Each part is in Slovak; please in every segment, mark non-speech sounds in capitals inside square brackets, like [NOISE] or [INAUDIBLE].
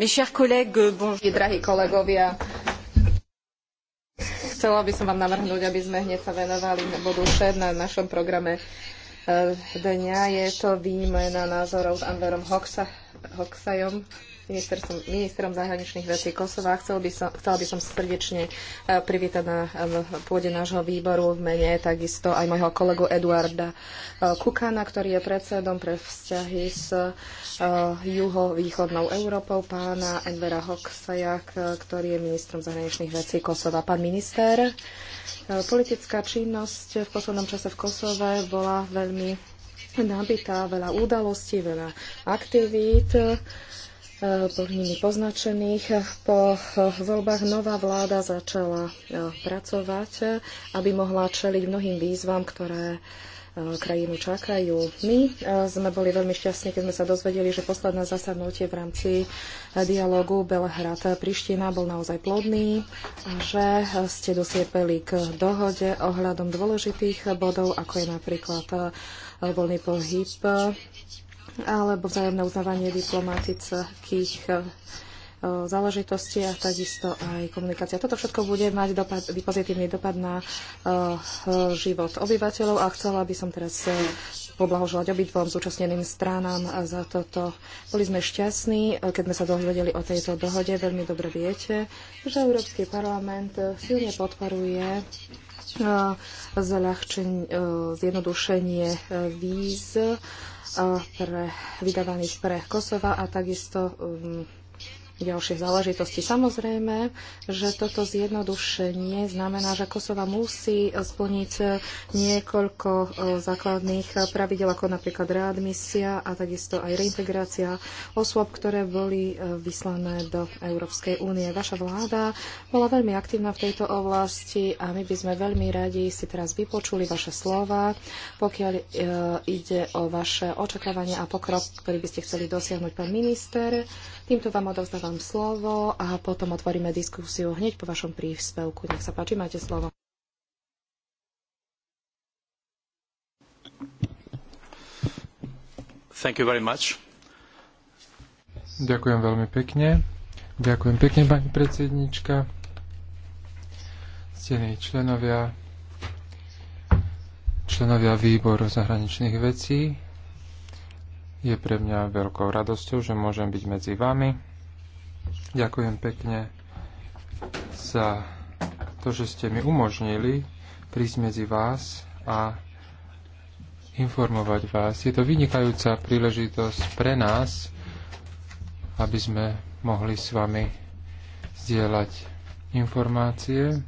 Mes chers collègues, bonjour. Drahí kolegovia, chcela by som vám navrhnúť, aby sme hneď sa venovali bodu 6 na našom programe eh, dňa. Je to výmena názorov s Anverom Hoxajom, ministrom, zahraničných vecí Kosova. Chcel by som, chcela by som srdečne e, privítať na pôde nášho výboru v mene takisto aj môjho kolegu Eduarda e, Kukana, ktorý je predsedom pre vzťahy s e, juhovýchodnou Európou, pána Envera Hoxaja, ktorý je ministrom zahraničných vecí Kosova. Pán minister, politická činnosť v poslednom čase v Kosove bola veľmi nabitá, veľa udalostí, veľa aktivít boli nimi poznačených. Po voľbách nová vláda začala e, pracovať, aby mohla čeliť mnohým výzvam, ktoré e, krajinu čakajú. My e, sme boli veľmi šťastní, keď sme sa dozvedeli, že posledné zasadnutie v rámci dialogu Belhrad Priština bol naozaj plodný že ste dosiepeli k dohode ohľadom dôležitých bodov, ako je napríklad voľný pohyb alebo vzájomné uznávanie diplomatických eh, záležitosti a takisto aj komunikácia. Toto všetko bude mať dopad, pozitívny dopad na uh, život obyvateľov a chcela by som teraz eh, poblahoželať obidvom zúčastneným stránám za toto. Boli sme šťastní, keď sme sa dovedeli o tejto dohode. Veľmi dobre viete, že Európsky parlament silne podporuje uh, zľahčenie, zjednodušenie víz pre, vydávaných pre Kosova a takisto um, ďalšie záležitosti. Samozrejme, že toto zjednodušenie znamená, že Kosova musí splniť niekoľko e, základných pravidel, ako napríklad readmisia a takisto aj reintegrácia osôb, ktoré boli e, vyslané do Európskej únie. Vaša vláda bola veľmi aktívna v tejto oblasti a my by sme veľmi radi si teraz vypočuli vaše slova, pokiaľ e, ide o vaše očakávania a pokrok, ktorý by ste chceli dosiahnuť, pán minister. Týmto vám odovzdávam vám slovo a potom otvoríme diskusiu hneď po vašom príspevku. Nech sa páči, máte slovo. Thank you very much. Ďakujem veľmi pekne. Ďakujem pekne, pani predsednička. Stení členovia, členovia výboru zahraničných vecí, je pre mňa veľkou radosťou, že môžem byť medzi vami Ďakujem pekne za to, že ste mi umožnili prísť medzi vás a informovať vás. Je to vynikajúca príležitosť pre nás, aby sme mohli s vami zdieľať informácie.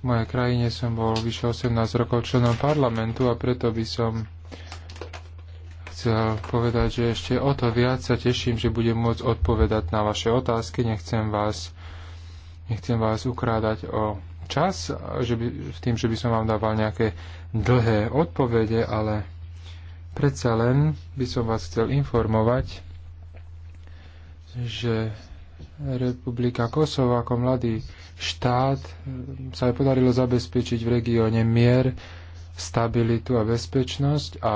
V mojej krajine som bol vyše 18 rokov členom parlamentu a preto by som chcel povedať, že ešte o to viac sa teším, že budem môcť odpovedať na vaše otázky. Nechcem vás, nechcem vás ukrádať o čas, že by, tým, že by som vám dával nejaké dlhé odpovede, ale predsa len by som vás chcel informovať, že Republika Kosovo ako mladý štát sa aj podarilo zabezpečiť v regióne mier, stabilitu a bezpečnosť a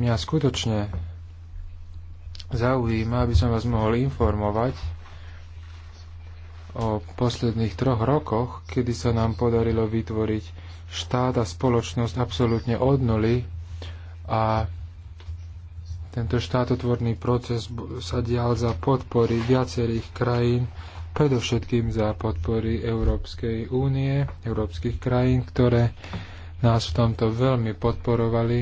Mňa skutočne zaujíma, aby som vás mohol informovať o posledných troch rokoch, kedy sa nám podarilo vytvoriť štát a spoločnosť absolútne od nuly a tento štátotvorný proces sa dial za podpory viacerých krajín, predovšetkým za podpory Európskej únie, európskych krajín, ktoré nás v tomto veľmi podporovali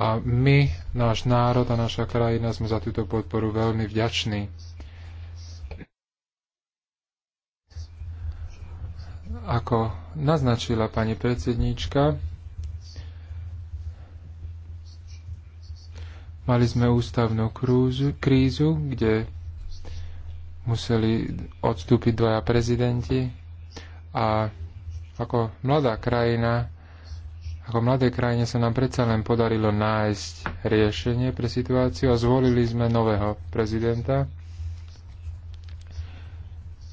a my, náš národ a naša krajina sme za túto podporu veľmi vďační. Ako naznačila pani predsedníčka, mali sme ústavnú krúzu, krízu, kde museli odstúpiť dvaja prezidenti a ako mladá krajina ako mladé krajine sa nám predsa len podarilo nájsť riešenie pre situáciu a zvolili sme nového prezidenta.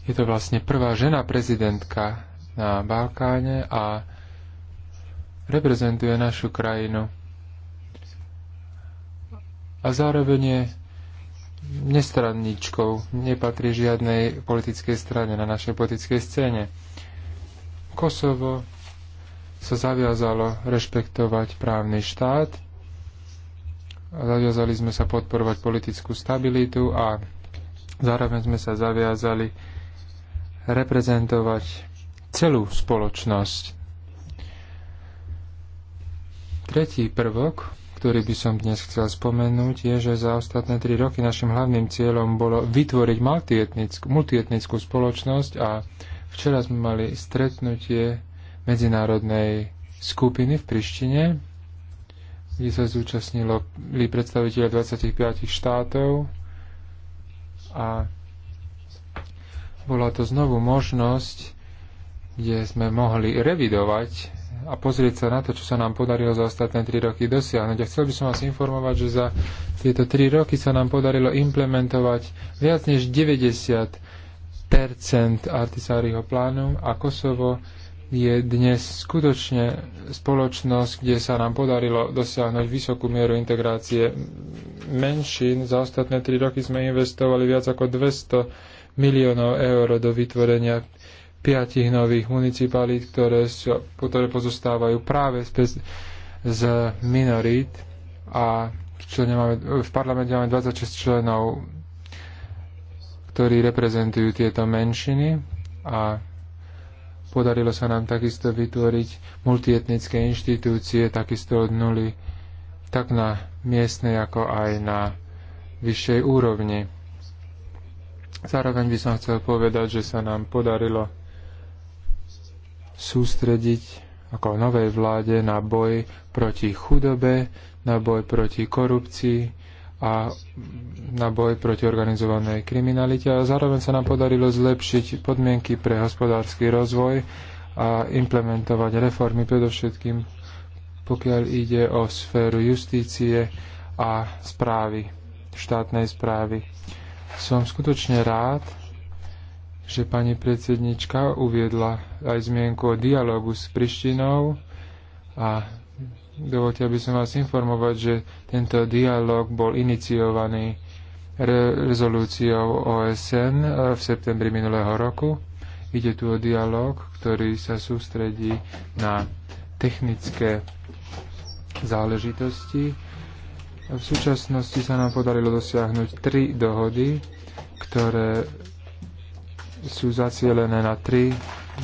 Je to vlastne prvá žena prezidentka na Balkáne a reprezentuje našu krajinu. A zároveň je nestranníčkou, nepatrí žiadnej politickej strane na našej politickej scéne. Kosovo sa zaviazalo rešpektovať právny štát, zaviazali sme sa podporovať politickú stabilitu a zároveň sme sa zaviazali reprezentovať celú spoločnosť. Tretí prvok, ktorý by som dnes chcel spomenúť, je, že za ostatné tri roky našim hlavným cieľom bolo vytvoriť multietnickú, multietnickú spoločnosť a včera sme mali stretnutie medzinárodnej skupiny v Prištine, kde sa zúčastnili predstaviteľe 25 štátov a bola to znovu možnosť, kde sme mohli revidovať a pozrieť sa na to, čo sa nám podarilo za ostatné 3 roky dosiahnuť. A chcel by som vás informovať, že za tieto 3 roky sa nám podarilo implementovať viac než 90 percent Artisáriho plánu a Kosovo je dnes skutočne spoločnosť, kde sa nám podarilo dosiahnuť vysokú mieru integrácie menšín. Za ostatné tri roky sme investovali viac ako 200 miliónov eur do vytvorenia piatich nových municipalít, ktoré, sú, ktoré pozostávajú práve z, z minorít a máme, v parlamente máme 26 členov, ktorí reprezentujú tieto menšiny a Podarilo sa nám takisto vytvoriť multietnické inštitúcie takisto od nuly, tak na miestnej, ako aj na vyššej úrovni. Zároveň by som chcel povedať, že sa nám podarilo sústrediť ako novej vláde na boj proti chudobe, na boj proti korupcii, a na boj proti organizovanej kriminalite a zároveň sa nám podarilo zlepšiť podmienky pre hospodársky rozvoj a implementovať reformy, predovšetkým pokiaľ ide o sféru justície a správy, štátnej správy. Som skutočne rád, že pani predsednička uviedla aj zmienku o dialogu s Prištinou a Dovolte, aby som vás informovať, že tento dialog bol iniciovaný re- rezolúciou OSN eh, v septembri minulého roku. Ide tu o dialog, ktorý sa sústredí na technické záležitosti. V súčasnosti sa nám podarilo dosiahnuť tri dohody, ktoré sú zacielené na tri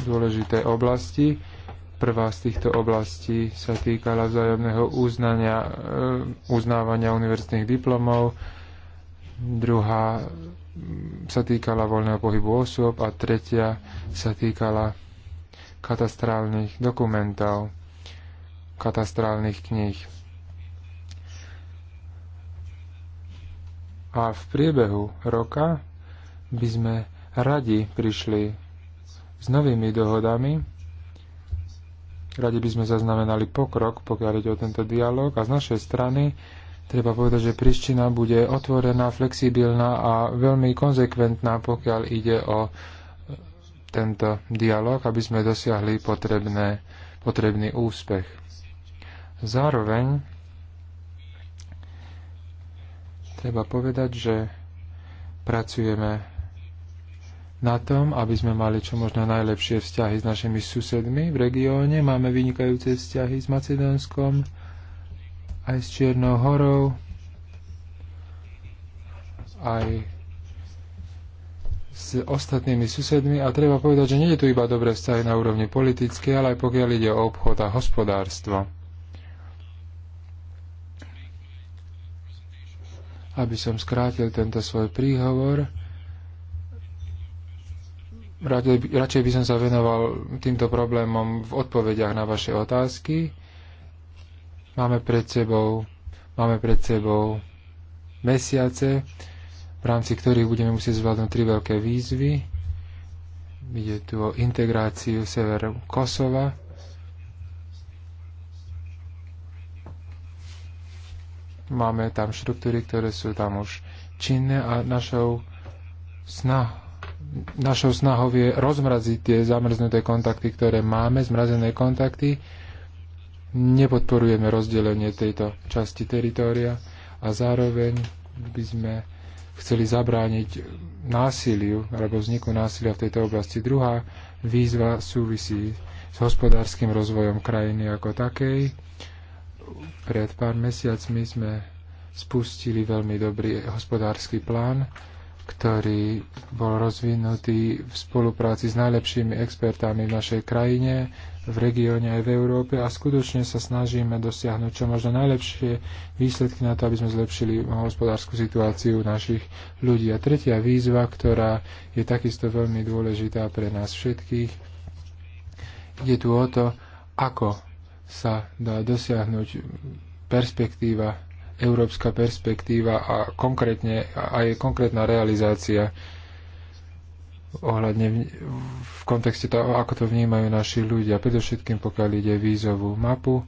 dôležité oblasti Prvá z týchto oblastí sa týkala vzájomného uznania, e, uznávania univerzitných diplomov, druhá sa týkala voľného pohybu osôb a tretia sa týkala katastrálnych dokumentov, katastrálnych kníh. A v priebehu roka by sme radi prišli s novými dohodami, Radi by sme zaznamenali pokrok, pokiaľ ide o tento dialog a z našej strany treba povedať, že príština bude otvorená, flexibilná a veľmi konzekventná, pokiaľ ide o e, tento dialog, aby sme dosiahli potrebné, potrebný úspech. Zároveň treba povedať, že pracujeme na tom, aby sme mali čo možno najlepšie vzťahy s našimi susedmi v regióne. Máme vynikajúce vzťahy s Macedónskom, aj s Čiernou horou, aj s ostatnými susedmi a treba povedať, že nie je tu iba dobré vzťahy na úrovni politické, ale aj pokiaľ ide o obchod a hospodárstvo. Aby som skrátil tento svoj príhovor, radšej by som sa venoval týmto problémom v odpovediach na vaše otázky. Máme pred sebou, máme pred sebou mesiace, v rámci ktorých budeme musieť zvládnuť tri veľké výzvy. Ide tu o integráciu severu Kosova, máme tam štruktúry, ktoré sú tam už činné a našou snahou našou snahou je rozmraziť tie zamrznuté kontakty, ktoré máme, zmrazené kontakty. Nepodporujeme rozdelenie tejto časti teritória a zároveň by sme chceli zabrániť násiliu alebo vzniku násilia v tejto oblasti. Druhá výzva súvisí s hospodárskym rozvojom krajiny ako takej. Pred pár mesiacmi sme spustili veľmi dobrý hospodársky plán, ktorý bol rozvinutý v spolupráci s najlepšími expertami v našej krajine, v regióne aj v Európe a skutočne sa snažíme dosiahnuť čo možno najlepšie výsledky na to, aby sme zlepšili hospodárskú situáciu našich ľudí. A tretia výzva, ktorá je takisto veľmi dôležitá pre nás všetkých, je tu o to, ako sa dá dosiahnuť perspektíva európska perspektíva a konkrétne aj konkrétna realizácia ohľadne v, v kontexte toho, ako to vnímajú naši ľudia, predovšetkým pokiaľ ide vízovú mapu.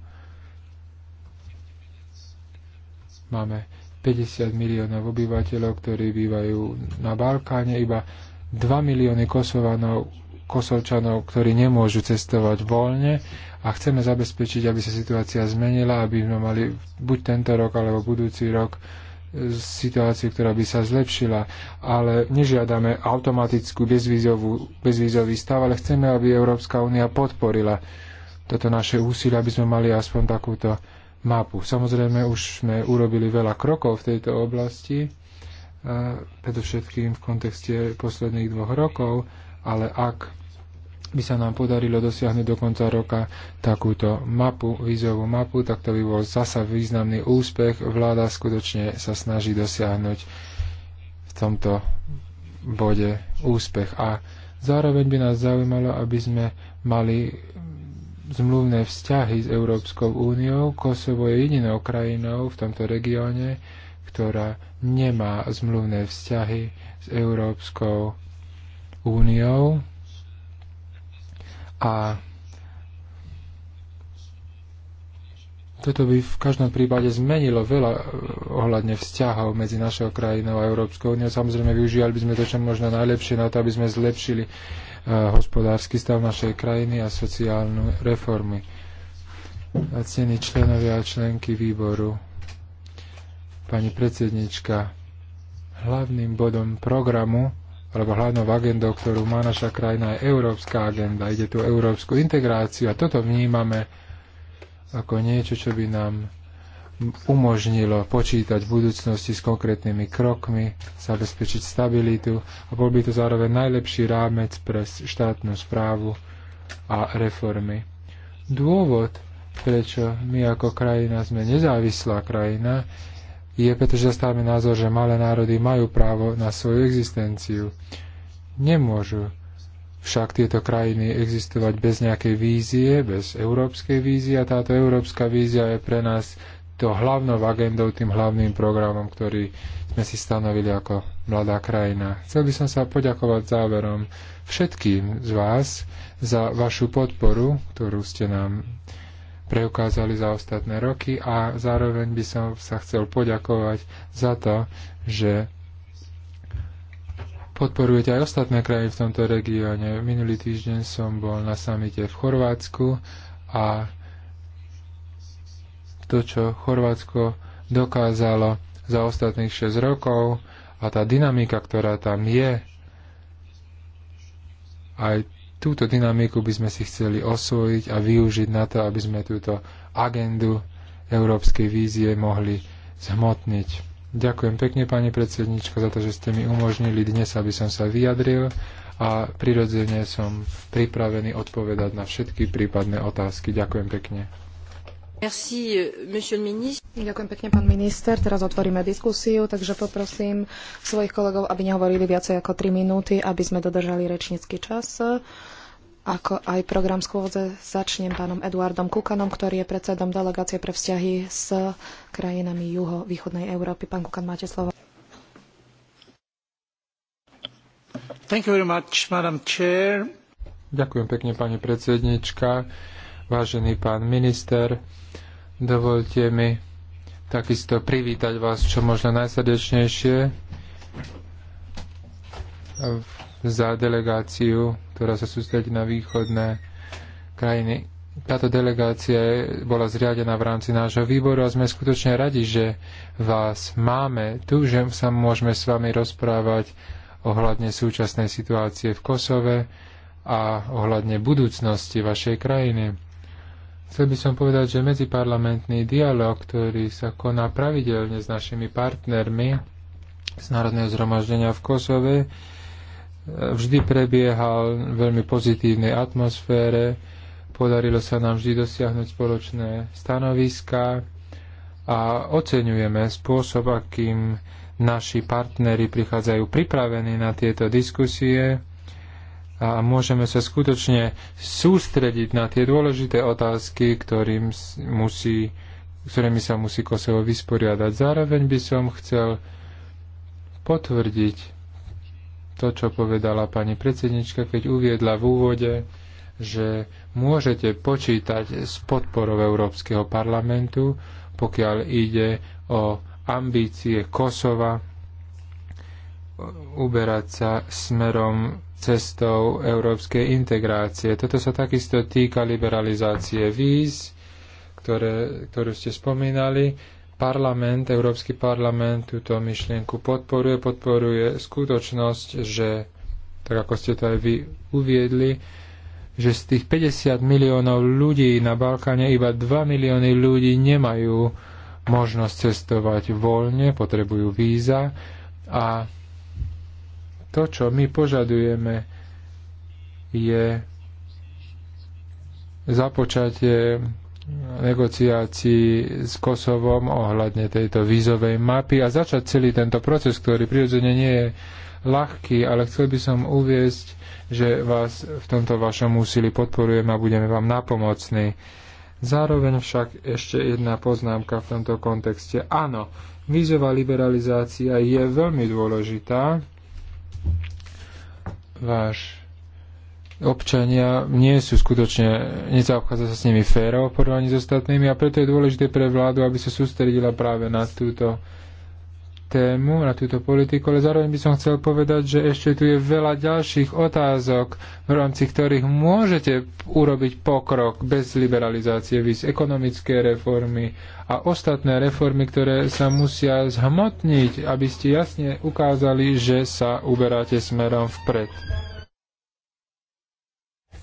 Máme 50 miliónov obyvateľov, ktorí bývajú na Balkáne, iba 2 milióny Kosovanov, Kosovčanov, ktorí nemôžu cestovať voľne a chceme zabezpečiť, aby sa situácia zmenila, aby sme mali buď tento rok alebo budúci rok e, situáciu, ktorá by sa zlepšila, ale nežiadame automatickú bezvízový stav, ale chceme, aby Európska únia podporila toto naše úsilie, aby sme mali aspoň takúto mapu. Samozrejme, už sme urobili veľa krokov v tejto oblasti, e, predovšetkým v kontexte posledných dvoch rokov, ale ak by sa nám podarilo dosiahnuť do konca roka takúto mapu, vízovú mapu, tak to by bol zasa významný úspech. Vláda skutočne sa snaží dosiahnuť v tomto bode úspech. A zároveň by nás zaujímalo, aby sme mali zmluvné vzťahy s Európskou úniou. Kosovo je jedinou krajinou v tomto regióne, ktorá nemá zmluvné vzťahy s Európskou úniou. A toto by v každom prípade zmenilo veľa eh, ohľadne vzťahov medzi našou krajinou a Európskou úniou. Samozrejme, využívali by sme to čo možno najlepšie na to, aby sme zlepšili uh, hospodársky stav našej krajiny a sociálnu reformy. A cení členovia a členky výboru. Pani predsednička, hlavným bodom programu alebo hlavnou agendou, ktorú má naša krajina, je európska agenda. Ide tu európsku integráciu a toto vnímame ako niečo, čo by nám umožnilo počítať v budúcnosti s konkrétnymi krokmi, zabezpečiť stabilitu a bol by to zároveň najlepší rámec pre štátnu správu a reformy. Dôvod, prečo my ako krajina sme nezávislá krajina, je, pretože zastávame názor, že malé národy majú právo na svoju existenciu. Nemôžu však tieto krajiny existovať bez nejakej vízie, bez európskej vízie a táto európska vízia je pre nás to hlavnou agendou, tým hlavným programom, ktorý sme si stanovili ako mladá krajina. Chcel by som sa poďakovať záverom všetkým z vás za vašu podporu, ktorú ste nám preukázali za ostatné roky a zároveň by som sa chcel poďakovať za to, že podporujete aj ostatné krajiny v tomto regióne. Minulý týždeň som bol na samite v Chorvátsku a to, čo Chorvátsko dokázalo za ostatných 6 rokov a tá dynamika, ktorá tam je, aj Túto dynamiku by sme si chceli osvojiť a využiť na to, aby sme túto agendu európskej vízie mohli zhmotniť. Ďakujem pekne, pani predsednička, za to, že ste mi umožnili dnes, aby som sa vyjadril a prirodzene som pripravený odpovedať na všetky prípadné otázky. Ďakujem pekne. Merci, euh, Ďakujem pekne, pán minister. Teraz otvoríme diskusiu, takže poprosím svojich kolegov, aby nehovorili viacej ako 3 minúty, aby sme dodržali rečnícky čas ako aj program schôdze začnem pánom Eduardom Kukanom, ktorý je predsedom delegácie pre vzťahy s krajinami juho-východnej Európy. Pán Kukan, máte slovo. Much, Ďakujem pekne, pani predsednička, vážený pán minister. Dovolte mi takisto privítať vás čo možno najsrdečnejšie v za delegáciu, ktorá sa sústredí na východné krajiny. Táto delegácia bola zriadená v rámci nášho výboru a sme skutočne radi, že vás máme tu, že sa môžeme s vami rozprávať ohľadne súčasnej situácie v Kosove a ohľadne budúcnosti vašej krajiny. Chcel by som povedať, že medziparlamentný dialog, ktorý sa koná pravidelne s našimi partnermi z Národného zhromaždenia v Kosove, vždy prebiehal v veľmi pozitívnej atmosfére, podarilo sa nám vždy dosiahnuť spoločné stanoviska a oceňujeme spôsob, akým naši partnery prichádzajú pripravení na tieto diskusie a môžeme sa skutočne sústrediť na tie dôležité otázky, ktorým musí, ktorými sa musí Kosovo vysporiadať. Zároveň by som chcel potvrdiť to, čo povedala pani predsednička, keď uviedla v úvode, že môžete počítať s podporou Európskeho parlamentu, pokiaľ ide o ambície Kosova uberať sa smerom cestou európskej integrácie. Toto sa takisto týka liberalizácie víz, ktoré, ktorú ste spomínali parlament, Európsky parlament túto myšlienku podporuje, podporuje skutočnosť, že, tak ako ste to aj vy uviedli, že z tých 50 miliónov ľudí na Balkáne iba 2 milióny ľudí nemajú možnosť cestovať voľne, potrebujú víza a to, čo my požadujeme, je započatie negociácií s Kosovom ohľadne tejto vízovej mapy a začať celý tento proces, ktorý prirodzene nie je ľahký, ale chcel by som uviesť, že vás v tomto vašom úsilí podporujeme a budeme vám napomocní. Zároveň však ešte jedna poznámka v tomto kontexte. Áno, vízová liberalizácia je veľmi dôležitá. Váš občania nie sú skutočne, nezaobchádza sa s nimi féro v porovnaní s ostatnými a preto je dôležité pre vládu, aby sa sústredila práve na túto tému, na túto politiku, ale zároveň by som chcel povedať, že ešte tu je veľa ďalších otázok, v rámci ktorých môžete urobiť pokrok bez liberalizácie vys ekonomické reformy a ostatné reformy, ktoré sa musia zhmotniť, aby ste jasne ukázali, že sa uberáte smerom vpred.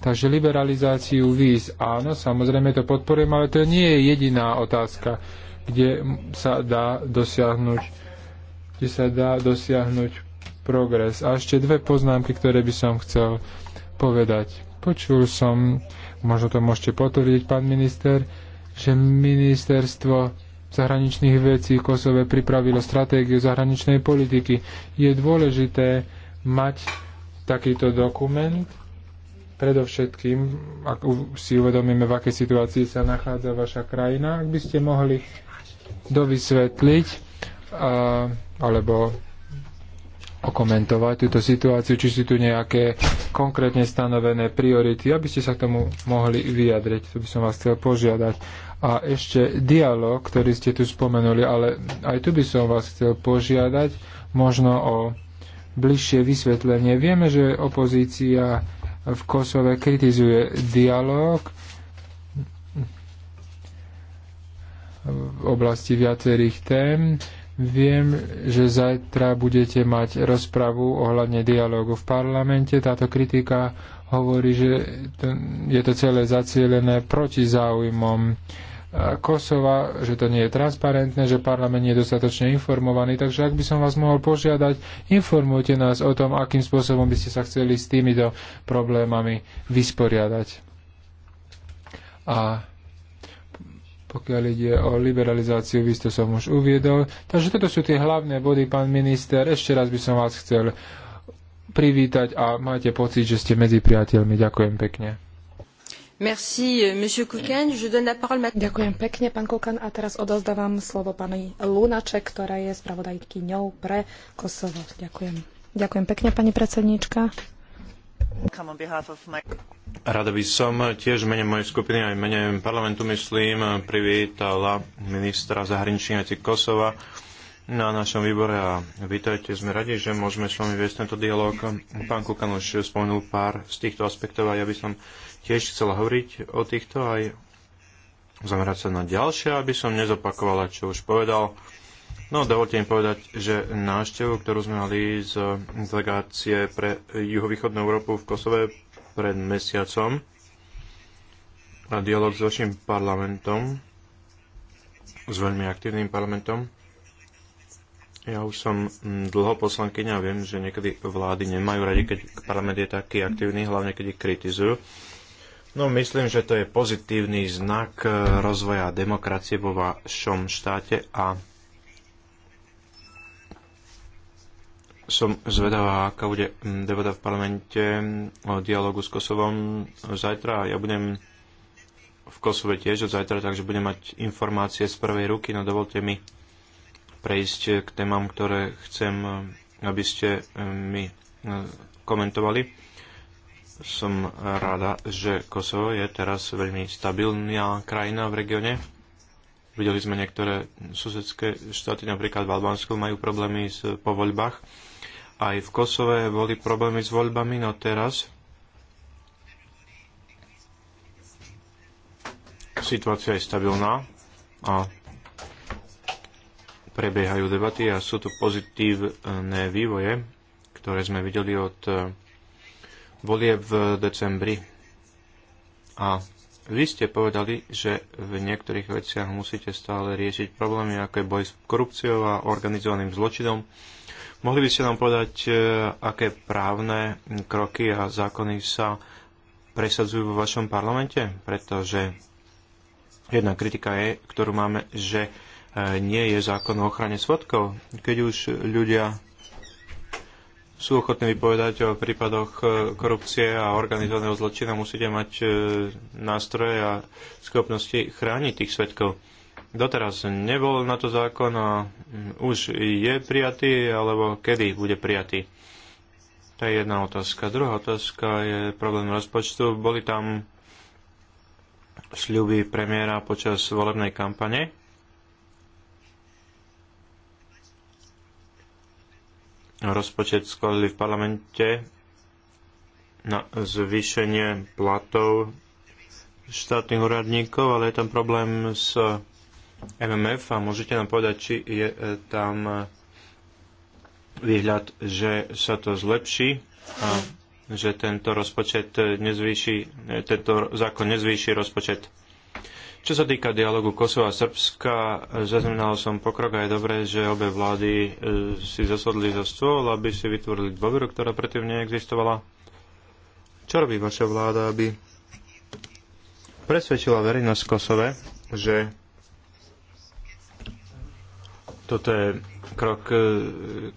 Takže liberalizáciu víz áno, samozrejme to podporujem, ale to nie je jediná otázka, kde sa dá dosiahnuť, kde sa dá dosiahnuť progres. A ešte dve poznámky, ktoré by som chcel povedať. Počul som, možno to môžete potvrdiť, pán minister, že ministerstvo zahraničných vecí v Kosove pripravilo stratégiu zahraničnej politiky. Je dôležité mať takýto dokument, Predovšetkým, ak si uvedomíme, v akej situácii sa nachádza vaša krajina, ak by ste mohli dovysvetliť a, alebo okomentovať túto situáciu, či sú tu nejaké konkrétne stanovené priority, aby ste sa k tomu mohli vyjadriť. To by som vás chcel požiadať. A ešte dialog, ktorý ste tu spomenuli, ale aj tu by som vás chcel požiadať možno o bližšie vysvetlenie. Vieme, že opozícia v Kosove kritizuje dialog v oblasti viacerých tém. Viem, že zajtra budete mať rozpravu ohľadne dialógu v parlamente. Táto kritika hovorí, že je to celé zacielené proti záujmom Kosova, že to nie je transparentné, že parlament nie je dostatočne informovaný. Takže ak by som vás mohol požiadať, informujte nás o tom, akým spôsobom by ste sa chceli s týmito problémami vysporiadať. A pokiaľ ide o liberalizáciu, vy ste som už uviedol. Takže toto sú tie hlavné body, pán minister. Ešte raz by som vás chcel privítať a máte pocit, že ste medzi priateľmi. Ďakujem pekne. Euh, Ďakujem pekne, pán Kukan. A teraz odozdávam slovo pani Lunaček, ktorá je spravodajkyňou pre Kosovo. Ďakujem. pekne, pani predsedníčka. Rada by som tiež mene mojej skupiny aj mene parlamentu, myslím, privítala ministra zahraničných vecí Kosova, na našom výbore a vítajte. Sme radi, že môžeme s vami viesť tento dialog. Pán Kukan už spomenul pár z týchto aspektov a ja by som tiež chcela hovoriť o týchto aj zamerať sa na ďalšie, aby som nezopakovala, čo už povedal. No, dovolte mi povedať, že návštevu, ktorú sme mali z delegácie pre juhovýchodnú Európu v Kosove pred mesiacom a dialog s vašim parlamentom, s veľmi aktívnym parlamentom, ja už som mm, dlho poslankyňa a viem, že niekedy vlády nemajú radi, keď parlament je taký aktívny, hlavne keď ich kritizujú. No myslím, že to je pozitívny znak eh, rozvoja demokracie vo vašom štáte a som zvedavá, aká bude mm, debata v parlamente mm, o dialogu s Kosovom zajtra. Ja budem v Kosove tiež od zajtra, takže budem mať informácie z prvej ruky, no dovolte mi prejsť k témam, ktoré chcem, eh, aby ste eh, mi eh, komentovali. Som rada, že Kosovo je teraz veľmi stabilná krajina v regióne. Videli sme niektoré susedské štáty, napríklad v Albánsku, majú problémy s, po voľbách. Aj v Kosove boli problémy s voľbami, no teraz situácia je stabilná a prebiehajú debaty a sú tu pozitívne vývoje, ktoré sme videli od eh, volie v decembri. A vy ste povedali, že v niektorých veciach musíte stále riešiť problémy, ako je boj s korupciou a organizovaným zločinom. Mohli by ste nám povedať, eh, aké právne kroky a zákony sa presadzujú vo vašom parlamente? Pretože jedna kritika je, ktorú máme, že nie je zákon o ochrane svodkov. Keď už ľudia sú ochotní vypovedať o prípadoch e, korupcie a organizovaného zločina, musíte mať e, nástroje a schopnosti chrániť tých svetkov. Doteraz nebol na to zákon a mm, už je prijatý, alebo kedy bude prijatý? To je jedna otázka. Druhá otázka je problém rozpočtu. Boli tam sľuby premiéra počas volebnej kampane rozpočet schválili v parlamente na zvýšenie platov štátnych úradníkov, ale je tam problém s MMF a môžete nám povedať, či je e, tam e, výhľad, že sa to zlepší a že tento rozpočet nezvýši, e, tento zákon nezvýši rozpočet čo sa týka dialogu Kosova a Srbska, zaznamenal som pokrok a je dobré, že obe vlády e, si zasadli za stôl, aby si vytvorili dôveru, ktorá predtým neexistovala. Čo robí vaša vláda, aby presvedčila verejnosť Kosove, že toto je krok, e,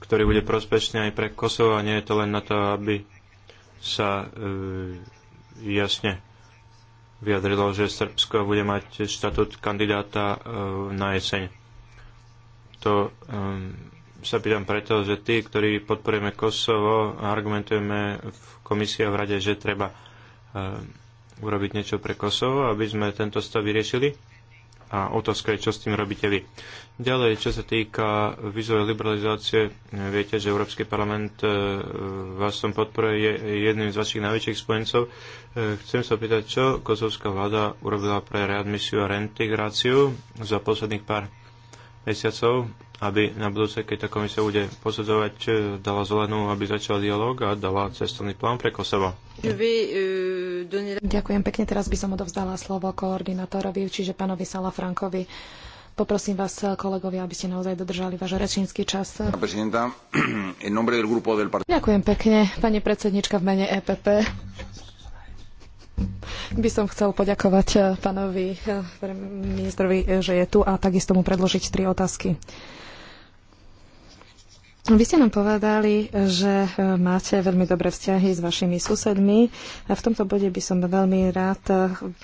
ktorý bude prospešný aj pre Kosovo a nie je to len na to, aby sa e, jasne vyjadrilo, že Srbsko bude mať štatút kandidáta e, na jeseň. To e, sa pýtam preto, že tí, ktorí podporujeme Kosovo a argumentujeme v komisii a v rade, že treba e, urobiť niečo pre Kosovo, aby sme tento stav vyriešili, a otázka je, čo s tým robíte vy. Ďalej, čo sa týka vizovej liberalizácie, viete, že Európsky parlament e, vás som podporuje, je jedným z vašich najväčších spojencov. E, chcem sa pýtať, čo kozovská vláda urobila pre readmisiu a reintegráciu za posledných pár mesiacov, aby na budúce, keď tá komisia bude posudzovať, eh, dala zelenú, aby začal dialog a dala cestovný plán pre Kosovo. Eh, Ďakujem pekne. Teraz by som odovzdala slovo koordinátorovi, čiže pánovi Frankovi. Poprosím vás, eh, kolegovia, aby ste naozaj dodržali váš rečnícky čas. [CLEARS THROAT] Ďakujem pekne, pani predsednička v mene EPP by som chcel poďakovať eh, pánovi eh, ministrovi, eh, že je tu a takisto mu predložiť tri otázky. Vy ste nám povedali, že e, máte veľmi dobré vzťahy s vašimi susedmi. A v tomto bode by som veľmi rád e,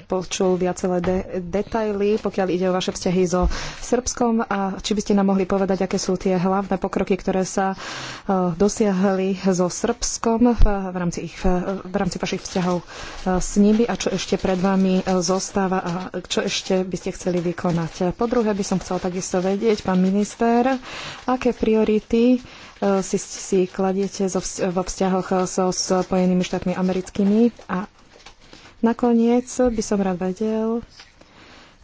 počul viacelé de- detaily, pokiaľ ide o vaše vzťahy so Srbskom a či by ste nám mohli povedať, aké sú tie hlavné pokroky, ktoré sa e, dosiahli so Srbskom v, v, rámci ich, v rámci vašich vzťahov s nimi a čo ešte pred vami zostáva a čo ešte by ste chceli vykonať. Po druhé by som chcel takisto vedieť, pán minister, aké priority Eh, si, si kladiete vo vzťahoch eh, so Spojenými štátmi americkými. A nakoniec by som rád vedel,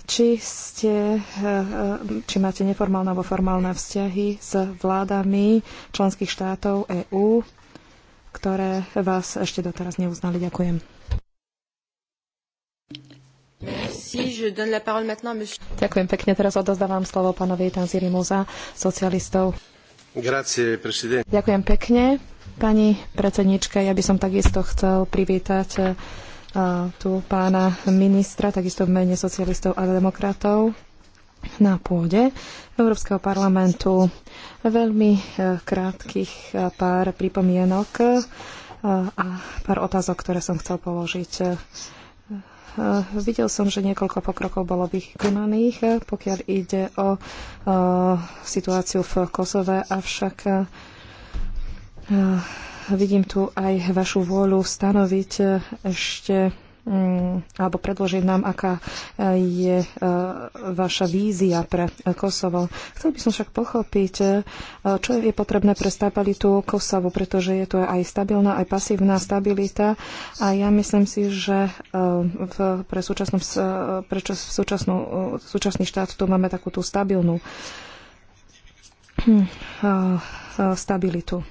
či, ste, eh, či máte neformálne alebo formálne vzťahy s vládami členských štátov EÚ, ktoré vás ešte doteraz neuznali. Ďakujem. Ďakujem pekne. Teraz odozdávam slovo pánovi Tanzirimu za socialistov. Ďakujem pekne. Pani predsednička, ja by som takisto chcel privítať e, tu pána ministra, takisto v mene socialistov a demokratov na pôde Európskeho parlamentu. Veľmi e, krátkých e, pár pripomienok a pár otázok, ktoré som chcel položiť Eh, videl som, že niekoľko pokrokov bolo vykonaných, eh, pokiaľ ide o eh, situáciu v Kosove, avšak vidím tu aj vašu vôľu stanoviť ešte Mm, alebo predložiť nám, aká e, je e, vaša vízia pre e, Kosovo. Chcel by som však pochopiť, čo je potrebné pre stabilitu Kosovo, pretože je tu aj stabilná, aj pasívna stabilita a ja myslím si, že v, pre, súčasnú, v súčasnú, súčasný štát tu máme takú tú stabilnú hm, stabilitu.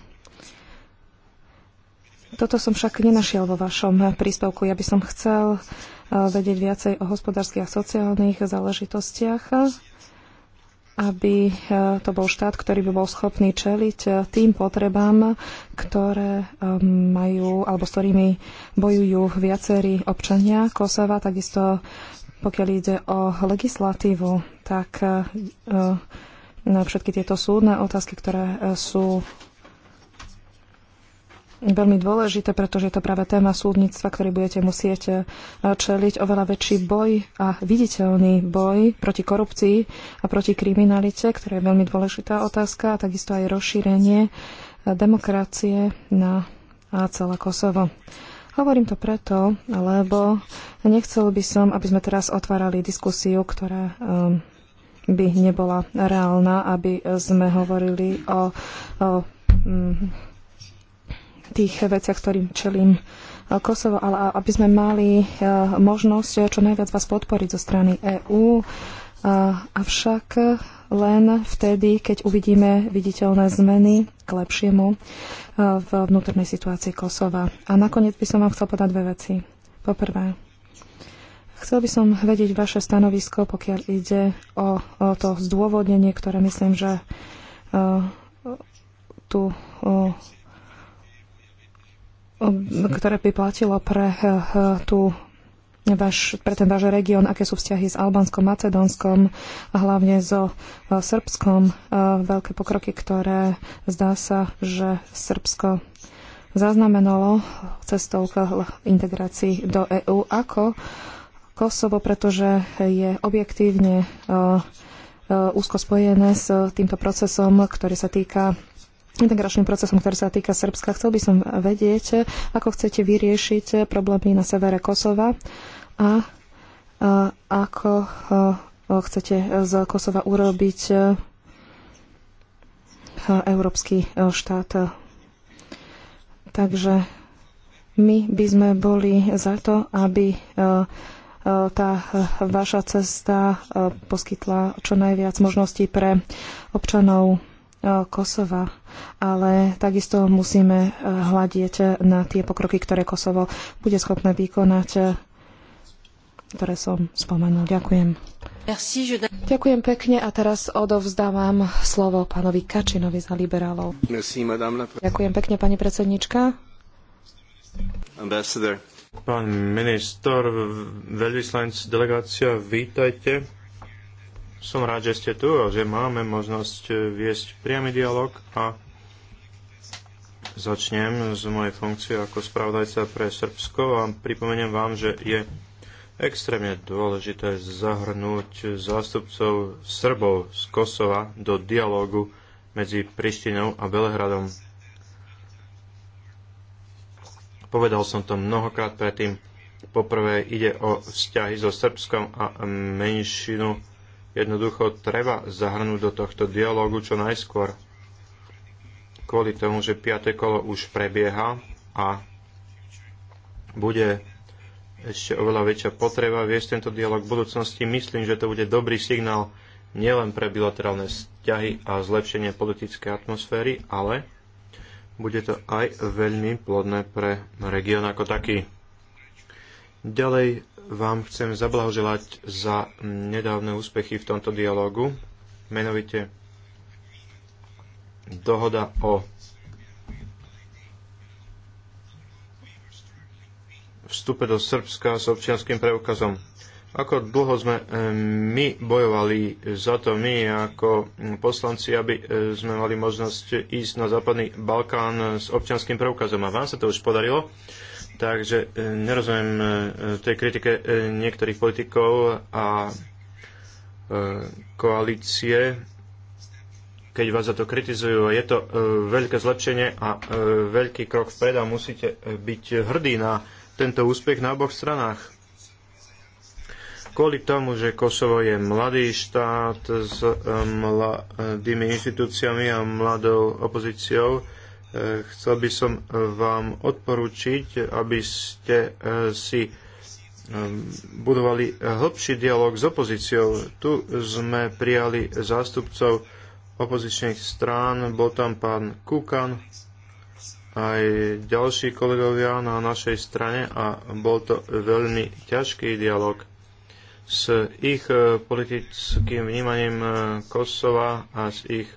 Toto som však nenašiel vo vašom príspevku. Ja by som chcel eh, vedieť viacej o hospodárskych a sociálnych záležitostiach, aby eh, to bol štát, ktorý by bol schopný čeliť eh, tým potrebám, ktoré majú alebo s ktorými bojujú viacerí občania Kosova, takisto pokiaľ ide o legislatívu, tak na všetky tieto súdne otázky, ktoré sú veľmi dôležité, pretože je to práve téma súdnictva, ktorý budete musieť e, čeliť oveľa väčší boj a viditeľný boj proti korupcii a proti kriminalite, ktorá je veľmi dôležitá otázka a takisto aj rozšírenie e, demokracie na celé Kosovo. Hovorím to preto, lebo nechcel by som, aby sme teraz otvárali diskusiu, ktorá e, by nebola reálna, aby sme hovorili o, o mm, tých veciach, ktorým čelím e, Kosovo, ale aby sme mali e, možnosť e, čo najviac vás podporiť zo strany EÚ. Avšak len vtedy, keď uvidíme viditeľné zmeny k lepšiemu v vnútornej situácii Kosova. A nakoniec by som vám chcel podať dve veci. Poprvé, Chcel by som vedieť vaše stanovisko, pokiaľ ide o, o to zdôvodnenie, ktoré myslím, že uh, tu uh, ktoré by platilo pre eh, tú Váš, pre ten váš región, aké sú vzťahy s Albánskom, Macedónskom a hlavne so eh, Srbskom, eh, veľké pokroky, ktoré zdá sa, že Srbsko zaznamenalo cestou k integrácii do EÚ ako Kosovo, pretože je objektívne úzko spojené s týmto procesom, ktorý sa týka integračným procesom, ktorý sa týka Srbska. Chcel by som vedieť, ako chcete vyriešiť problémy na severe Kosova a, a ako a, e, e, chcete z Kosova urobiť a, e, európsky štát. Takže my by sme boli za to, aby tá vaša cesta poskytla čo najviac možností pre občanov E, Kosova, ale takisto musíme e, hľadieť na tie pokroky, ktoré Kosovo bude schopné vykonať, e, ktoré som spomenul. Ďakujem. Merci, je... Ďakujem pekne a teraz odovzdávam slovo pánovi Kačinovi za liberálov. Merci, madame la... Ďakujem pekne, pani predsednička. Ambassador. Pán minister, veľvyslanec, delegácia, vítajte som rád, že ste tu a že máme možnosť eh, viesť priamy dialog a začnem z mojej funkcie ako spravodajca pre Srbsko a pripomeniem vám, že je extrémne dôležité zahrnúť zástupcov Srbov z Kosova do dialogu medzi Prištinou a Belehradom. Povedal som to mnohokrát predtým. Poprvé ide o vzťahy so Srbskom a menšinu jednoducho treba zahrnúť do tohto dialógu čo najskôr. Kvôli tomu, že 5. kolo už prebieha a bude ešte oveľa väčšia potreba viesť tento dialog v budúcnosti. Myslím, že to bude dobrý signál nielen pre bilaterálne vzťahy a zlepšenie politickej atmosféry, ale bude to aj veľmi plodné pre región ako taký. Ďalej vám chcem zablahoželať za nedávne úspechy v tomto dialogu, menovite dohoda o vstupe do Srbska s občianským preukazom. Ako dlho sme eh, my bojovali za to, my ako poslanci, aby eh, sme mali možnosť ísť na západný Balkán s občianským preukazom. A vám sa to už podarilo. Takže e, nerozumiem e, tej kritike e, niektorých politikov a koalície, keď vás za to kritizujú. Je to veľké zlepšenie a veľký krok vpred a musíte byť hrdí na tento úspech na oboch stranách. Kvôli tomu, že Kosovo je mladý štát s mladými inštitúciami a mladou opozíciou, Chcel by som e, vám odporúčiť, aby ste e, si e, budovali hĺbší dialog s opozíciou. Tu sme prijali zástupcov opozičných strán, bol tam pán Kukan, aj ďalší kolegovia na našej strane a bol to veľmi ťažký dialog. S ich politickým vnímaním Kosova a s ich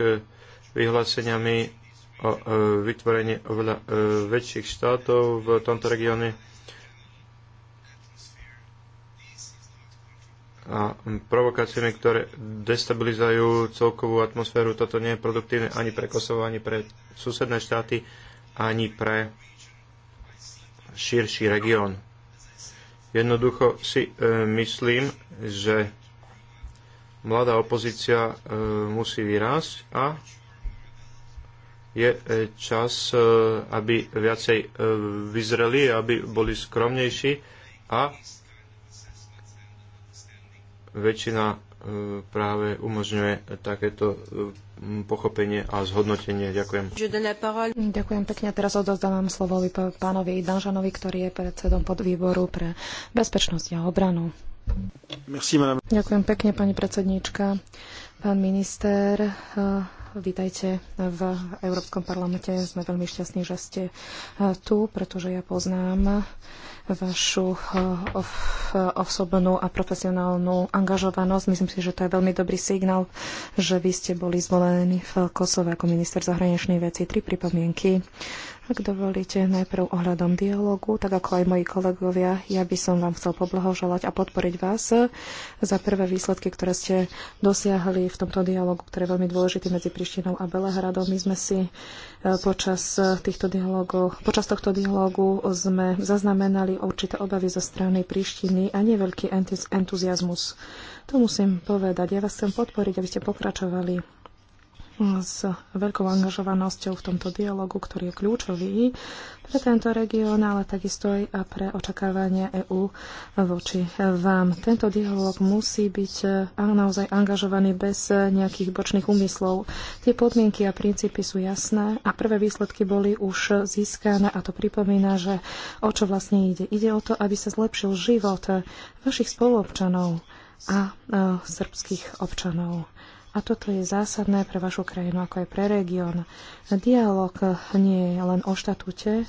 vyhláseniami o e, vytvorení oveľa e, väčších štátov v tomto regióne. a provokáciami, ktoré destabilizujú celkovú atmosféru, toto nie je produktívne ani pre Kosovo, ani pre susedné štáty, ani pre širší región. Jednoducho si e, myslím, že mladá opozícia e, musí vyrásť a je e, čas, e, aby viacej e, vyzreli, aby boli skromnejší a väčšina práve umožňuje takéto pochopenie a zhodnotenie. Ďakujem. Ďakujem pekne. Teraz odozdávam slovo pánovi Danžanovi, ktorý je predsedom podvýboru pre bezpečnosť a obranu. Merci, Ďakujem pekne, pani predsedníčka. Pán minister, Vítajte v Európskom parlamente. Sme veľmi šťastní, že ste eh, tu, pretože ja poznám eh, vašu eh, osobnú a profesionálnu angažovanosť. Myslím si, že to je veľmi dobrý signál, že vy ste boli zvolení v Kosove ako minister zahraničných vecí. Tri pripomienky ak dovolíte najprv ohľadom dialogu, tak ako aj moji kolegovia, ja by som vám chcel poblahoželať a podporiť vás za prvé výsledky, ktoré ste dosiahli v tomto dialogu, ktorý je veľmi dôležitý medzi Prištinou a Belehradom. My sme si e, počas, týchto dialogov, počas tohto dialogu sme zaznamenali určité obavy zo strany Prištiny a neveľký entuziasmus. To musím povedať. Ja vás chcem podporiť, aby ste pokračovali s veľkou angažovanosťou v tomto dialogu, ktorý je kľúčový pre tento región, ale takisto aj pre očakávania EÚ voči vám. Tento dialog musí byť e, naozaj angažovaný bez e, nejakých bočných úmyslov. Tie podmienky a princípy sú jasné a prvé výsledky boli už získané a to pripomína, že o čo vlastne ide. Ide o to, aby sa zlepšil život e, vašich spoluobčanov a srbských občanov. A toto je zásadné pre vašu krajinu, ako aj pre región. Dialóg nie je len o štatúte.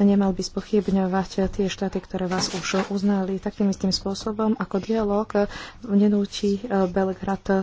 Nemal by spochybňovať tie štáty, ktoré vás už uznali takým istým spôsobom, ako dialóg nenúti e, Belgrad e,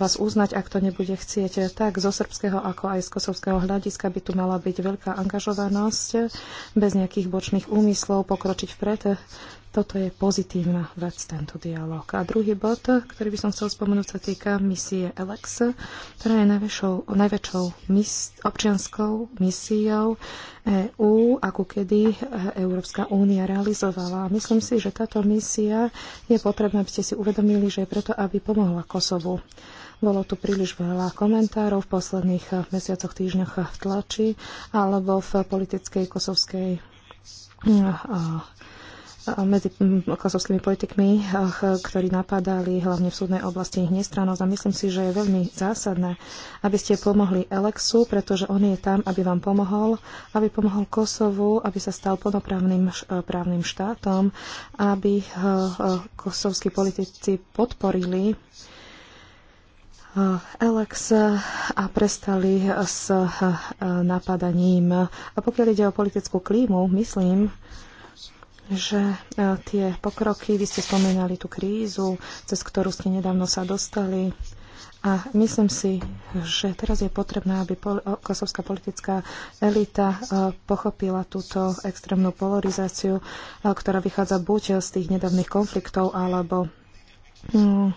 vás uznať, ak to nebude chcieť. Tak zo srbského, ako aj z kosovského hľadiska by tu mala byť veľká angažovanosť bez nejakých bočných úmyslov pokročiť vpred toto je pozitívna vec, tento dialog. A druhý bod, ktorý by som chcel spomenúť, sa týka misie ELEX, ktorá je najväčšou, najväčšou mis, občianskou misiou EÚ, ako kedy Európska únia realizovala. Myslím si, že táto misia je potrebná, aby ste si uvedomili, že je preto, aby pomohla Kosovu. Bolo tu príliš veľa komentárov v posledných mesiacoch, týždňoch v tlači alebo v politickej kosovskej mm, medzi kosovskými politikmi, ktorí napadali hlavne v súdnej oblasti ich nestrannosť. A myslím si, že je veľmi zásadné, aby ste pomohli Elexu, pretože on je tam, aby vám pomohol, aby pomohol Kosovu, aby sa stal plnoprávnym e, právnym štátom, aby e, e, kosovskí politici podporili Alex a prestali s napadaním. A pokiaľ ide o politickú klímu, myslím, že e, tie pokroky, vy ste spomínali tú krízu, cez ktorú ste nedávno sa dostali, a myslím si, že teraz je potrebné, aby pol- kosovská politická elita e, pochopila túto extrémnu polarizáciu, e, ktorá vychádza buď z tých nedávnych konfliktov, alebo mm,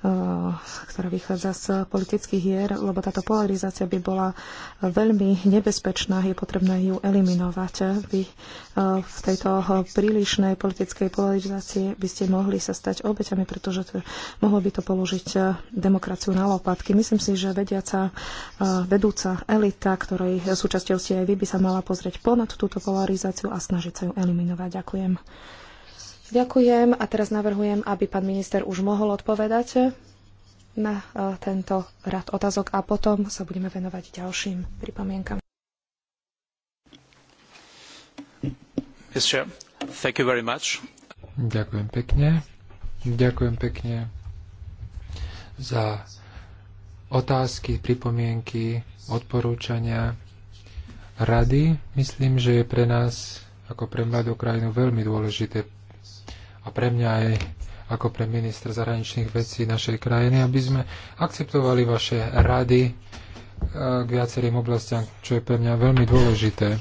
Eh, ktorá vychádza z politických hier, lebo táto polarizácia by bola veľmi nebezpečná, je potrebné ju eliminovať. Vy eh, v tejto prílišnej politickej polarizácii by ste mohli sa stať obeťami, pretože to, mohlo by to položiť eh, demokraciu na lopatky. Myslím si, že vediaca, vedúca elita, ktorej súčasťou ste aj vy, by sa mala pozrieť ponad túto polarizáciu a snažiť sa ju eliminovať. Ďakujem. Ďakujem a teraz navrhujem, aby pán minister už mohol odpovedať na e, tento rad otázok a potom sa budeme venovať ďalším pripomienkam. Yes, Thank you very much. Ďakujem pekne. Ďakujem pekne za otázky, pripomienky, odporúčania, rady. Myslím, že je pre nás ako pre mladú krajinu veľmi dôležité a pre mňa aj ako pre ministra zahraničných vecí našej krajiny, aby sme akceptovali vaše rady e, k viacerým oblastiam, čo je pre mňa veľmi dôležité.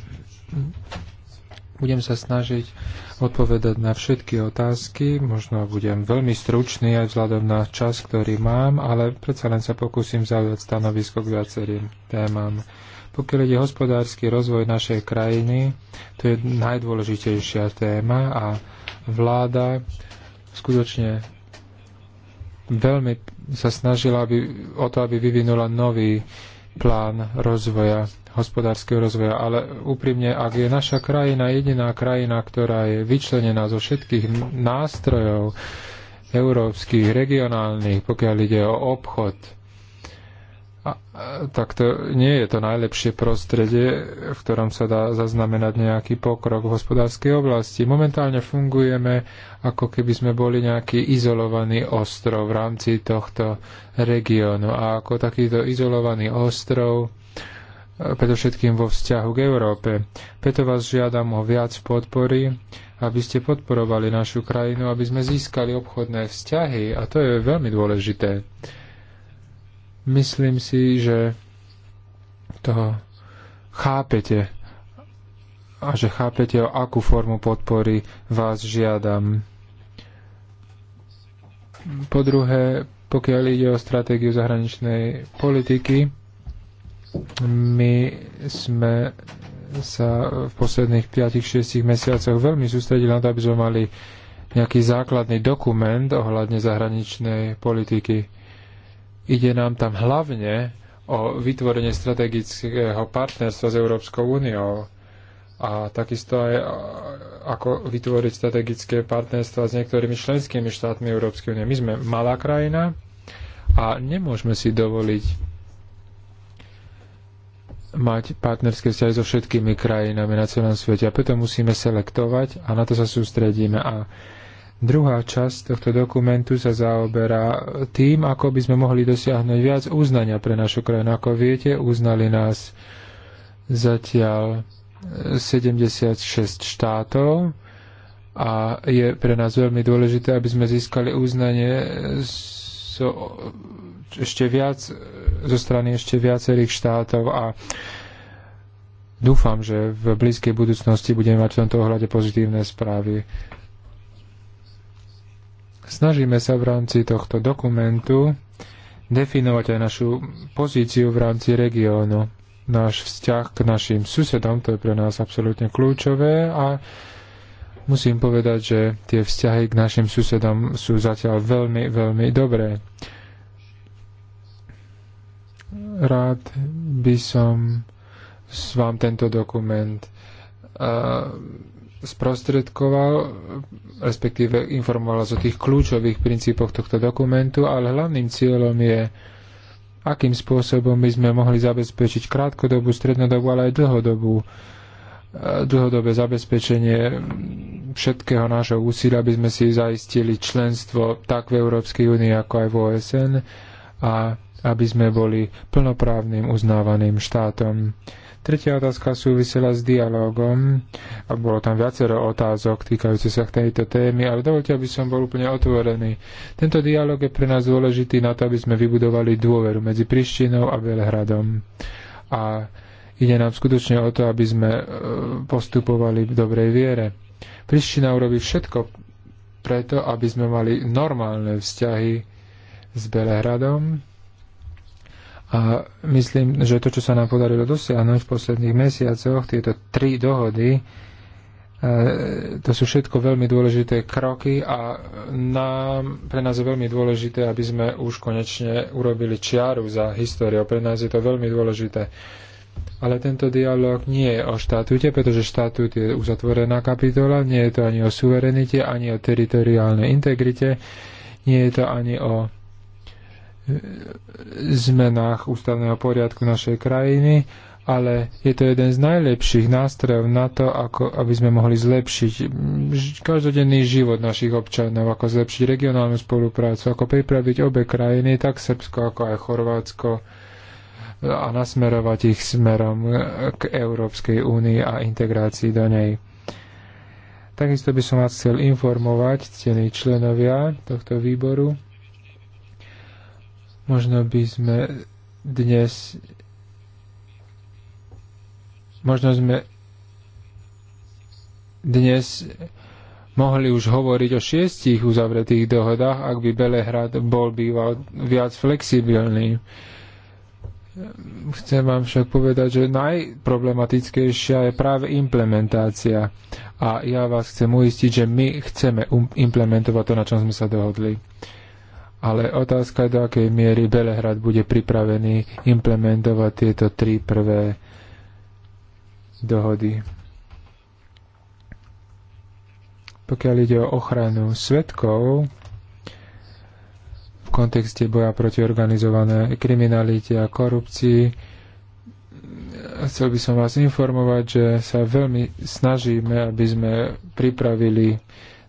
Budem sa snažiť odpovedať na všetky otázky, možno budem veľmi stručný aj vzhľadom na čas, ktorý mám, ale predsa len sa pokúsim zaujať stanovisko k viacerým témam. Pokiaľ ide hospodársky rozvoj našej krajiny, to je najdôležitejšia téma a vláda skutočne veľmi sa snažila aby, o to, aby vyvinula nový plán rozvoja, hospodárskeho rozvoja. Ale úprimne, ak je naša krajina jediná krajina, ktorá je vyčlenená zo všetkých nástrojov európskych, regionálnych, pokiaľ ide o obchod, a, e, tak to nie je to najlepšie prostredie, v ktorom sa dá zaznamenať nejaký pokrok v hospodárskej oblasti. Momentálne fungujeme, ako keby sme boli nejaký izolovaný ostrov v rámci tohto regiónu. A ako takýto izolovaný ostrov, e, predovšetkým vo vzťahu k Európe. Preto vás žiadam o viac podpory, aby ste podporovali našu krajinu, aby sme získali obchodné vzťahy. A to je veľmi dôležité Myslím si, že to chápete a že chápete, o akú formu podpory vás žiadam. Po druhé, pokiaľ ide o stratégiu zahraničnej politiky, my sme sa v posledných 5-6 mesiacoch veľmi sústredili na to, aby sme mali nejaký základný dokument ohľadne zahraničnej politiky. Ide nám tam hlavne o vytvorenie strategického partnerstva s Európskou úniou a takisto aj ako vytvoriť strategické partnerstva s niektorými členskými štátmi Európskej únie. My sme malá krajina a nemôžeme si dovoliť mať partnerské vzťahy so všetkými krajinami na celom svete a preto musíme selektovať a na to sa sústredíme a Druhá časť tohto dokumentu sa zaoberá tým, ako by sme mohli dosiahnuť viac uznania pre našu krajinu. Ako viete, uznali nás zatiaľ 76 štátov a je pre nás veľmi dôležité, aby sme získali uznanie so, ešte viac, zo strany ešte viacerých štátov a dúfam, že v blízkej budúcnosti budeme mať v tomto ohľade pozitívne správy. Snažíme sa v rámci tohto dokumentu definovať aj našu pozíciu v rámci regiónu. Náš vzťah k našim susedom, to je pre nás absolútne kľúčové a musím povedať, že tie vzťahy k našim susedom sú zatiaľ veľmi, veľmi dobré. Rád by som s vám tento dokument uh, sprostredkoval, respektíve informoval o tých kľúčových princípoch tohto dokumentu, ale hlavným cieľom je, akým spôsobom by sme mohli zabezpečiť krátkodobú, strednodobú, ale aj dlhodobú e, dlhodobé zabezpečenie všetkého nášho úsilia, aby sme si zaistili členstvo tak v Európskej únii, ako aj v OSN a aby sme boli plnoprávnym uznávaným štátom. Tretia otázka súvisela s dialogom a bolo tam viacero otázok týkajúce sa k tejto témy, ale dovolte, aby som bol úplne otvorený. Tento dialog je pre nás dôležitý na to, aby sme vybudovali dôveru medzi Prištinou a Belhradom. A ide nám skutočne o to, aby sme e, postupovali v dobrej viere. Priština urobí všetko preto, aby sme mali normálne vzťahy s Belehradom a myslím, že to, čo sa nám podarilo dosiahnuť v posledných mesiacoch, tieto tri dohody, e, to sú všetko veľmi dôležité kroky a nám, pre nás je veľmi dôležité, aby sme už konečne urobili čiaru za históriou. Pre nás je to veľmi dôležité. Ale tento dialog nie je o štatúte, pretože štatút je uzatvorená kapitola, nie je to ani o suverenite, ani o teritoriálnej integrite, nie je to ani o zmenách ústavného poriadku našej krajiny, ale je to jeden z najlepších nástrojov na to, ako, aby sme mohli zlepšiť každodenný život našich občanov, ako zlepšiť regionálnu spoluprácu, ako pripraviť obe krajiny, tak Srbsko ako aj Chorvátsko a nasmerovať ich smerom k Európskej únii a integrácii do nej. Takisto by som vás chcel informovať, ctení členovia tohto výboru, Možno by sme dnes možno sme dnes mohli už hovoriť o šiestich uzavretých dohodách, ak by Belehrad bol býval viac flexibilný. Chcem vám však povedať, že najproblematickejšia je práve implementácia. A ja vás chcem uistiť, že my chceme um- implementovať to, na čom sme sa dohodli ale otázka je, do akej miery Belehrad bude pripravený implementovať tieto tri prvé dohody. Pokiaľ ide o ochranu svetkov v kontexte boja proti organizované kriminalite a korupcii, chcel by som vás informovať, že sa veľmi snažíme, aby sme pripravili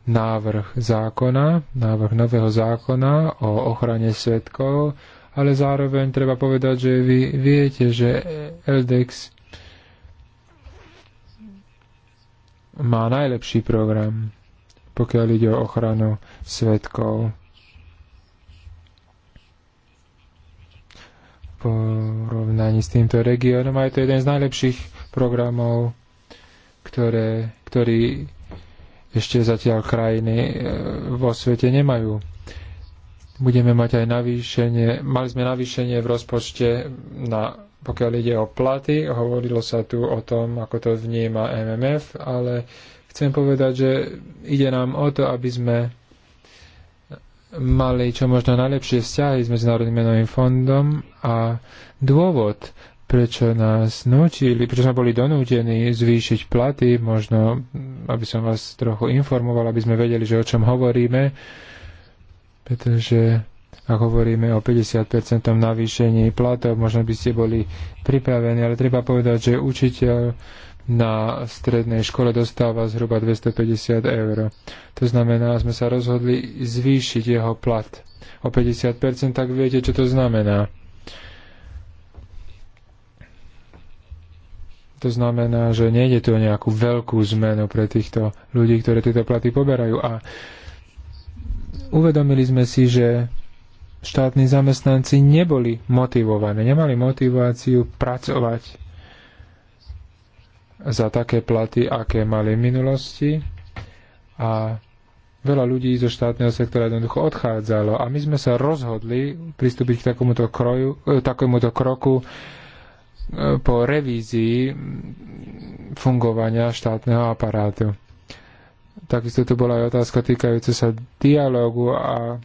návrh zákona, návrh nového zákona o ochrane svetkov, ale zároveň treba povedať, že vy viete, že LDEX má najlepší program, pokiaľ ide o ochranu svetkov. porovnaní s týmto regiónom a je to jeden z najlepších programov, ktoré, ktorý ešte zatiaľ krajiny e, vo svete nemajú. Budeme mať aj navýšenie, mali sme navýšenie v rozpočte na, pokiaľ ide o platy, hovorilo sa tu o tom, ako to vníma MMF, ale chcem povedať, že ide nám o to, aby sme mali čo možno najlepšie vzťahy s Medzinárodným menovým fondom a dôvod, prečo nás nutili, prečo sme boli donútení zvýšiť platy, možno, mm, aby som vás trochu informoval, aby sme vedeli, že o čom hovoríme, pretože ak hovoríme o 50% navýšení platov, možno by ste boli pripravení, ale treba povedať, že učiteľ na strednej škole dostáva zhruba 250 eur. To znamená, sme sa rozhodli zvýšiť jeho plat o 50%, tak viete, čo to znamená To znamená, že nejde tu o nejakú veľkú zmenu pre týchto ľudí, ktorí tieto platy poberajú. A uvedomili sme si, že štátni zamestnanci neboli motivovaní, nemali motiváciu pracovať za také platy, aké mali v minulosti. A veľa ľudí zo štátneho sektora jednoducho odchádzalo. A my sme sa rozhodli pristúpiť k takomuto, kroju, eh, takomuto kroku, po revízii fungovania štátneho aparátu. Takisto tu bola aj otázka týkajúca sa dialogu a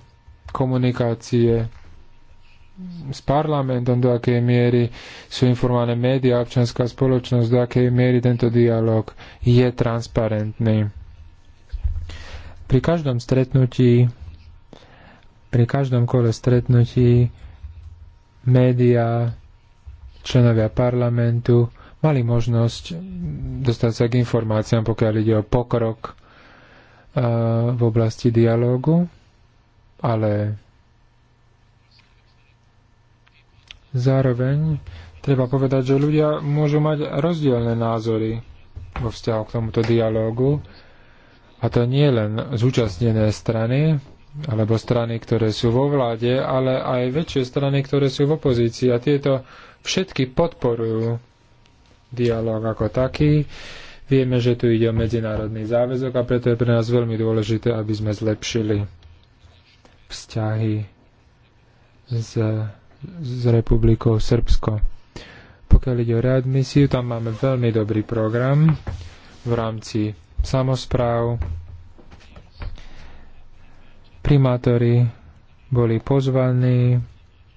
komunikácie s parlamentom, do akej miery sú informované médiá, občianská spoločnosť, do akej miery tento dialog je transparentný. Pri každom stretnutí, pri každom kole stretnutí médiá členovia parlamentu mali možnosť dostať sa k informáciám, pokiaľ ide o pokrok eh, v oblasti dialógu, ale zároveň treba povedať, že ľudia môžu mať rozdielne názory vo vzťahu k tomuto dialógu a to nie len zúčastnené strany, alebo strany, ktoré sú vo vláde, ale aj väčšie strany, ktoré sú v opozícii. A tieto všetky podporujú dialog ako taký. Vieme, že tu ide o medzinárodný záväzok a preto je pre nás veľmi dôležité, aby sme zlepšili vzťahy s, s republikou Srbsko. Pokiaľ ide o readmisiu, tam máme veľmi dobrý program v rámci samozpráv. Primátori boli pozvaní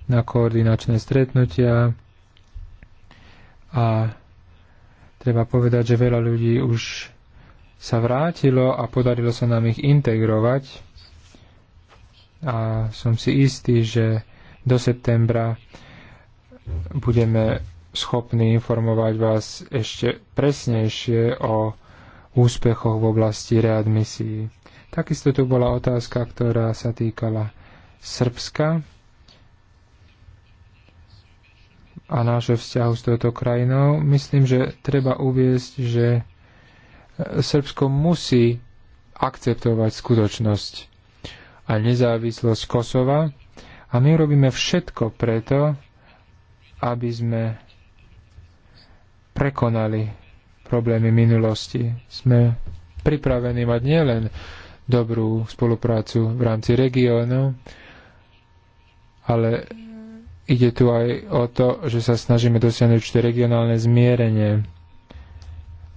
na koordinačné stretnutia a treba povedať, že veľa ľudí už sa vrátilo a podarilo sa nám ich integrovať. A som si istý, že do septembra budeme schopní informovať vás ešte presnejšie o úspechoch v oblasti readmisií. Takisto tu bola otázka, ktorá sa týkala Srbska. a nášho vzťahu s touto krajinou. Myslím, že treba uviesť, že e, Srbsko musí akceptovať skutočnosť a nezávislosť Kosova a my robíme všetko preto, aby sme prekonali problémy minulosti. Sme pripravení mať nielen dobrú spoluprácu v rámci regiónu, ale Ide tu aj o to, že sa snažíme dosiahnuť určité regionálne zmierenie.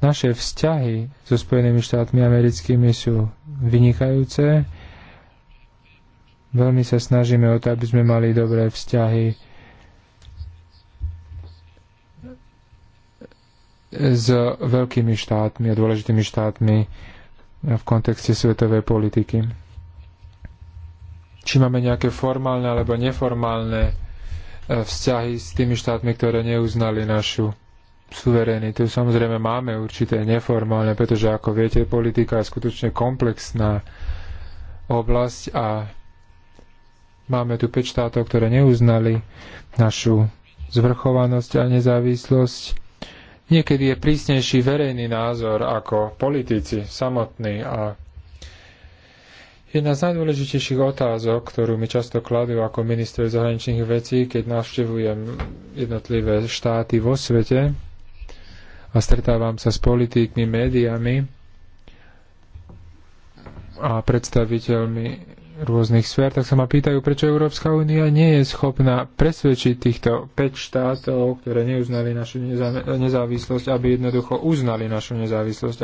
Naše vzťahy so Spojenými štátmi americkými sú vynikajúce. Veľmi sa snažíme o to, aby sme mali dobré vzťahy s veľkými štátmi a dôležitými štátmi v kontexte svetovej politiky. Či máme nejaké formálne alebo neformálne vzťahy s tými štátmi, ktoré neuznali našu suverenitu. Samozrejme máme určité neformálne, pretože ako viete, politika je skutočne komplexná oblasť a máme tu 5 štátov, ktoré neuznali našu zvrchovanosť a nezávislosť. Niekedy je prísnejší verejný názor ako politici samotní a Jedna z najdôležitejších otázok, ktorú mi často kladú ako minister zahraničných vecí, keď navštevujem jednotlivé štáty vo svete a stretávam sa s politikmi, médiami a predstaviteľmi rôznych sfér, tak sa ma pýtajú, prečo Európska únia nie je schopná presvedčiť týchto 5 štátov, ktoré neuznali našu nezávislosť, aby jednoducho uznali našu nezávislosť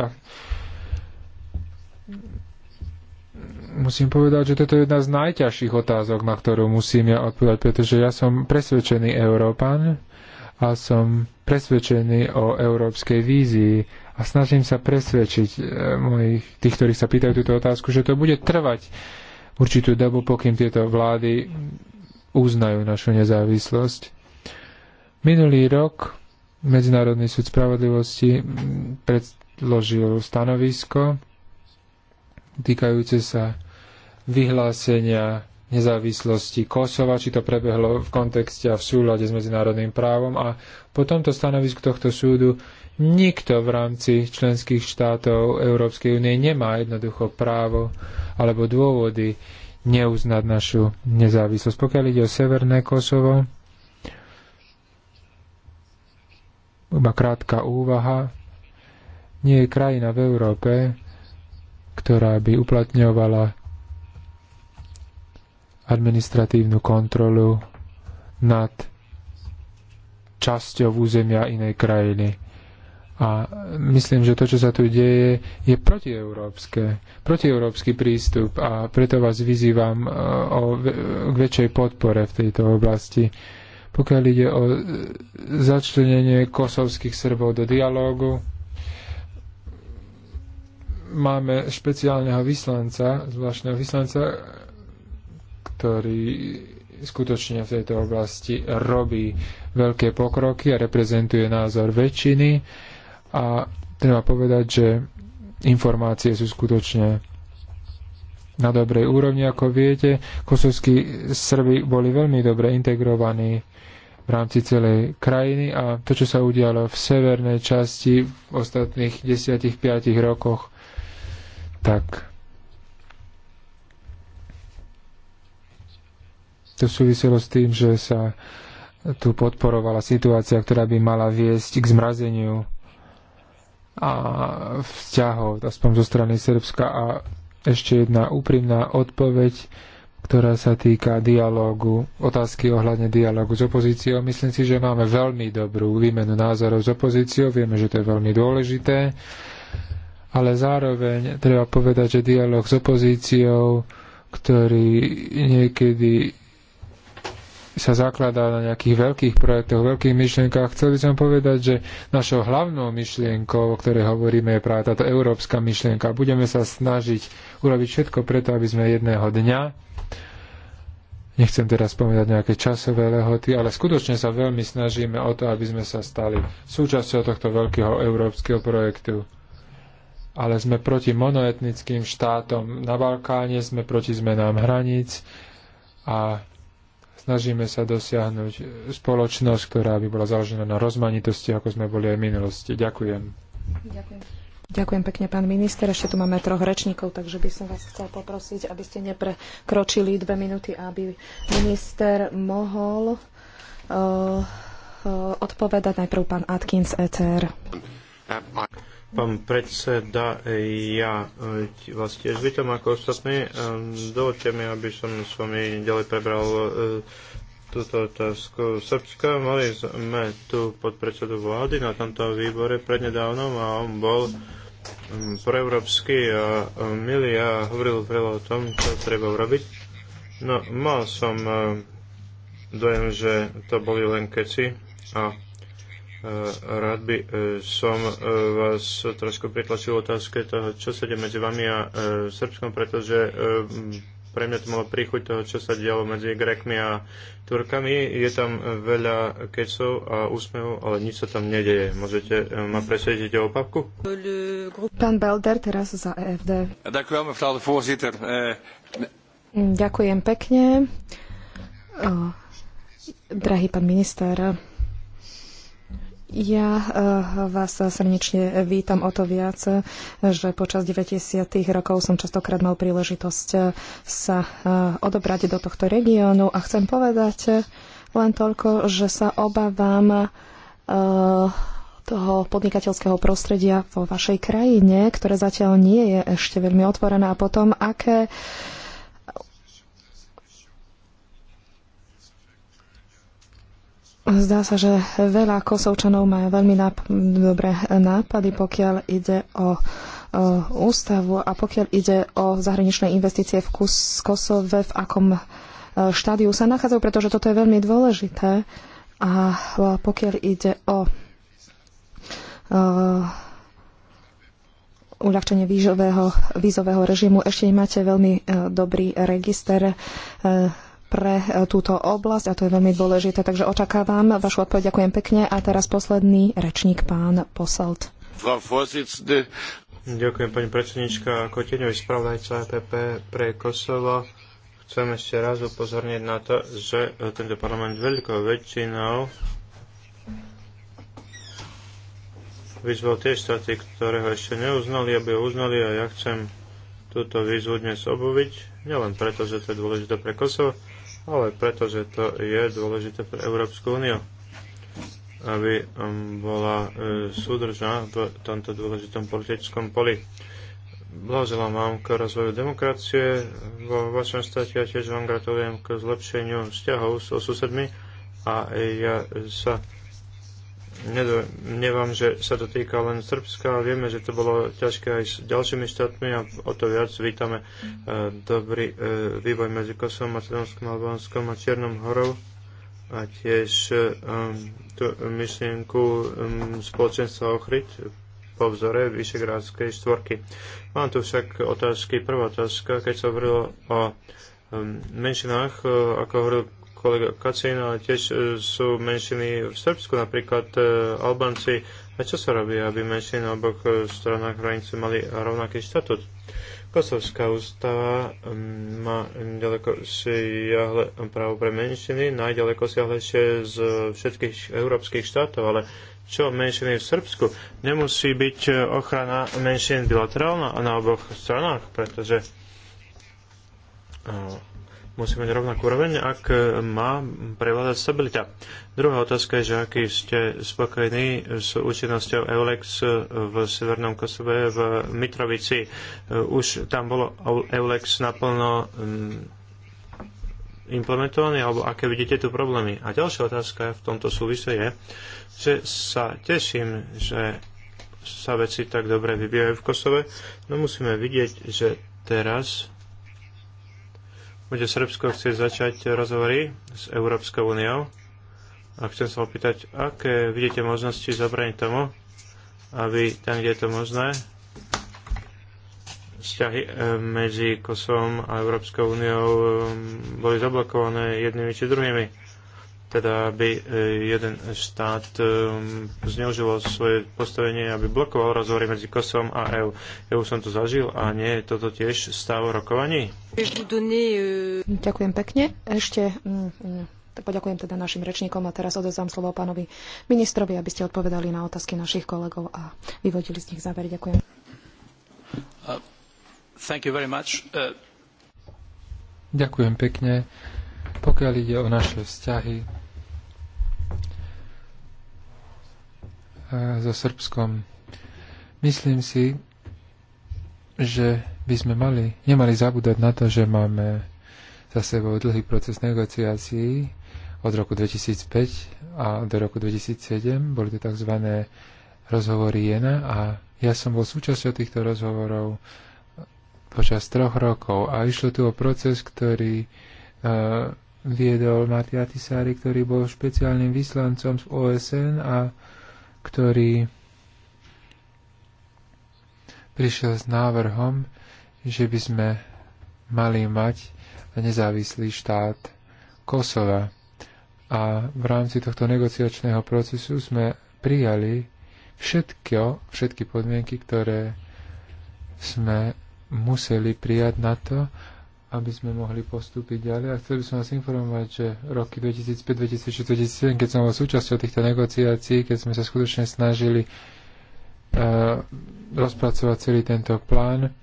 musím povedať, že toto je jedna z najťažších otázok, na ktorú musím ja odpovedať, pretože ja som presvedčený Európan a som presvedčený o európskej vízii a snažím sa presvedčiť e, mojich, tých, ktorí sa pýtajú túto otázku, že to bude trvať určitú dobu, pokým tieto vlády uznajú našu nezávislosť. Minulý rok Medzinárodný súd spravodlivosti predložil stanovisko, týkajúce sa vyhlásenia nezávislosti Kosova, či to prebehlo v kontexte a v súlade s medzinárodným právom. A po tomto stanovisku tohto súdu nikto v rámci členských štátov Európskej únie nemá jednoducho právo alebo dôvody neuznať našu nezávislosť. Pokiaľ ide o Severné Kosovo, iba krátka úvaha, nie je krajina v Európe, ktorá by uplatňovala administratívnu kontrolu nad časťou územia inej krajiny. A myslím, že to, čo sa tu deje, je protieurópske, protieurópsky prístup a preto vás vyzývam e, o, k väčšej podpore v tejto oblasti. Pokiaľ ide o e, začlenenie kosovských Srbov do dialógu, máme špeciálneho vyslanca, zvláštneho vyslanca, ktorý skutočne v tejto oblasti robí veľké pokroky a reprezentuje názor väčšiny a treba povedať, že informácie sú skutočne na dobrej úrovni, ako viete. Kosovskí Srby boli veľmi dobre integrovaní v rámci celej krajiny a to, čo sa udialo v severnej časti v ostatných 10-5 rokoch, tak to súviselo s tým, že sa tu podporovala situácia, ktorá by mala viesť k zmrazeniu a vzťahov, aspoň zo strany Srbska. A ešte jedna úprimná odpoveď, ktorá sa týka dialógu, otázky ohľadne dialógu s opozíciou. Myslím si, že máme veľmi dobrú výmenu názorov s opozíciou, vieme, že to je veľmi dôležité ale zároveň treba povedať, že dialog s opozíciou, ktorý niekedy sa zakladá na nejakých veľkých projektoch, veľkých myšlienkách. Chcel by som povedať, že našou hlavnou myšlienkou, o ktorej hovoríme, je práve táto európska myšlienka. Budeme sa snažiť urobiť všetko preto, aby sme jedného dňa, nechcem teraz spomínať nejaké časové lehoty, ale skutočne sa veľmi snažíme o to, aby sme sa stali súčasťou tohto veľkého európskeho projektu ale sme proti monoetnickým štátom na Balkáne, sme proti zmenám hraníc a snažíme sa dosiahnuť spoločnosť, ktorá by bola založená na rozmanitosti, ako sme boli aj v minulosti. Ďakujem. Ďakujem. Ďakujem pekne, pán minister. Ešte tu máme troch rečníkov, takže by som vás chcel poprosiť, aby ste neprekročili dve minúty, aby minister mohol uh, uh, odpovedať najprv pán Atkins ECR. Uh, Pán predseda, ja eh, vás vlastne tiež vítam ako ostatní. Eh, dovolte mi, aby som s vami ďalej prebral eh, túto otázku. Srbska mali sme tu podpredsedu vlády na tomto výbore prednedávnom a on bol mm, proeurópsky a milý a hovoril veľa o tom, čo treba urobiť. No, mal som dojem, že to boli len keci a Rád by e, som e, vás trošku pritlačil otázke toho, čo sa deje medzi vami a e, Srbskom, pretože pre mňa to malo príchuť toho, čo sa dialo medzi Grekmi a Turkami. Je tam veľa kecov a úsmevov, ale nič sa tam nedeje. Môžete ma presvedčiť o opapku? Pán Belder, teraz za EFD. Eh, Ďakujem pekne. Eh, drahý pán minister, ja eh, vás srdečne vítam o to viac, že počas 90. rokov som častokrát mal príležitosť eh, sa eh, odobrať do tohto regiónu a chcem povedať len toľko, že sa obávam toho podnikateľského prostredia vo vašej krajine, ktoré zatiaľ nie je ešte veľmi otvorené a potom, aké Zdá sa, že veľa kosovčanov má veľmi náp- dobré nápady, pokiaľ ide o, ústavu a pokiaľ ide o zahraničné investície v Kus- Kosove, v akom e, štádiu sa nachádzajú, pretože toto je veľmi dôležité. A e, pokiaľ ide o, o e, uľahčenie vízového, režimu. Ešte nemáte veľmi dobrý register pre e, túto oblasť a to je veľmi dôležité. Takže očakávam vašu odpoveď. Ďakujem pekne. A teraz posledný rečník, pán Poselt. Ďakujem, pani predsednička. Ako tieňový spravodajca EPP pre Kosovo chcem ešte raz upozorniť na to, že tento parlament veľkou väčšinou vyzval tie štáty, ktoré ho ešte neuznali, aby ho uznali a ja chcem túto výzvu dnes obuviť, nielen preto, že to je dôležité pre Kosovo, ale pretože to je dôležité pre Európsku úniu, aby um, bola e, súdržná v tomto dôležitom politickom poli. Blahoželám vám k rozvoju demokracie vo vašom stati. a tiež vám gratulujem k zlepšeniu vzťahov so susedmi a ja sa nedomnievam, že sa to týka len Srbska. Vieme, že to bolo ťažké aj s ďalšími štátmi a o to viac vítame e, dobrý e, vývoj medzi Kosovom, Macedónskom, Albánskom a Čiernom horou a tiež e, tú myšlienku spoločenstva Ochryt po vzore Vyšegrádskej štvorky. Mám tu však otázky. Prvá otázka, keď sa hovorilo o menšinách, ako hovoril kolega Kacina, ale tiež e, sú menšiny v Srbsku, napríklad e, Albanci. A čo sa robí, aby menšiny na oboch e, stranách hranice mali rovnaký štatút? Kosovská ústava má ďaleko siahle právo pre menšiny, najďaleko siahlejšie z všetkých európskych štátov, ale čo menšiny v Srbsku? Nemusí byť ochrana menšín bilaterálna a na oboch stranách, pretože musí mať rovnakú úroveň, ak má prevládať stabilita. Druhá otázka je, že aký ste spokojní s účinnosťou Eulex v Severnom Kosove v Mitrovici. Už tam bolo Eulex naplno mm, implementovaný, alebo aké vidíte tu problémy. A ďalšia otázka v tomto súvise je, že sa teším, že sa veci tak dobre vybijajú v Kosove, no musíme vidieť, že teraz bude Srbsko chcieť začať rozhovory s Európskou úniou. A chcem sa opýtať, aké vidíte možnosti zabraniť tomu, aby tam, kde je to možné, vzťahy eh, medzi Kosovom a Európskou úniou eh, boli zablokované jednými či druhými teda aby e, jeden štát e, zneužil svoje postavenie, aby blokoval rozhovory medzi Kosovom a EÚ. Ja už e som to zažil a nie je toto tiež stav rokovaní? Ďakujem pekne. Ešte mm, mm, tak poďakujem teda našim rečníkom a teraz odozdám slovo pánovi ministrovi, aby ste odpovedali na otázky našich kolegov a vyvodili z nich záver. Ďakujem. Uh, thank you very much. Uh... Ďakujem pekne. Pokiaľ ide o naše vzťahy so Srbskom. Myslím si, že by sme mali, nemali zabúdať na to, že máme za sebou dlhý proces negociácií od roku 2005 a do roku 2007. Boli to tzv. rozhovory Jena a ja som bol súčasťou týchto rozhovorov počas troch rokov a išlo tu o proces, ktorý uh, viedol Matia Tisári, ktorý bol špeciálnym vyslancom z OSN a ktorý prišiel s návrhom, že by sme mali mať nezávislý štát Kosova. A v rámci tohto negociačného procesu sme prijali všetko, všetky podmienky, ktoré sme museli prijať na to, aby sme mohli postúpiť ďalej. A chcel by som vás informovať, že roky 2005, 2006, 2007, keď som bol súčasťou týchto negociácií, keď sme sa skutočne snažili uh, rozpracovať celý tento plán,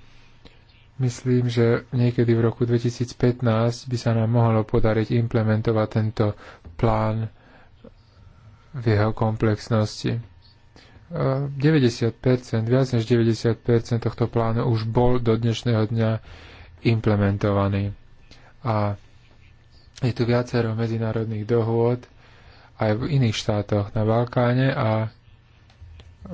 myslím, že niekedy v roku 2015 by sa nám mohlo podariť implementovať tento plán v jeho komplexnosti. 90%, e, viac než 90% tohto plánu už bol do dnešného dňa implementovaný. A je tu viacero medzinárodných dohôd aj v iných štátoch na Balkáne a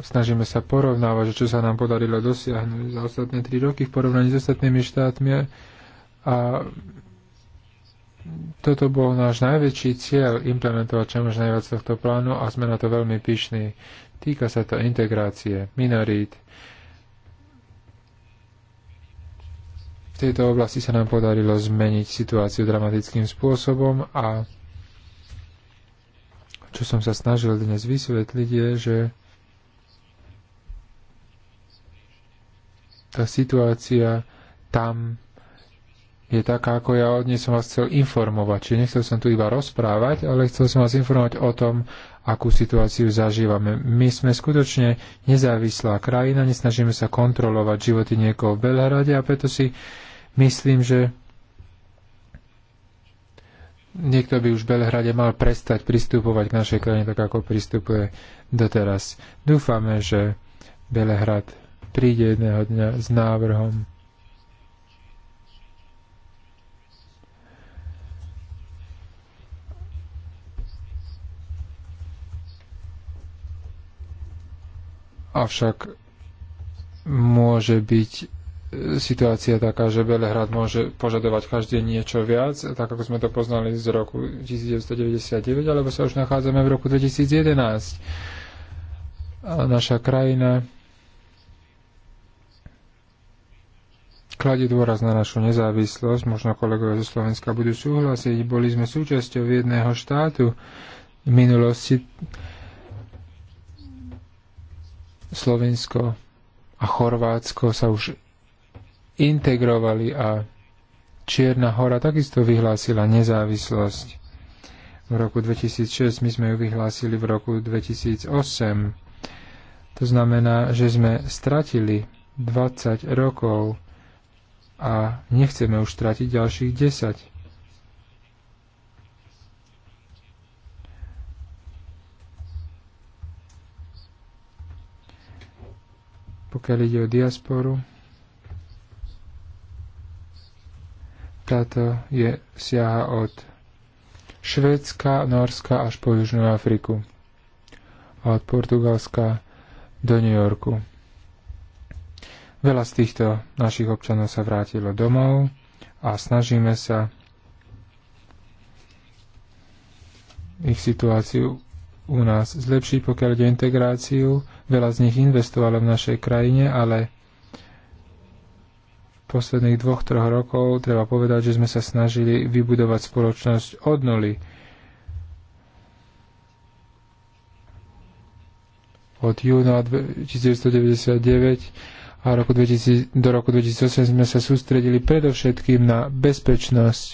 snažíme sa porovnávať, čo sa nám podarilo dosiahnuť za ostatné 3 roky v porovnaní s ostatnými štátmi a toto bol náš najväčší cieľ implementovať čo možno najviac tohto plánu a sme na to veľmi pyšní. Týka sa to integrácie minorít, tejto oblasti sa nám podarilo zmeniť situáciu dramatickým spôsobom a čo som sa snažil dnes vysvetliť je, že tá situácia tam je taká, ako ja od som vás chcel informovať. Čiže nechcel som tu iba rozprávať, ale chcel som vás informovať o tom, akú situáciu zažívame. My sme skutočne nezávislá krajina, nesnažíme sa kontrolovať životy niekoho v Belhrade a preto si Myslím, že niekto by už v Belhrade mal prestať pristupovať k našej krajine tak, ako pristupuje doteraz. Dúfame, že Belehrad príde jedného dňa s návrhom Avšak môže byť situácia taká, že Belehrad môže požadovať každý niečo viac, tak ako sme to poznali z roku 1999, alebo sa už nachádzame v roku 2011. A naša krajina kladie dôraz na našu nezávislosť, možno kolegovia zo Slovenska budú súhlasiť, boli sme súčasťou jedného štátu v minulosti Slovensko a Chorvátsko sa už integrovali a Čierna hora takisto vyhlásila nezávislosť. V roku 2006 my sme ju vyhlásili v roku 2008. To znamená, že sme stratili 20 rokov a nechceme už stratiť ďalších 10. Pokiaľ ide o diasporu, Táto je, siaha od Švédska, Norska až po Južnú Afriku a od Portugalska do New Yorku. Veľa z týchto našich občanov sa vrátilo domov a snažíme sa ich situáciu u nás zlepšiť, pokiaľ ide integráciu. Veľa z nich investovalo v našej krajine, ale posledných dvoch, troch rokov treba povedať, že sme sa snažili vybudovať spoločnosť od nuly. Od júna 1999 a roku 2000, do roku 2008 sme sa sústredili predovšetkým na bezpečnosť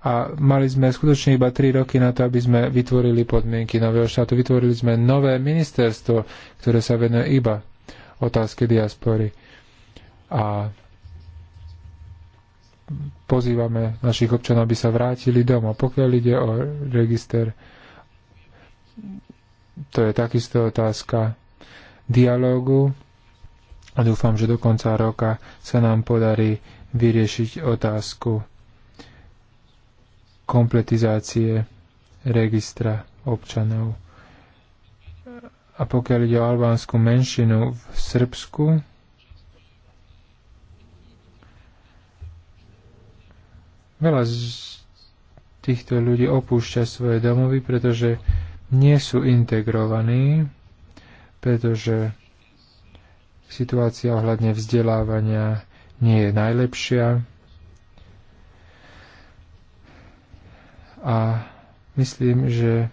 a mali sme skutočne iba 3 roky na to, aby sme vytvorili podmienky nového štátu. Vytvorili sme nové ministerstvo, ktoré sa venuje iba otázke diaspory. A pozývame našich občanov, aby sa vrátili domov. Pokiaľ ide o register, to je takisto otázka dialogu a dúfam, že do konca roka sa nám podarí vyriešiť otázku kompletizácie registra občanov. A pokiaľ ide o albánsku menšinu v Srbsku, Veľa z týchto ľudí opúšťa svoje domovy, pretože nie sú integrovaní, pretože situácia ohľadne vzdelávania nie je najlepšia. A myslím, že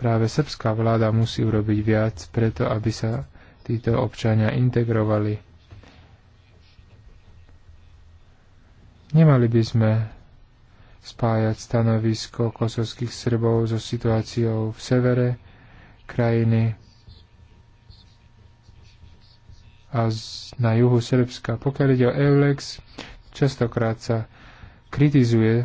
práve srbská vláda musí urobiť viac preto, aby sa títo občania integrovali. Nemali by sme spájať stanovisko kosovských Srbov so situáciou v severe krajiny a na juhu Srbska. Pokiaľ ide o Eulex, častokrát sa kritizuje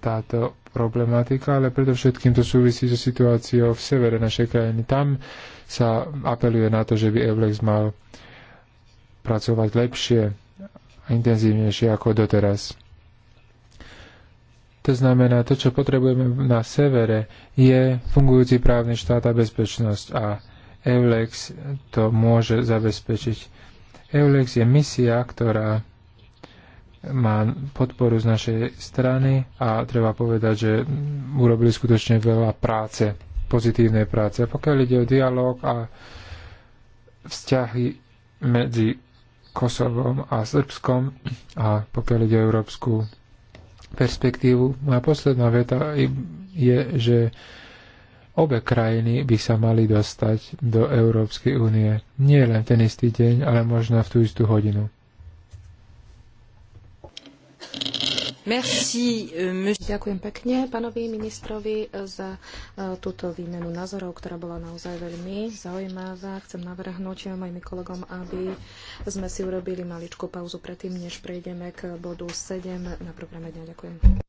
táto problematika, ale predovšetkým to súvisí so situáciou v severe našej krajiny. Tam sa apeluje na to, že by Eulex mal pracovať lepšie a intenzívnejšie ako doteraz. To znamená, to, čo potrebujeme na severe, je fungujúci právny štát a bezpečnosť a EULEX to môže zabezpečiť. EULEX je misia, ktorá má podporu z našej strany a treba povedať, že urobili skutočne veľa práce, pozitívnej práce. A pokiaľ ide o dialog a vzťahy medzi Kosovom a Srbskom a pokiaľ ide o Európsku perspektívu. Moja posledná veta je, že obe krajiny by sa mali dostať do Európskej únie. Nie len ten istý deň, ale možno v tú istú hodinu. Euh, Ďakujem pekne pánovi ministrovi eh, za eh, túto výmenu názorov, ktorá bola naozaj veľmi zaujímavá. Chcem navrhnúť eh, mojim kolegom, aby sme si urobili maličkú pauzu predtým, než prejdeme k bodu 7 na programe dňa. Ďakujem.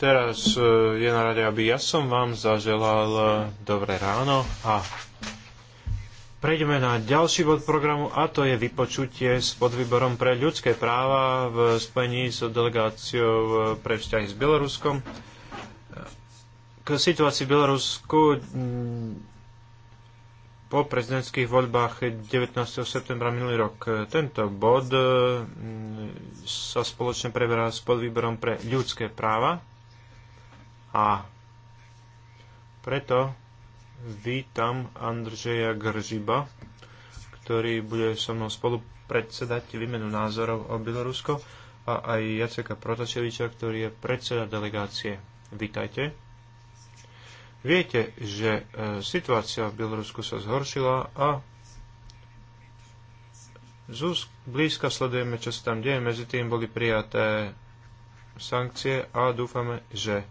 Teraz e, je na rade, aby ja som vám zaželal e, dobré ráno a Prejdeme na ďalší bod programu a to je vypočutie s podvýborom pre ľudské práva v spojení s delegáciou e, pre vzťahy s Bieloruskom. K situácii v Bielorusku po prezidentských voľbách 19. septembra minulý rok. Tento bod e, sa spoločne preberá s podvýborom pre ľudské práva a preto vítam Andrzeja Gržiba, ktorý bude so mnou spolu predsedať výmenu názorov o Bielorusko a aj Jaceka Protačeviča, ktorý je predseda delegácie. Vítajte. Viete, že e, situácia v Bielorusku sa zhoršila a z blízka sledujeme, čo sa tam deje. Medzi tým boli prijaté sankcie a dúfame, že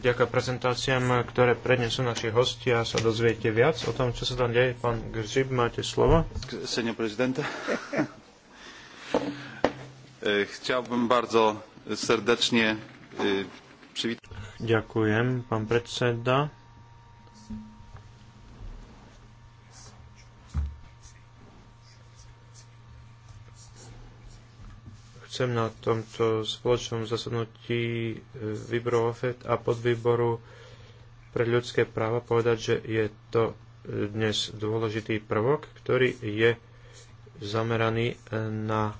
vďaka prezentáciám, ktoré prednesú naši hostia, sa dozviete viac o tom, čo sa tam deje. Pán Gržib, máte slovo. Senior prezidenta. [LAUGHS] Eh, chciałbym bardzo serdecznie eh, Ďakujem, pán predseda. chcem na tomto spoločnom zasadnutí e, výboru OFED a podvýboru pre ľudské práva povedať, že je to e, dnes dôležitý prvok, ktorý je zameraný e, na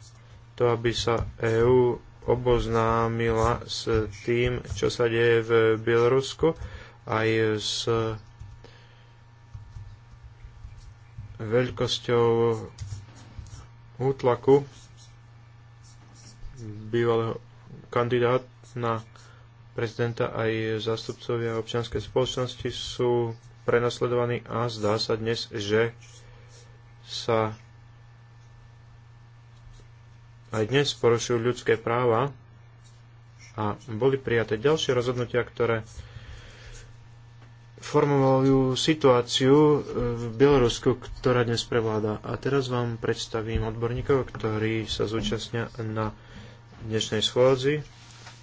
to, aby sa EÚ oboznámila s tým, čo sa deje v Bielorusku, aj s veľkosťou útlaku bývalého kandidát na prezidenta aj zástupcovia občianskej spoločnosti sú prenasledovaní a zdá sa dnes, že sa aj dnes porušujú ľudské práva a boli prijaté ďalšie rozhodnutia, ktoré formovali situáciu v Bielorusku, ktorá dnes prevláda. A teraz vám predstavím odborníkov, ktorí sa zúčastnia na dnešnej schôdzi.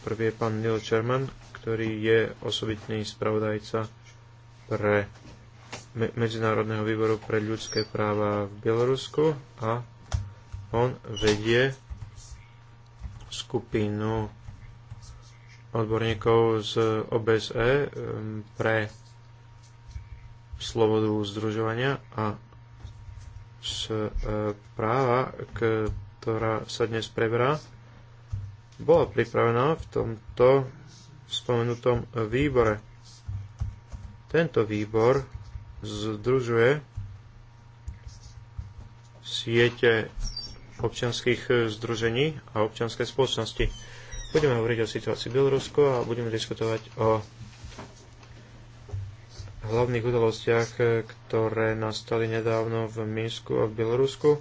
Prvý je pán Neil Sherman, ktorý je osobitný spravodajca pre Medzinárodného výboru pre ľudské práva v Bielorusku a on vedie skupinu odborníkov z OBSE pre slobodu združovania a z e, práva, ktorá sa dnes preberá, bola pripravená v tomto spomenutom výbore. Tento výbor združuje siete občianských e, združení a občianskej spoločnosti. Budeme hovoriť o situácii Bielorusku a budeme diskutovať o hlavných udalostiach, e, ktoré nastali nedávno v Minsku a v Bielorusku.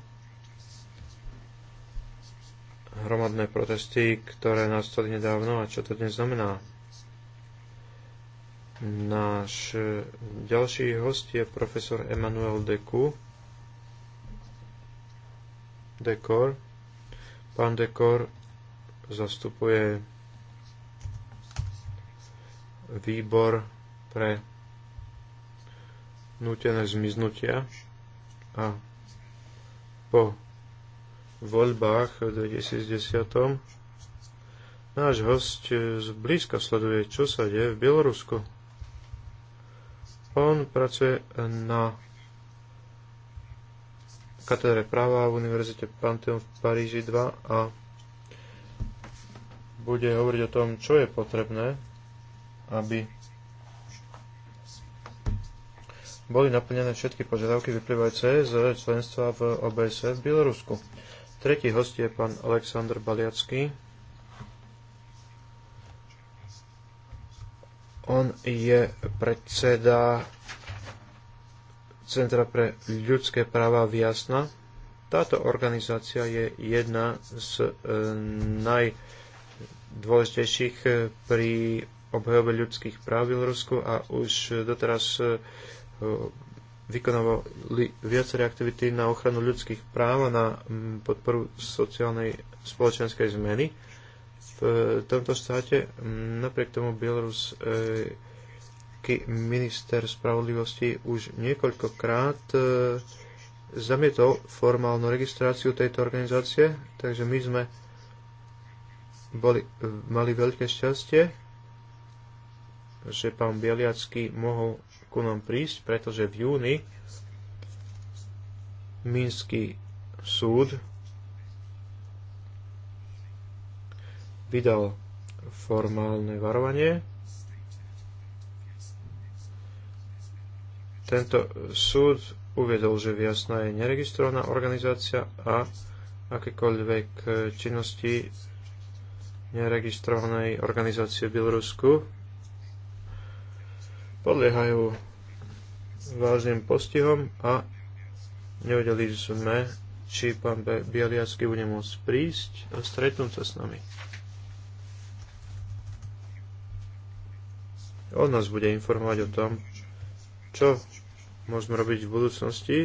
Hromadné protesty, ktoré nastali nedávno a čo to dnes znamená. Náš e, ďalší host je profesor Emmanuel Deku, Dekor. Pán Dekor zastupuje výbor pre nutené zmiznutia a po voľbách v 2010 náš host zblízka sleduje, čo sa deje v Bielorusku. On pracuje na katedre práva v Univerzite Pantheon v Paríži 2 a bude hovoriť o tom, čo je potrebné, aby boli naplnené všetky požiadavky vyplývajúce z členstva v OBSE v Bielorusku. Tretí host je pán Aleksandr Baliacký. On je predseda Centra pre ľudské práva v Jasna. Táto organizácia je jedna z e, najdôležitejších e, pri obhajobe ľudských práv v Bielorusku a už doteraz e, vykonávali viaceré aktivity na ochranu ľudských práv a na podporu sociálnej spoločenskej zmeny. V tomto štáte napriek tomu Bielorus e, nemecký minister spravodlivosti už niekoľkokrát e, zamietol formálnu registráciu tejto organizácie, takže my sme boli, e, mali veľké šťastie, že pán Bieliacký mohol ku nám prísť, pretože v júni Minský súd vydal formálne varovanie Tento súd uviedol, že Viasna je neregistrovaná organizácia a akékoľvek činnosti neregistrovanej organizácie v Bielorusku podliehajú vážnym postihom a nevedeli sme, či pán Bialiacký bude môcť prísť a stretnúť sa s nami. On nás bude informovať o tom, čo môžeme robiť v budúcnosti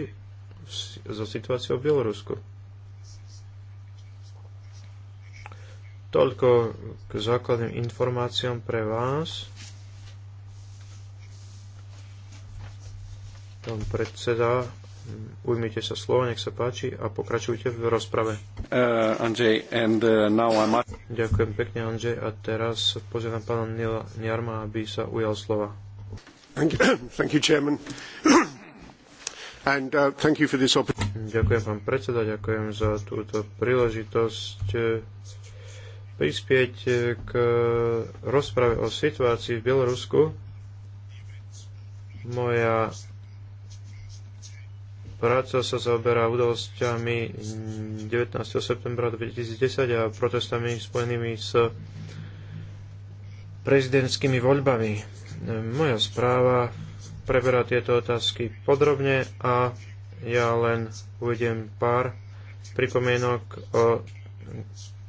so situáciou v Bielorusku. Toľko k základným informáciám pre vás. Pán predseda, ujmite sa slovo, nech sa páči a pokračujte v rozprave. Uh, Andrzej, and, uh, now I'm... Ďakujem pekne, Andrej. A teraz pozývam pána Nila Niarma, aby sa ujal slova. [COUGHS] [COUGHS] Uh, ďakujem, pán predseda, ďakujem za túto príležitosť eh, prispieť eh, k rozprave o situácii v Bielorusku. Moja práca sa zaoberá udalosťami 19. septembra 2010 a protestami spojenými s prezidentskými voľbami moja správa preberá tieto otázky podrobne a ja len uvediem pár pripomienok o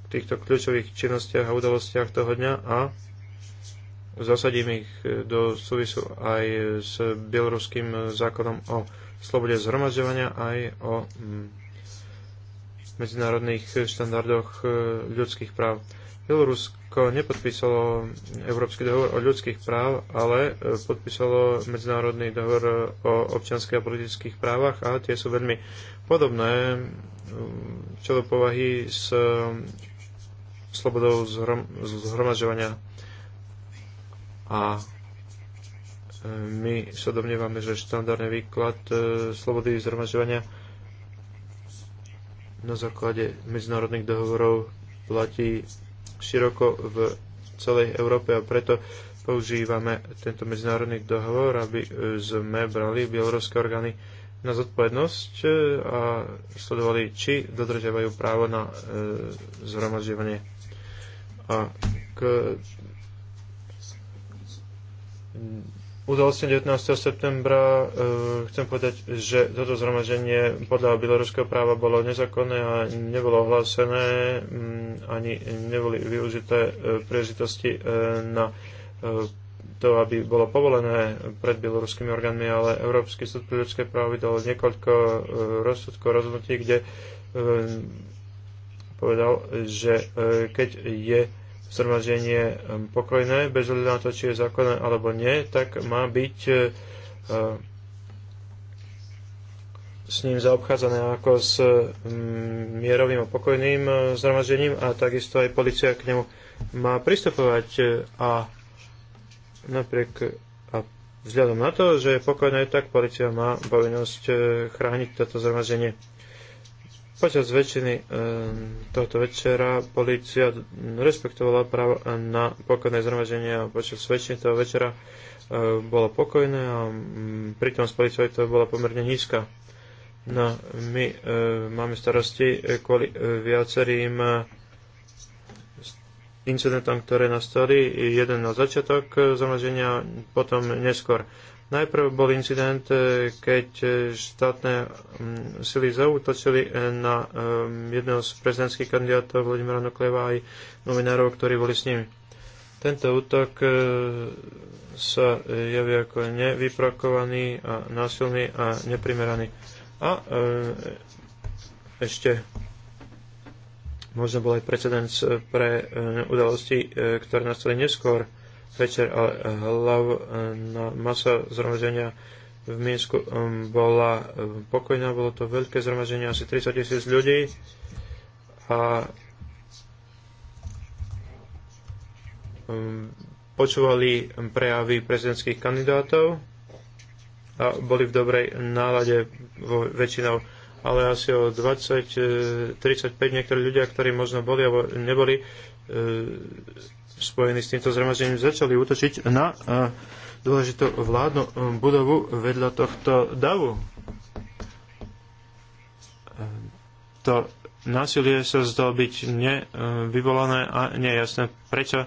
týchto kľúčových činnostiach a udalostiach toho dňa a zasadím ich eh, do súvisu aj s bieloruským zákonom o slobode zhromažďovania aj o mm, medzinárodných štandardoch eh, ľudských práv. Bielorusko Rusko nepodpísalo Európsky dohovor o ľudských práv, ale e, podpísalo Medzinárodný dohovor e, o občianských a politických právach a tie sú veľmi podobné e, čo do povahy s slobodou zhrom, zhromažovania. A my sa domnievame, že štandardný výklad slobody zhromažovania na základe medzinárodných dohovorov platí široko v celej Európe a preto používame tento medzinárodný dohovor, aby e, sme brali bieloruské orgány na zodpovednosť e, a sledovali, či dodržiavajú právo na e, zhromažďovanie. A k udalosti 19. septembra e, chcem povedať, že toto zhromaženie podľa bieloruského práva bolo nezákonné a nebolo ohlásené mm, ani neboli využité e, príležitosti e, na to, aby bolo povolené pred bieloruskými orgánmi, ale Európsky súd pre ľudské právo vydal niekoľko rozsudkov, rozhodnutí, kde povedal, že keď je zhromaždenie pokojné, bez hľadu na to, či je zákonné alebo nie, tak má byť e, s ním zaobchádzané ako s mierovým a pokojným e, zhromaždením a takisto aj policia k nemu má pristupovať e, a napriek a vzhľadom na to, že je pokojné, tak policia má povinnosť chrániť toto zhromaždenie. Počas väčšiny eh, tohto večera policia respektovala právo na pokojné zhromaženie a počas väčšiny toho večera eh, bolo pokojné a mm, pritom z to bola pomerne nízka. No, my eh, máme starosti kvôli viacerým incidentom, ktoré nastali. Jeden na začiatok zamaženia, potom neskôr. Najprv bol incident, e, keď e, štátne sily zautočili e, na jedného z prezidentských kandidátov Vladimira Nokleva aj novinárov, ktorí boli s nimi. Tento útok sa javí ako nevyprokovaný a násilný a neprimeraný. A ešte možno bol aj precedens pre udalosti, ktoré nastali neskôr večer, ale hlavná masa zhromaždenia v Minsku um, bola um, pokojná, bolo to veľké zhromaženie, asi 30 tisíc ľudí a um, počúvali prejavy prezidentských kandidátov a boli v dobrej nálade väčšinou ale asi o 20, 35 eh, niektorí ľudia, ktorí možno boli alebo neboli, eh, spojení s týmto zhromaždením začali útočiť na e, dôležitú vládnu e, budovu vedľa tohto davu. E, to násilie sa zdalo byť nevyvolané a nejasné, prečo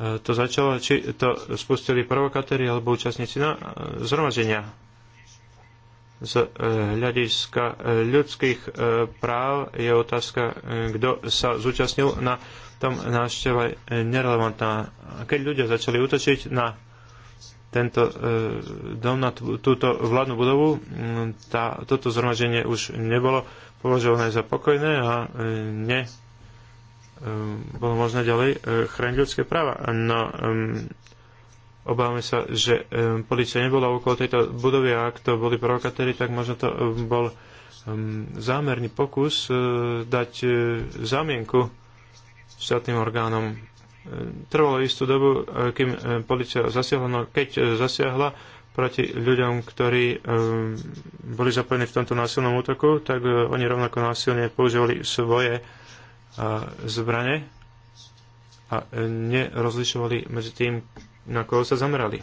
to začalo, či to spustili provokatéri alebo účastníci na zhromaždenia z hľadiska ľudských práv je otázka, kto sa zúčastnil na tom návšteva je e, nerelevantná. Keď ľudia začali útočiť na tento e, dom, na túto vládnu budovu, tá, toto zhromaždenie už nebolo považované za pokojné a e, ne bolo možné ďalej chrániť ľudské práva. No, obávame sa, že um, policia nebola okolo tejto budovy a ak to boli provokatéry, tak možno to um, bol um, zámerný pokus uh, dať uh, zamienku štátnym orgánom. E, trvalo istú dobu, e, kým e, policia zasiahla, no keď zasiahla proti ľuďom, ktorí boli zapojení v tomto násilnom útoku, tak oni rovnako násilne používali svoje zbrane a nerozlišovali medzi tým, na koho sa zamerali.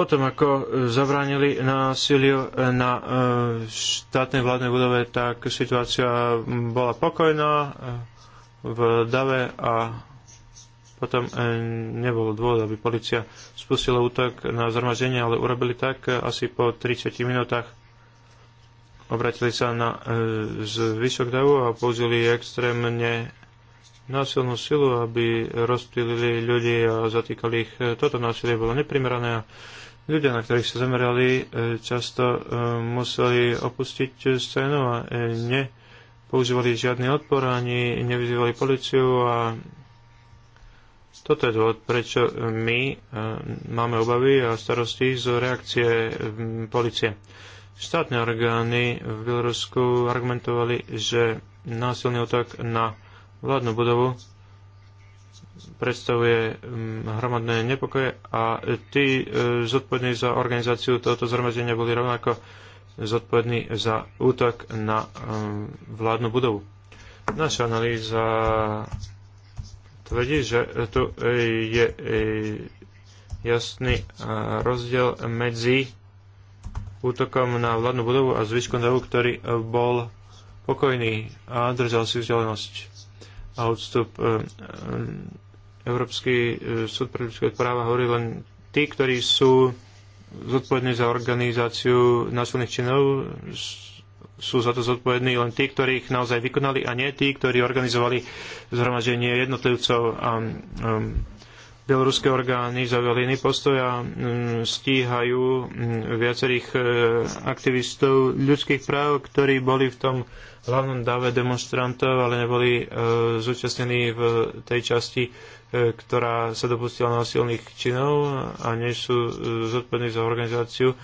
Potom, ako e, zabránili násiliu e, na e, štátnej vládnej budove, tak situácia bola pokojná v Dave a potom nebolo dôvod, aby policia spustila útok na zhromaždenie, ale urobili tak asi po 30 minútach. Obratili sa na zvyšok davu a použili extrémne násilnú silu, aby rozptýlili ľudí a zatýkali ich. Toto násilie bolo neprimerané a ľudia, na ktorých sa zamerali, e, často e, museli opustiť scénu a e, nepoužívali žiadny odpor ani nevyzývali policiu a toto je dôvod, prečo my máme obavy a starosti z reakcie policie. Štátne orgány v Bielorusku argumentovali, že násilný otak na vládnu budovu predstavuje mm, hromadné nepokoje a tí e, zodpovední za organizáciu tohoto zhromaždenia boli rovnako zodpovední za útok na e, vládnu budovu. Naša analýza tvrdí, že tu e, je jasný rozdiel medzi útokom na vládnu budovu a zvyškom davu, ktorý bol pokojný a držal si vzdialenosť a odstup Európsky e, súd pre ľudské práva hovorí len tí, ktorí sú zodpovední za organizáciu násilných činov, sú za to zodpovední len tí, ktorí ich naozaj vykonali a nie tí, ktorí organizovali zhromaždenie jednotlivcov a um, bieloruské orgány zaujali iný postoj a mm, stíhajú mm, viacerých e, aktivistov ľudských práv, ktorí boli v tom hlavnom dáve demonstrantov, ale neboli e, zúčastnení v tej časti, e, ktorá sa dopustila násilných činov a nie sú zodpovední za organizáciu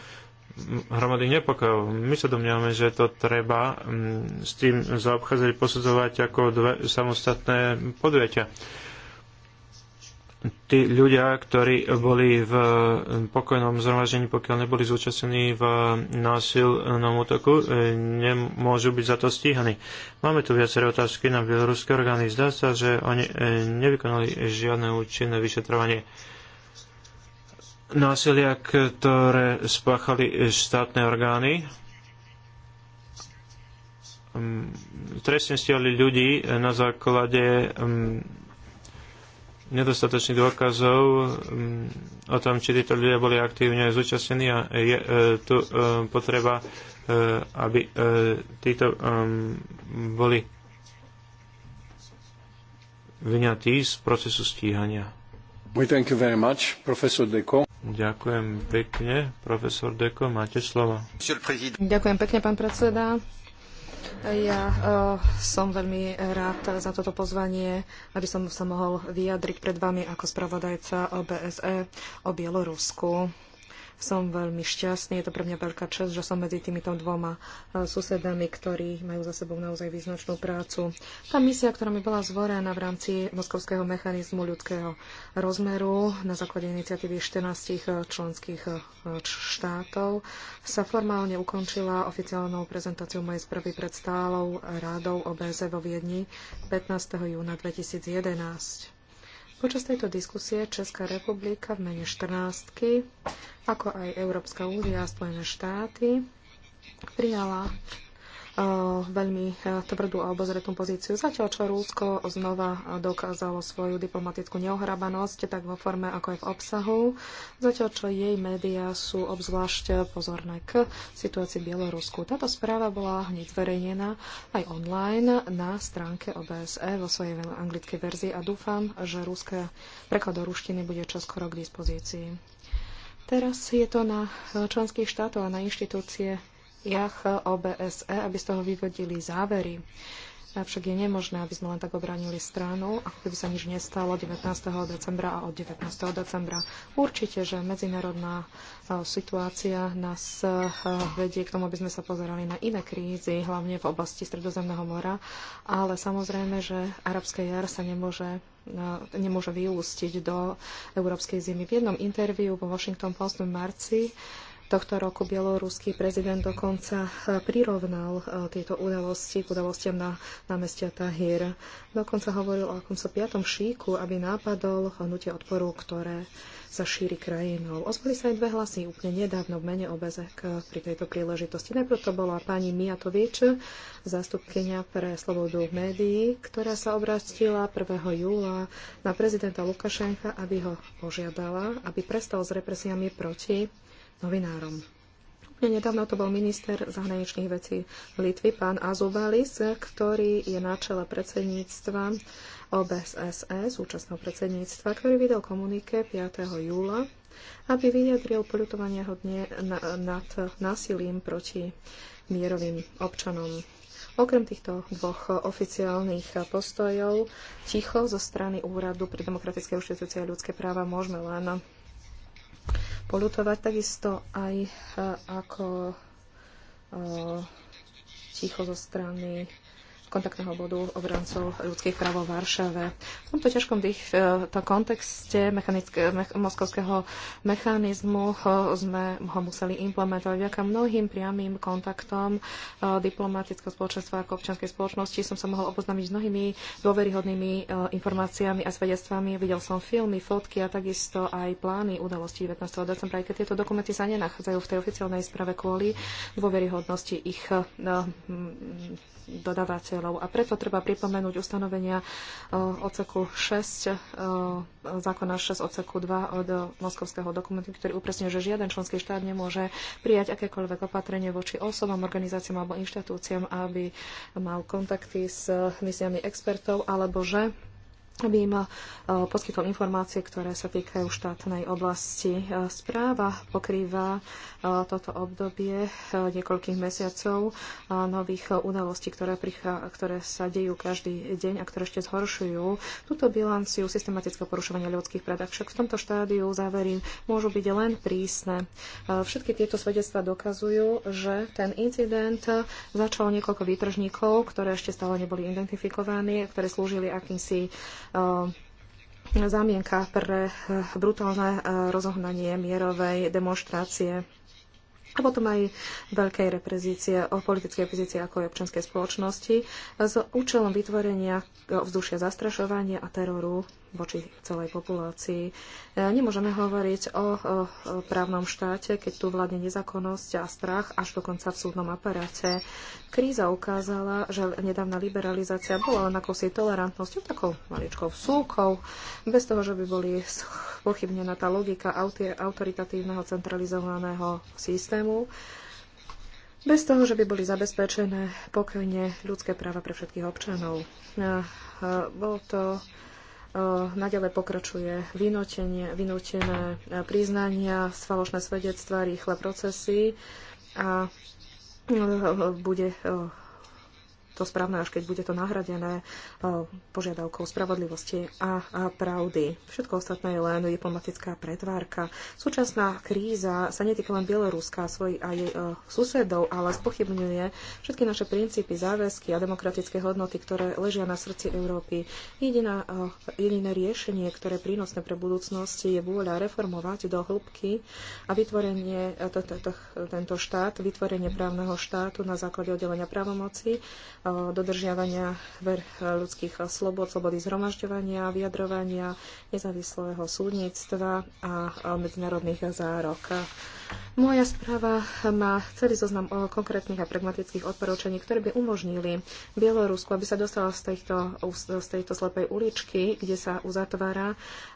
hromady nepokojov. My sa domnievame, že to treba mm, s tým zaobchádzať, posudzovať ako dve samostatné podujatia tí ľudia, ktorí boli v pokojnom zhromaždení, pokiaľ neboli zúčastnení v násilnom útoku, e, nemôžu byť za to stíhaní. Máme tu viaceré otázky na bieloruské orgány. Zdá sa, že oni e, nevykonali žiadne účinné vyšetrovanie násilia, ktoré spáchali štátne orgány trestne stiali ľudí na základe nedostatočných dôkazov mm, o tom, či títo ľudia boli aktívne zúčastnení a je e, tu e, potreba, e, aby títo boli vyňatí z procesu stíhania. We thank you very much, Deco. Ďakujem pekne, profesor Deko, máte slovo. Ďakujem pekne, pán predseda. Ja uh, som veľmi rád za toto pozvanie, aby som sa mohol vyjadriť pred vami ako spravodajca OBSE o Bielorusku. Som veľmi šťastný, je to pre mňa veľká čest, že som medzi týmito dvoma e, susedami, ktorí majú za sebou naozaj význačnú prácu. Tá misia, ktorá mi bola zvorená v rámci Moskovského mechanizmu ľudského rozmeru na základe iniciatívy 14 členských e, štátov, sa formálne ukončila oficiálnou prezentáciou mojej správy pred stálou rádou OBZ vo Viedni 15. júna 2011. Počas tejto diskusie Česká republika v mene štrnástky, ako aj Európska únia a Spojené štáty, prijala Eh, veľmi eh, tvrdú a obozretnú pozíciu. Zatiaľ, čo Rúsko znova dokázalo svoju diplomatickú neohrabanosť, tak vo forme ako aj v obsahu, zatiaľ, čo jej médiá sú obzvlášť pozorné k situácii v Bielorusku. Táto správa bola hneď zverejnená aj online na stránke OBSE vo svojej anglickej verzii a dúfam, že ruské preklad do ruštiny bude čoskoro k dispozícii. Teraz je to na členských štátov a na inštitúcie jach OBSE, aby z toho vyvodili závery. Avšak je nemožné, aby sme len tak obránili stranu, ako keby sa nič nestalo 19. decembra a od 19. decembra. Určite, že medzinárodná e, situácia nás e, vedie k tomu, aby sme sa pozerali na iné krízy, hlavne v oblasti Stredozemného mora, ale samozrejme, že arabské jar sa nemôže e, nemôže vyústiť do európskej zimy. V jednom interviu vo Washington Post v marci tohto roku bieloruský prezident dokonca e, prirovnal e, tieto udalosti k udalostiam na námestia Tahir. Dokonca hovoril o akomsa piatom šíku, aby nápadol hnutie odporu, ktoré sa šíri krajinou. Ozvali sa aj dve hlasy úplne nedávno v mene obezek pri tejto príležitosti. Najprv to bola pani Miatovič, zástupkynia pre slobodu v médií, ktorá sa obrátila 1. júla na prezidenta Lukašenka, aby ho požiadala, aby prestal s represiami proti novinárom. nedávno to bol minister zahraničných vecí Litvy, pán Azubalis, ktorý je na čele predsedníctva OBSSE, súčasného predsedníctva, ktorý vydal komunike 5. júla, aby vyjadril poľutovanie hodne nad násilím proti mierovým občanom. Okrem týchto dvoch oficiálnych postojov, ticho zo strany Úradu pre demokratické inštitúcie a ľudské práva môžeme len polutovať takisto aj e, ako e, ticho zo strany kontaktného bodu obrancov ľudských práv v Varšave. V tomto ťažkom dých, to kontexte mech, moskovského mechanizmu eh, sme ho museli implementovať. Vďaka mnohým priamým kontaktom eh, diplomatického spoločenstva ako občianskej spoločnosti som sa mohol oboznámiť s mnohými dôveryhodnými eh, informáciami a svedectvami. Videl som filmy, fotky a takisto aj plány udalostí 19. decembra, aj keď tieto dokumenty sa nenachádzajú v tej oficiálnej správe kvôli dôveryhodnosti ich dodávateľov. A preto treba pripomenúť ustanovenia eh, odseku 6, eh, zákona 6 odseku 2 od Moskovského dokumentu, ktorý upresňuje, že žiaden členský štát nemôže prijať akékoľvek opatrenie voči osobám, organizáciám alebo inštitúciám, aby mal kontakty s eh, misiami expertov, alebo že aby im e, poskytol informácie, ktoré sa týkajú štátnej oblasti. E, správa pokrýva e, toto obdobie niekoľkých mesiacov nových udalostí, ktoré, prichá, ktoré sa dejú každý deň a ktoré ešte zhoršujú túto bilanciu systematického porušovania ľudských práv. Však v tomto štádiu závery môžu byť len prísne. Všetky tieto svedectvá dokazujú, že ten incident začal niekoľko výtržníkov, ktoré ešte stále neboli identifikovaní, ktoré slúžili akýmsi Eh, zámienka pre eh, brutálne eh, rozohnanie mierovej demonstrácie a potom aj veľkej reprezície, politickej opozície ako aj občanskej spoločnosti s účelom vytvorenia vzdušia zastrašovania a teroru voči celej populácii. E, nemôžeme hovoriť o, právnom štáte, keď tu vládne nezákonnosť a strach až dokonca v súdnom aparáte. Kríza ukázala, že nedávna liberalizácia bola len akousi tolerantnosťou, takou maličkou súkou, bez toho, že by boli pochybnená tá logika autoritatívneho centralizovaného systému bez toho, že by boli zabezpečené pokojne ľudské práva pre všetkých občanov. E, e, bol to E, naďalej pokračuje vynútené e, priznania, falošné svedectvá, rýchle procesy a e, bude to správne, až keď bude to nahradené e, požiadavkou spravodlivosti a, a pravdy. Všetko ostatné je len diplomatická pretvárka. Súčasná kríza sa netýka len Bieloruska svoj, a jej aj e, susedov, ale spochybňuje všetky naše princípy, záväzky a demokratické hodnoty, ktoré ležia na srdci Európy. Jediná, e, jediné riešenie, ktoré je prínosné pre budúcnosť, je vôľa reformovať do hĺbky a vytvorenie, to, to, to, tento štát, vytvorenie právneho štátu na základe oddelenia právomoci dodržiavania e, ľudských slobod, slobody zhromažďovania, vyjadrovania, nezávislého súdnictva a medzinárodných zárok. Moja správa má celý zoznam o konkrétnych a pragmatických odporúčaní, ktoré by umožnili Bielorusku, aby sa dostala z tejto, z tejto slepej uličky, kde sa uzatvára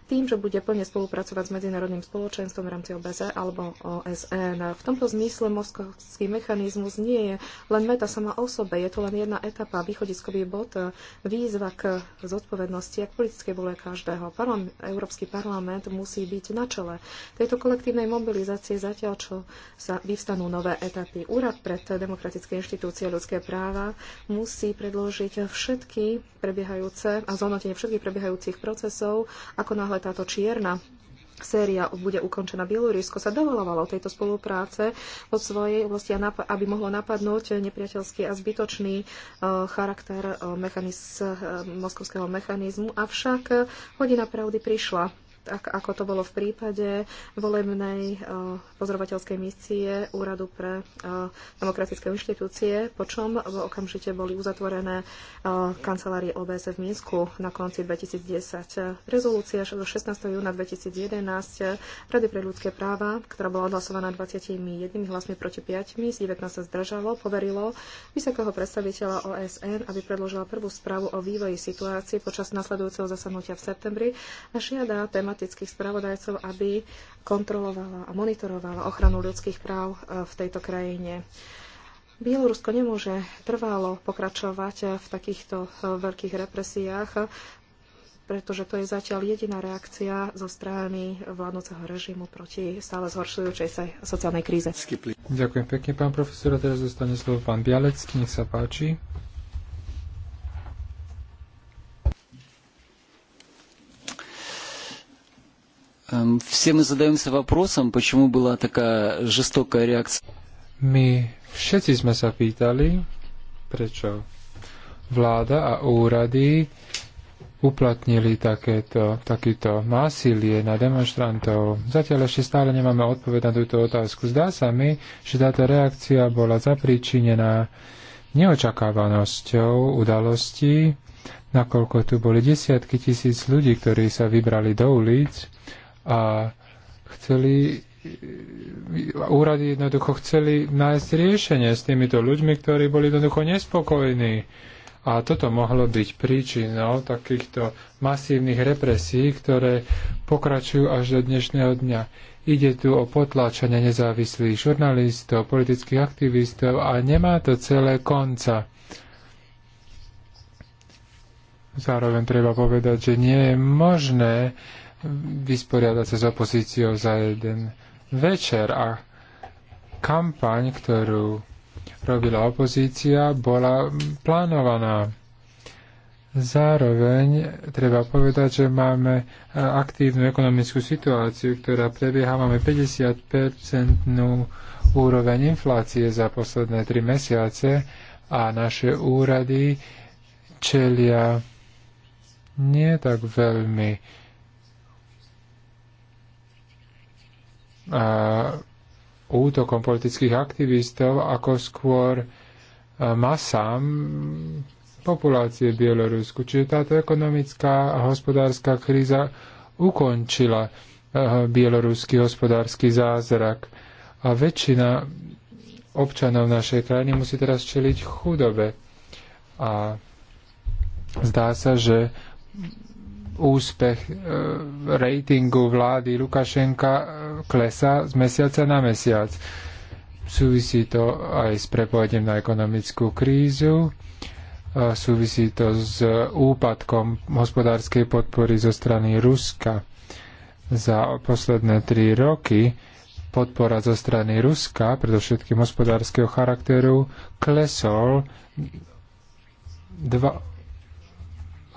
tým, že bude plne spolupracovať s medzinárodným spoločenstvom v rámci OBZ e alebo OSN. V tomto zmysle moskovský mechanizmus nie je len meta sama o sebe, je to len jedna etapa, východiskový bod, výzva k zodpovednosti a k politickej vole každého. Európsky parlament musí byť na čele tejto kolektívnej mobilizácie zatiaľ, čo sa vyvstanú nové etapy. Úrad pred demokratické inštitúcie a ľudské práva musí predložiť všetky prebiehajúce a zhodnotenie všetkých prebiehajúcich procesov, ako na náhle táto čierna séria bude ukončená. Bielorusko sa dovolovalo tejto spolupráce od svojej oblasti, aby mohlo napadnúť nepriateľský a zbytočný e, charakter e, mechaniz, e, moskovského mechanizmu. Avšak hodina pravdy prišla ako to bolo v prípade volebnej eh, pozorovateľskej misie Úradu pre eh, demokratické inštitúcie, po čom okamžite boli uzatvorené eh, kancelárie OBS v Minsku na konci 2010. Rezolúcia 16. júna 2011 Rady pre ľudské práva, ktorá bola odhlasovaná 21 hlasmi proti 5, z 19 sa zdržalo, poverilo vysokého predstaviteľa OSN, aby predložila prvú správu o vývoji situácie počas nasledujúceho zasadnutia v septembri a žiada tematicky diplomatických spravodajcov, aby kontrolovala a monitorovala ochranu ľudských práv e, v tejto krajine. Bielorusko nemôže trvalo pokračovať e, v takýchto e, veľkých represiách, pretože to je zatiaľ jediná reakcia zo strany vládnoceho režimu proti stále zhoršujúcej sa sociálnej kríze. Ďakujem pekne, pán profesor. A teraz zostane slovo pán Bialecký. Nech sa páči. My všetci sme sa pýtali, prečo vláda a úrady uplatnili takéto, takéto násilie na demonstrantov. Zatiaľ ešte stále nemáme odpoveď na túto otázku. Zdá sa mi, že táto reakcia bola zapríčinená neočakávanosťou udalostí, nakoľko tu boli desiatky tisíc ľudí, ktorí sa vybrali do ulic a chceli e, úrady jednoducho chceli nájsť riešenie s týmito ľuďmi, ktorí boli jednoducho nespokojní. A toto mohlo byť príčinou takýchto masívnych represí, ktoré pokračujú až do dnešného dňa. Ide tu o potláčanie nezávislých žurnalistov, politických aktivistov a nemá to celé konca. Zároveň treba povedať, že nie je možné vysporiadať sa s opozíciou za jeden večer. A kampaň, ktorú robila opozícia, bola plánovaná. Zároveň treba povedať, že máme e, aktívnu ekonomickú situáciu, ktorá prebieha. Máme 50-percentnú úroveň inflácie za posledné tri mesiace a naše úrady čelia nie tak veľmi útokom politických aktivistov, ako skôr e, masám populácie Bielorusku. Čiže táto ekonomická a hospodárska kríza ukončila e, bieloruský hospodársky zázrak a väčšina občanov našej krajiny musí teraz čeliť chudobe. A zdá sa, že úspech e, ratingu vlády Lukašenka e, klesá z mesiaca na mesiac. Súvisí to aj s prepojením na ekonomickú krízu, e, súvisí to s úpadkom hospodárskej podpory zo strany Ruska. Za posledné tri roky podpora zo strany Ruska, predovšetkým hospodárskeho charakteru, klesol dva,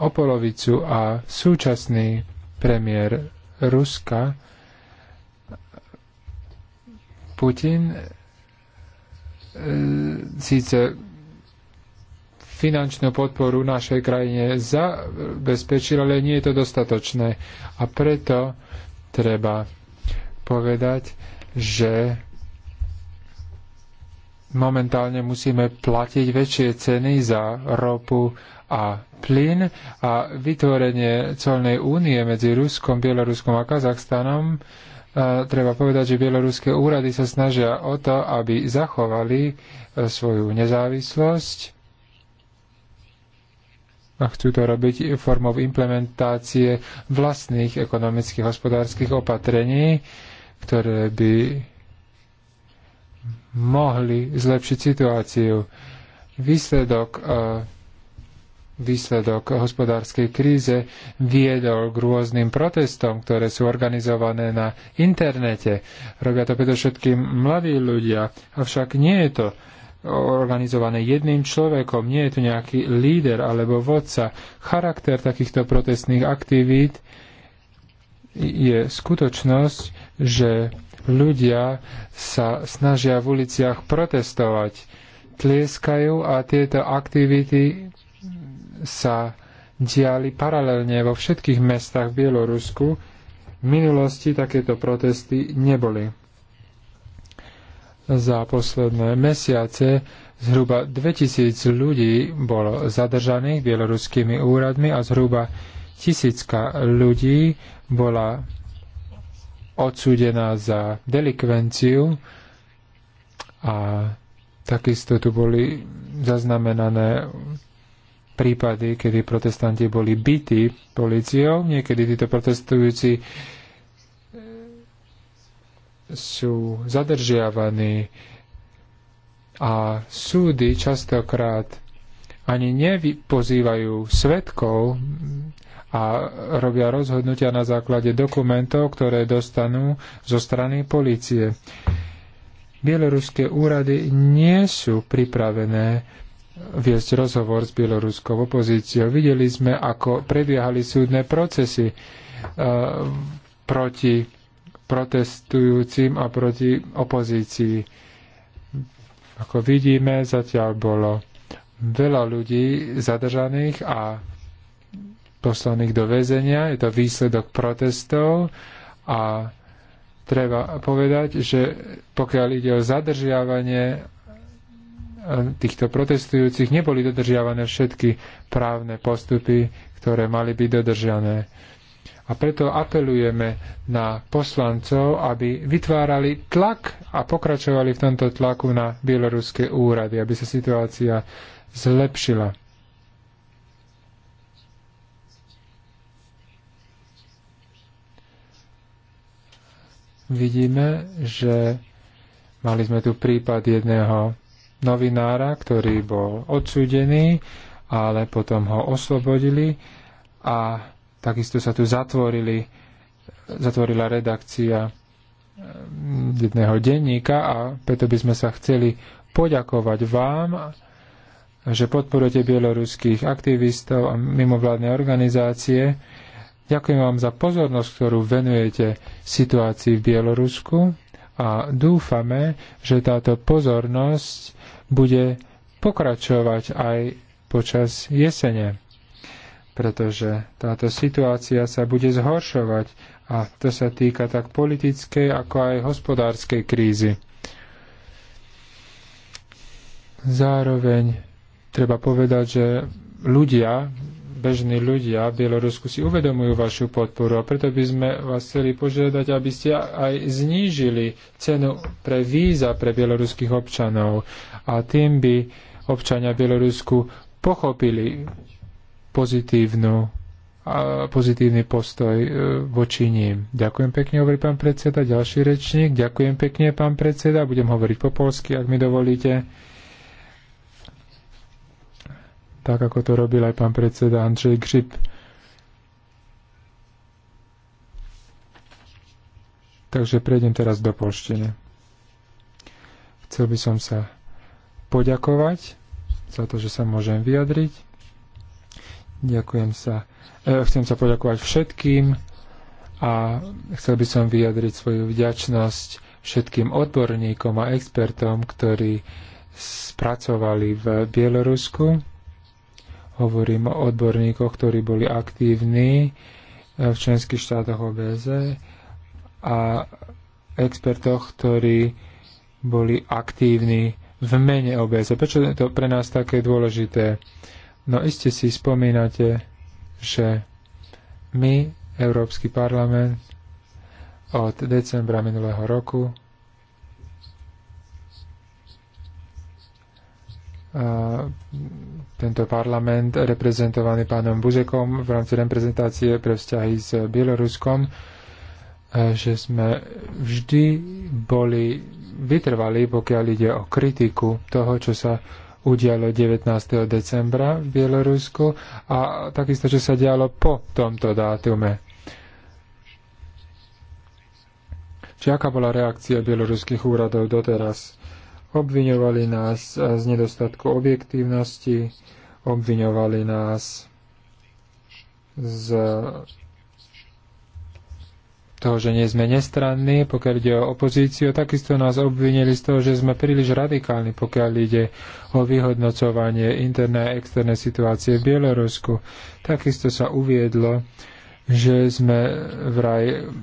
o polovicu a súčasný premiér Ruska Putin e, síce finančnú podporu našej krajine zabezpečil, ale nie je to dostatočné. A preto treba povedať, že momentálne musíme platiť väčšie ceny za ropu a plyn a vytvorenie colnej únie medzi Ruskom, Bieloruskom a Kazachstanom, e, treba povedať, že bieloruské úrady sa snažia o to, aby zachovali e, svoju nezávislosť a chcú to robiť formou implementácie vlastných ekonomických hospodárskych opatrení, ktoré by mohli zlepšiť situáciu. Výsledok e, výsledok hospodárskej kríze viedol k rôznym protestom, ktoré sú organizované na internete. Robia to predovšetkým mladí ľudia, avšak nie je to organizované jedným človekom, nie je tu nejaký líder alebo vodca. Charakter takýchto protestných aktivít je skutočnosť, že ľudia sa snažia v uliciach protestovať, tlieskajú a tieto aktivity sa diali paralelne vo všetkých mestách v Bielorusku. V minulosti takéto protesty neboli. Za posledné mesiace zhruba 2000 ľudí bolo zadržaných bieloruskými úradmi a zhruba tisícka ľudí bola odsúdená za delikvenciu a takisto tu boli zaznamenané prípady, kedy protestanti boli bytí policiou. Niekedy títo protestujúci eh, sú zadržiavaní a súdy častokrát ani nevypozývajú svetkov a robia rozhodnutia na základe dokumentov, ktoré dostanú zo strany policie. Bieloruské úrady nie sú pripravené viesť rozhovor s bieloruskou opozíciou. Videli sme, ako prebiehali súdne procesy e, proti protestujúcim a proti opozícii. Ako vidíme, zatiaľ bolo veľa ľudí zadržaných a poslaných do väzenia. Je to výsledok protestov a treba povedať, že pokiaľ ide o zadržiavanie týchto protestujúcich neboli dodržiavané všetky právne postupy, ktoré mali byť dodržané. A preto apelujeme na poslancov, aby vytvárali tlak a pokračovali v tomto tlaku na bieloruské úrady, aby sa situácia zlepšila. Vidíme, že mali sme tu prípad jedného novinára, ktorý bol odsúdený, ale potom ho oslobodili a takisto sa tu zatvorili, zatvorila redakcia eh, jedného denníka a preto by sme sa chceli poďakovať vám, že podporujete bieloruských aktivistov a mimovládne organizácie. Ďakujem vám za pozornosť, ktorú venujete situácii v Bielorusku a dúfame, že táto pozornosť bude pokračovať aj počas jesene, pretože táto situácia sa bude zhoršovať a to sa týka tak politickej, ako aj hospodárskej krízy. Zároveň treba povedať, že ľudia bežní ľudia v Bielorusku si uvedomujú vašu podporu a preto by sme vás chceli požiadať, aby ste aj znížili cenu pre víza pre bieloruských občanov a tým by občania Bielorusku pochopili pozitívnu, a pozitívny postoj e, voči ním. Ďakujem pekne, hovorí pán predseda. Ďalší rečník. Ďakujem pekne, pán predseda. Budem hovoriť po polsky, ak mi dovolíte tak ako to robil aj pán predseda Andrej Grip. Takže prejdem teraz do polštiny. Chcel by som sa poďakovať za to, že sa môžem vyjadriť. Ďakujem sa. E, chcem sa poďakovať všetkým a chcel by som vyjadriť svoju vďačnosť všetkým odborníkom a expertom, ktorí spracovali v Bielorusku Hovorím o odborníkoch, ktorí boli aktívni e, v členských štátoch OBZ a expertoch, ktorí boli aktívni v mene OBZ. Prečo je to pre nás také dôležité? No iste si spomínate, že my, Európsky parlament, od decembra minulého roku tento parlament reprezentovaný pánom Buzekom v rámci reprezentácie pre vzťahy s Bieloruskom, e, že sme vždy boli vytrvali, pokiaľ ide o kritiku toho, čo sa udialo 19. decembra v Bielorusku a takisto, čo sa dialo po tomto dátume. Či aká bola reakcia bieloruských úradov doteraz? Obviňovali nás z nedostatku objektívnosti, obviňovali nás z toho, že nie sme nestranní, pokiaľ ide o opozíciu, takisto nás obvinili z toho, že sme príliš radikálni, pokiaľ ide o vyhodnocovanie interné a externé situácie v Bielorusku. Takisto sa uviedlo, že sme vraj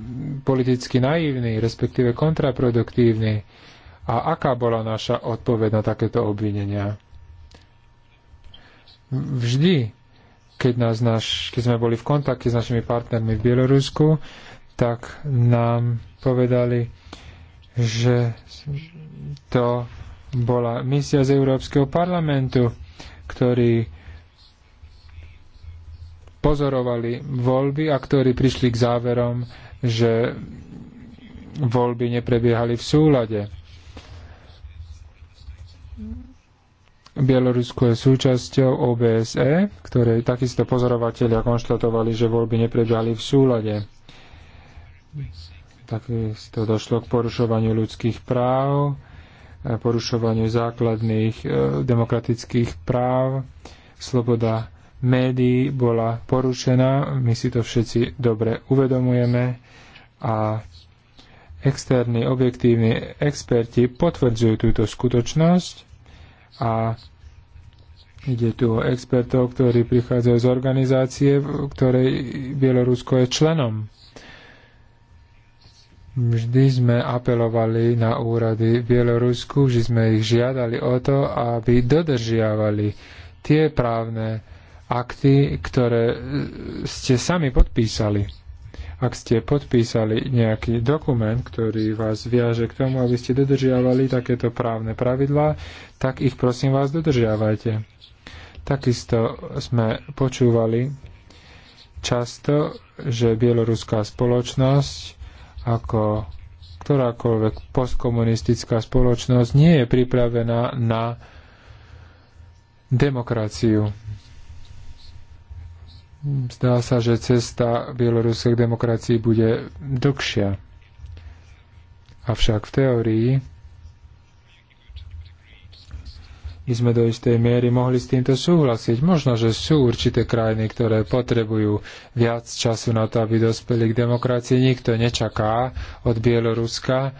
politicky naivní, respektíve kontraproduktívni. A aká bola naša odpoveď na takéto obvinenia? Vždy, keď, nás naš, keď sme boli v kontakte s našimi partnermi v Bielorusku, tak nám povedali, že to bola misia z Európskeho parlamentu, ktorí pozorovali voľby a ktorí prišli k záverom, že voľby neprebiehali v súlade. Bielorusko je súčasťou OBSE, ktoré takisto pozorovatelia konštatovali, že voľby neprebehli v súlade. Takisto došlo k porušovaniu ľudských práv, eh, porušovaniu základných eh, demokratických práv, sloboda médií bola porušená, my si to všetci dobre uvedomujeme a externí objektívni experti potvrdzujú túto skutočnosť a ide tu o expertov, ktorí prichádzajú z organizácie, v ktorej Bielorusko je členom. Vždy sme apelovali na úrady v Bielorusku, že sme ich žiadali o to, aby dodržiavali tie právne akty, ktoré ste sami podpísali. Ak ste podpísali nejaký dokument, ktorý vás viaže k tomu, aby ste dodržiavali takéto právne pravidlá, tak ich prosím vás dodržiavajte. Takisto sme počúvali často, že bieloruská spoločnosť ako ktorákoľvek postkomunistická spoločnosť nie je pripravená na demokraciu. Hm, zdá sa, že cesta bieloruskej demokracii bude dlhšia. Avšak v teórii by sme do istej miery mohli s týmto súhlasiť. Možno, že sú určité krajiny, ktoré potrebujú viac času na to, aby dospeli k demokracii. Nikto nečaká od Bieloruska,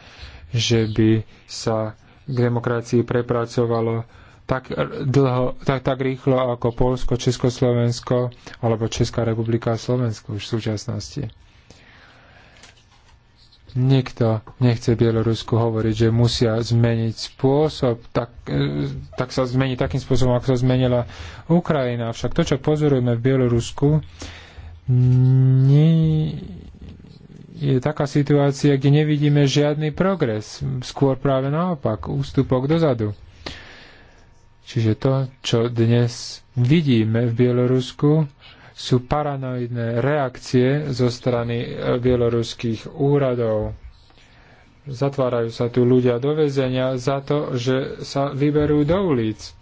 že by sa k demokracii prepracovalo tak, dlho, tak, tak rýchlo ako Polsko, Československo alebo Česká republika a Slovensko už v súčasnosti. Nikto nechce Bielorusku hovoriť, že musia zmeniť spôsob, tak, e, tak sa zmení takým spôsobom, ako sa zmenila Ukrajina. Však to, čo pozorujeme v Bielorusku, nie, je taká situácia, kde nevidíme žiadny progres, skôr práve naopak, ústupok dozadu. Čiže to, čo dnes vidíme v Bielorusku, sú paranoidné reakcie zo strany e, bieloruských úradov. Zatvárajú sa tu ľudia do väzenia za to, že sa vyberú do ulic.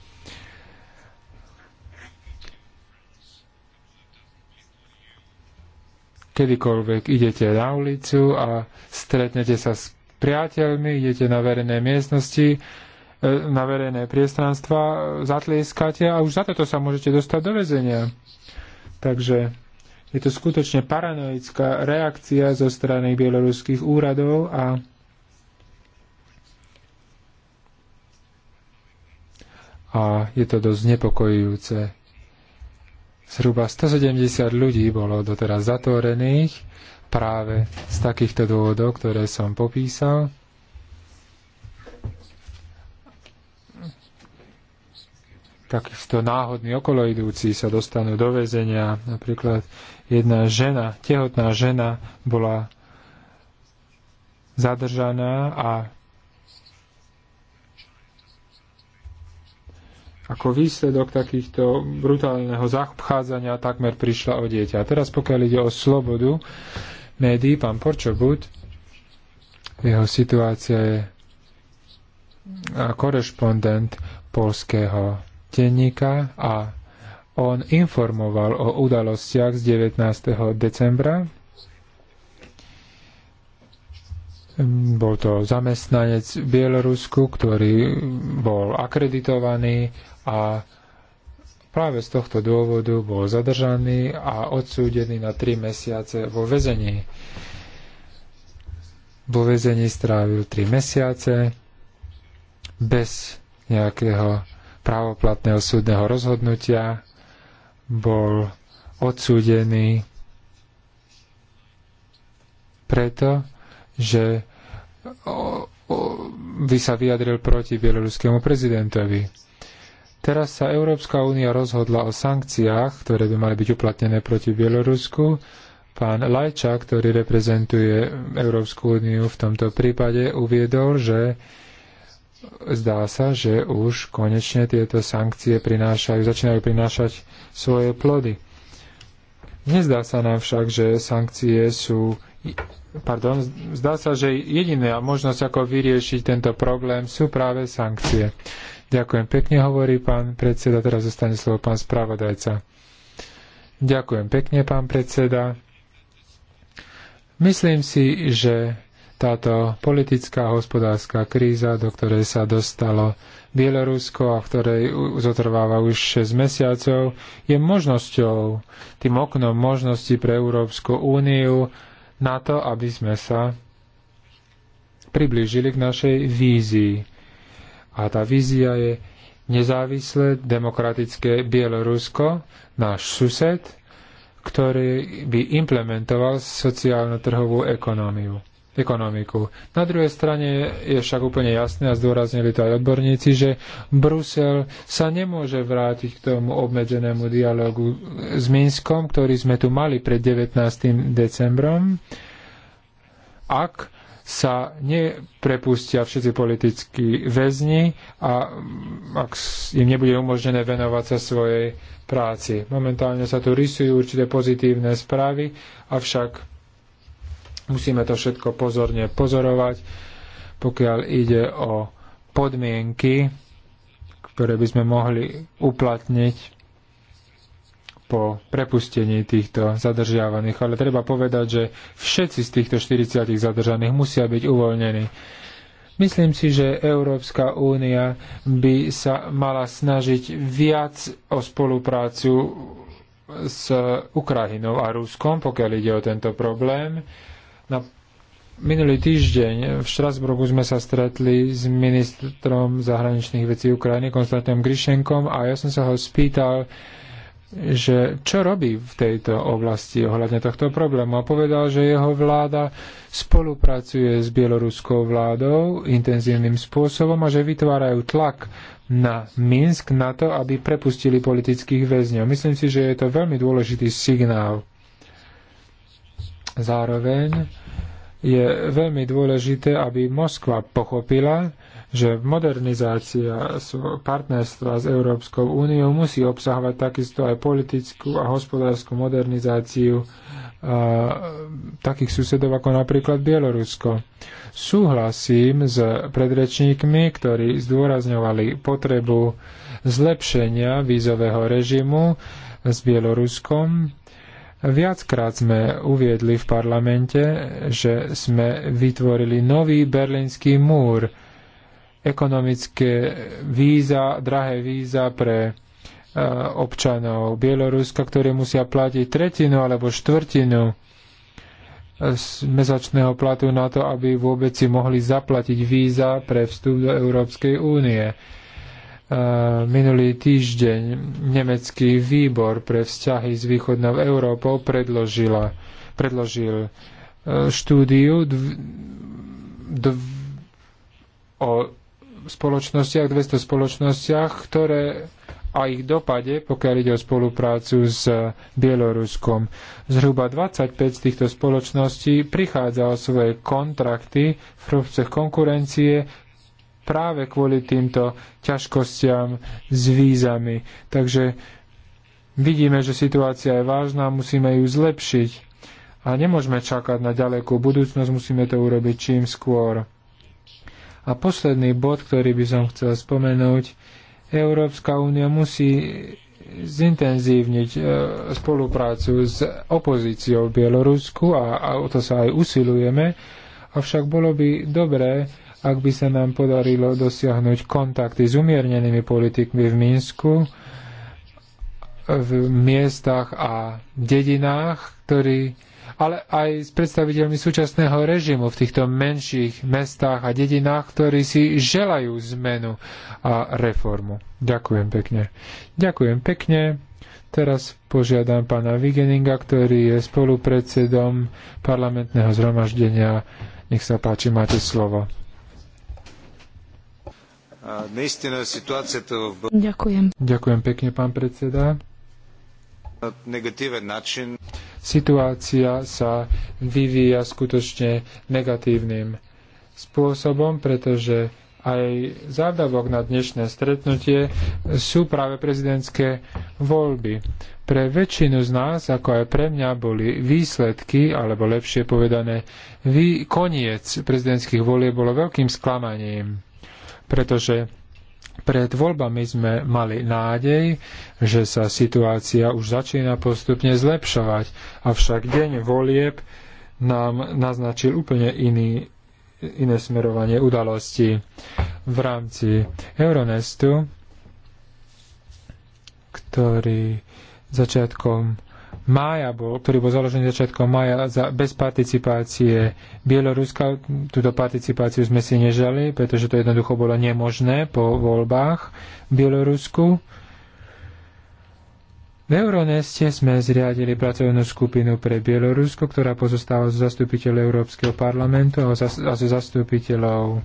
kedykoľvek idete na ulicu a stretnete sa s priateľmi, idete na verejné miestnosti, E, na verejné priestranstva, e, zatlieskate a už za toto sa môžete dostať do väzenia. Takže je to skutočne paranoická reakcia zo strany bieloruských úradov a a je to dosť nepokojujúce. Zhruba 170 ľudí bolo doteraz zatvorených práve z takýchto dôvodov, ktoré som popísal. takisto náhodní okoloidúci sa dostanú do väzenia. Napríklad jedna žena, tehotná žena bola zadržaná a ako výsledok takýchto brutálneho zachádzania takmer prišla o dieťa. A teraz pokiaľ ide o slobodu médií, pán Porčobut, jeho situácia je korešpondent polského denníka a on informoval o udalostiach z 19. decembra. Bol to zamestnanec v Bielorusku, ktorý bol akreditovaný a práve z tohto dôvodu bol zadržaný a odsúdený na 3 mesiace vo väzení. Vo väzení strávil 3 mesiace bez nejakého právoplatného súdneho rozhodnutia, bol odsúdený preto, že by sa vyjadril proti bieloruskému prezidentovi. Teraz sa Európska únia rozhodla o sankciách, ktoré by mali byť uplatnené proti Bielorusku. Pán Lajča, ktorý reprezentuje Európsku úniu v tomto prípade, uviedol, že zdá sa, že už konečne tieto sankcie prinášajú, začínajú prinášať svoje plody. Nezdá sa nám však, že sankcie sú... Pardon, zdá sa, že jediná možnosť, ako vyriešiť tento problém, sú práve sankcie. Ďakujem pekne, hovorí pán predseda. Teraz zostane slovo pán spravodajca. Ďakujem pekne, pán predseda. Myslím si, že táto politická a hospodárska kríza, do ktorej sa dostalo Bielorusko a v ktorej zotrváva už 6 mesiacov, je možnosťou, tým oknom možnosti pre Európsku úniu na to, aby sme sa priblížili k našej vízii. A tá vízia je nezávislé demokratické Bielorusko, náš sused, ktorý by implementoval sociálno-trhovú ekonómiu ekonomiku. Na druhej strane je však úplne jasné, a zdôraznili to aj odborníci, že Brusel sa nemôže vrátiť k tomu obmedzenému dialogu s Minskom, ktorý sme tu mali pred 19. decembrom, ak sa neprepustia všetci politickí väzni a ak im nebude umožnené venovať sa svojej práci. Momentálne sa tu rysujú určité pozitívne správy, avšak Musíme to všetko pozorne pozorovať, pokiaľ ide o podmienky, ktoré by sme mohli uplatniť po prepustení týchto zadržiavaných. Ale treba povedať, že všetci z týchto 40 zadržaných musia byť uvoľnení. Myslím si, že Európska únia by sa mala snažiť viac o spoluprácu s Ukrajinou a Ruskom, pokiaľ ide o tento problém. Na no, minulý týždeň v Štrasburgu sme sa stretli s ministrom zahraničných vecí Ukrajiny, Konstantinom Grišenkom, a ja som sa ho spýtal, že čo robí v tejto oblasti ohľadne tohto problému a povedal, že jeho vláda spolupracuje s bieloruskou vládou intenzívnym spôsobom a že vytvárajú tlak na Minsk na to, aby prepustili politických väzňov. Myslím si, že je to veľmi dôležitý signál. Zároveň je veľmi dôležité, aby Moskva pochopila, že modernizácia partnerstva s Európskou úniou musí obsahovať takisto aj politickú a hospodárskú modernizáciu a, takých susedov ako napríklad Bielorusko. Súhlasím s predrečníkmi, ktorí zdôrazňovali potrebu zlepšenia vízového režimu s Bieloruskom, Viackrát sme uviedli v parlamente, že sme vytvorili nový berlínsky múr, ekonomické víza, drahé víza pre e, občanov Bieloruska, ktorí musia platiť tretinu alebo štvrtinu z e, mesačného platu na to, aby vôbec si mohli zaplatiť víza pre vstup do Európskej únie. Eh, minulý týždeň nemecký výbor pre vzťahy s východnou Európou predložila, predložil eh, štúdiu dv, dv, o spoločnostiach, 200 spoločnostiach, ktoré a ich dopade, pokiaľ ide o spoluprácu s eh, Bieloruskom. Zhruba 25 z týchto spoločností prichádza o svoje kontrakty v prospech konkurencie, práve kvôli týmto ťažkostiam s vízami. Takže vidíme, že situácia je vážna, musíme ju zlepšiť a nemôžeme čakať na ďalekú budúcnosť, musíme to urobiť čím skôr. A posledný bod, ktorý by som chcel spomenúť, Európska únia musí zintenzívniť e, spoluprácu s opozíciou v Bielorusku a, a o to sa aj usilujeme, avšak bolo by dobré, ak by sa nám podarilo dosiahnuť kontakty s umiernenými politikmi v Minsku, v miestach a dedinách, ktorí, ale aj s predstaviteľmi súčasného režimu v týchto menších mestách a dedinách, ktorí si želajú zmenu a reformu. Ďakujem pekne. Ďakujem pekne. Teraz požiadam pána Vigeninga, ktorý je spolupredsedom parlamentného zhromaždenia. Nech sa páči, máte slovo. Ďakujem. Ďakujem pekne, pán predseda. Negatívny način. Situácia sa vyvíja skutočne negatívnym spôsobom, pretože aj zádavok na dnešné stretnutie sú práve prezidentské voľby. Pre väčšinu z nás, ako aj pre mňa, boli výsledky, alebo lepšie povedané, vý, koniec prezidentských volieb bolo veľkým sklamaním pretože pred voľbami sme mali nádej, že sa situácia už začína postupne zlepšovať, avšak deň volieb nám naznačil úplne iný, iné smerovanie udalostí. V rámci Euronestu, ktorý začiatkom mája, bol, ktorý bol založený začiatkom mája za, bez participácie Bieloruska. Túto participáciu sme si nežali, pretože to jednoducho bolo nemožné po voľbách v Bielorusku. V Euroneste sme zriadili pracovnú skupinu pre Bielorusko, ktorá pozostáva zo zastupiteľov Európskeho parlamentu a zo zastupiteľov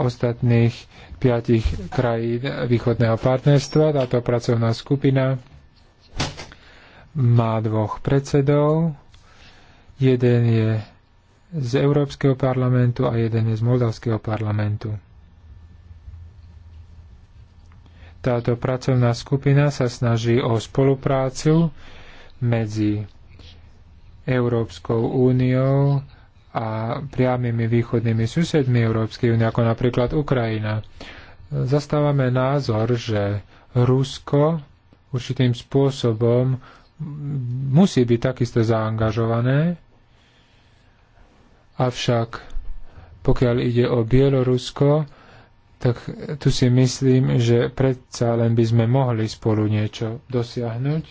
ostatných piatich krajín východného partnerstva. Táto pracovná skupina má dvoch predsedov. Jeden je z Európskeho parlamentu a jeden je z Moldavského parlamentu. Táto pracovná skupina sa snaží o spoluprácu medzi Európskou úniou a priamými východnými susedmi Európskej únie, ako napríklad Ukrajina. Zastávame názor, že Rusko určitým spôsobom musí byť takisto zaangažované, avšak pokiaľ ide o Bielorusko, tak tu si myslím, že predsa len by sme mohli spolu niečo dosiahnuť.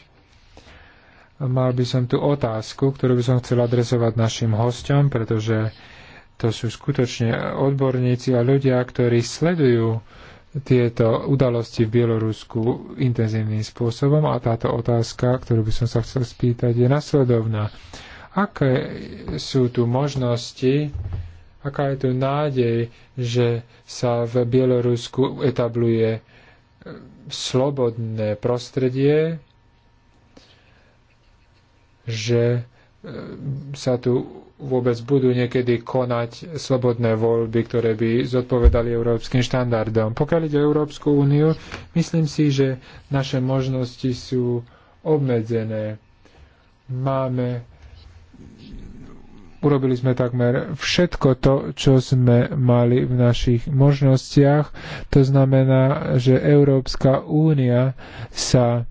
Mal by som tu otázku, ktorú by som chcel adresovať našim hostom, pretože to sú skutočne odborníci a ľudia, ktorí sledujú tieto udalosti v Bielorusku intenzívnym spôsobom a táto otázka, ktorú by som sa chcel spýtať, je nasledovná. Aké sú tu možnosti, aká je tu nádej, že sa v Bielorusku etabluje e, slobodné prostredie, že e, sa tu vôbec budú niekedy konať slobodné voľby, ktoré by zodpovedali európskym štandardom. Pokiaľ ide o Európsku úniu, myslím si, že naše možnosti sú obmedzené. Máme urobili sme takmer všetko to, čo sme mali v našich možnostiach. To znamená, že Európska únia sa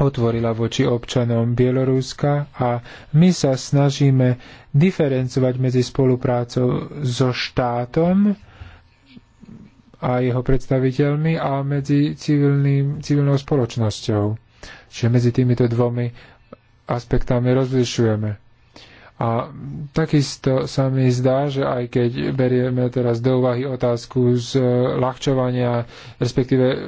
otvorila voči občanom Bieloruska a my sa snažíme diferencovať medzi spoluprácou so štátom a jeho predstaviteľmi a medzi civilným, civilnou spoločnosťou. Čiže medzi týmito dvomi aspektami rozlišujeme. A takisto sa mi zdá, že aj keď berieme teraz do úvahy otázku z e, ľahčovania, respektíve e,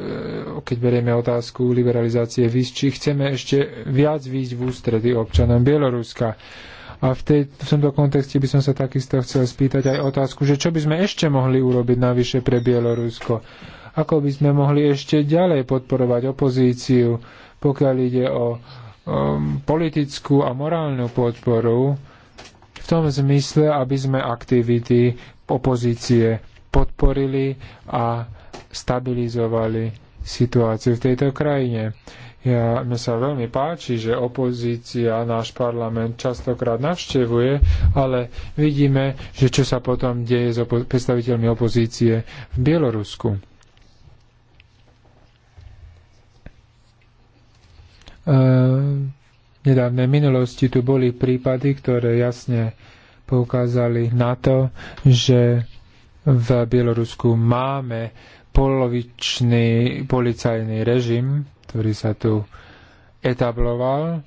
keď berieme otázku liberalizácie víz, či chceme ešte viac výjsť v ústredy občanom Bieloruska. A v, tej, v tomto kontexte by som sa takisto chcel spýtať aj otázku, že čo by sme ešte mohli urobiť navyše pre Bielorusko? Ako by sme mohli ešte ďalej podporovať opozíciu, pokiaľ ide o politickú a morálnu podporu v tom zmysle, aby sme aktivity opozície podporili a stabilizovali situáciu v tejto krajine. Ja, mne sa veľmi páči, že opozícia náš parlament častokrát navštevuje, ale vidíme, že čo sa potom deje s opo- predstaviteľmi opozície v Bielorusku. Uh, nedávnej minulosti tu boli prípady, ktoré jasne poukázali na to, že v Bielorusku máme polovičný policajný režim, ktorý sa tu etabloval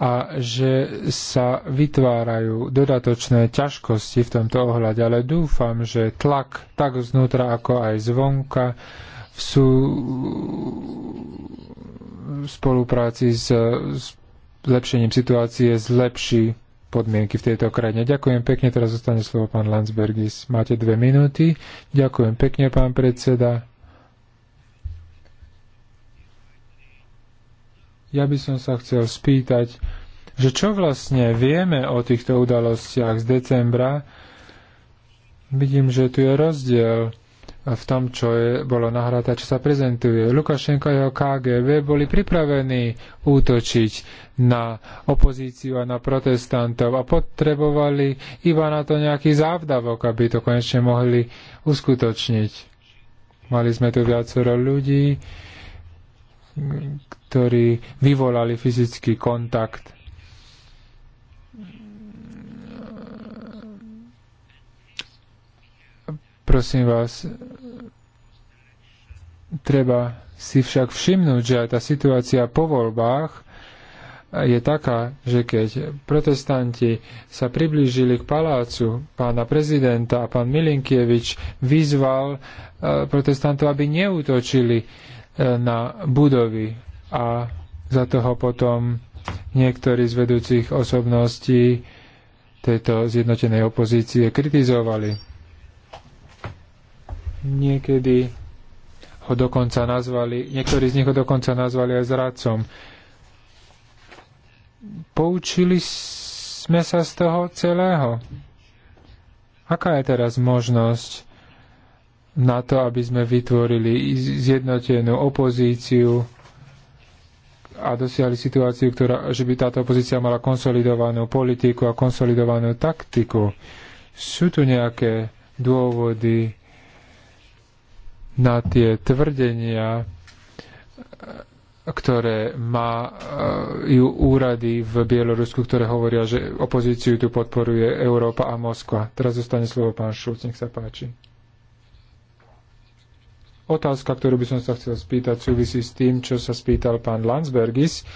a že sa vytvárajú dodatočné ťažkosti v tomto ohľade, ale dúfam, že tlak tak znútra ako aj zvonka v sú v spolupráci s, s zlepšením situácie zlepší podmienky v tejto krajine. Ďakujem pekne, teraz zostane slovo pán Landsbergis. Máte dve minúty. Ďakujem pekne, pán predseda. Ja by som sa chcel spýtať, že čo vlastne vieme o týchto udalostiach z decembra. Vidím, že tu je rozdiel v tom, čo je, bolo nahráta, čo sa prezentuje. Lukašenko a jeho KGB boli pripravení útočiť na opozíciu a na protestantov a potrebovali iba na to nejaký závdavok, aby to konečne mohli uskutočniť. Mali sme tu viacero ľudí, ktorí vyvolali fyzický kontakt Prosím vás, treba si však všimnúť, že aj tá situácia po voľbách je taká, že keď protestanti sa priblížili k palácu pána prezidenta a pán Milinkievič vyzval e, protestantov, aby neútočili e, na budovy a za toho potom niektorí z vedúcich osobností tejto zjednotenej opozície kritizovali. Niekedy ho dokonca nazvali, niektorí z nich ho dokonca nazvali aj zradcom. Poučili sme sa z toho celého. Aká je teraz možnosť na to, aby sme vytvorili zjednotenú opozíciu a dosiahli situáciu, ktorá, že by táto opozícia mala konsolidovanú politiku a konsolidovanú taktiku. Sú tu nejaké dôvody, na tie tvrdenia, ktoré e, ju úrady v Bielorusku, ktoré hovoria, že opozíciu tu podporuje Európa a Moskva. Teraz zostane slovo pán Šulc, nech sa páči. Otázka, ktorú by som sa chcel spýtať, súvisí s tým, čo sa spýtal pán Landsbergis. Uh,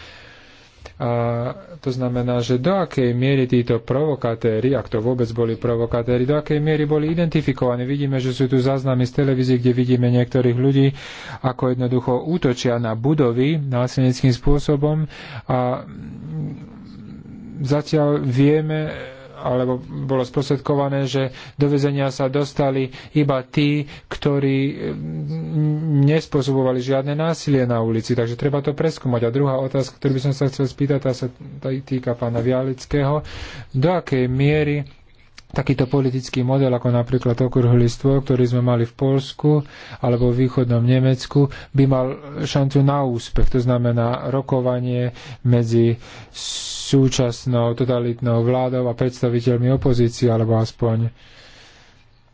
a to znamená, že do akej miery títo provokatéry, ak to vôbec boli provokatéry, do akej miery boli identifikovaní. Vidíme, že sú tu záznamy z televízie, kde vidíme niektorých ľudí, ako jednoducho útočia na budovy násilnickým spôsobom a zatiaľ vieme, alebo bolo sprostredkované, že do väzenia sa dostali iba tí, ktorí mm, nespôsobovali žiadne násilie na ulici, takže treba to preskúmať. A druhá otázka, ktorú by som sa chcel spýtať, tá sa týka pána Vialického. Do akej miery takýto politický model, ako napríklad okrhlistvo, ktorý sme mali v Polsku alebo v východnom Nemecku, by mal šancu na úspech. To znamená rokovanie medzi súčasnou totalitnou vládou a predstaviteľmi opozície, alebo aspoň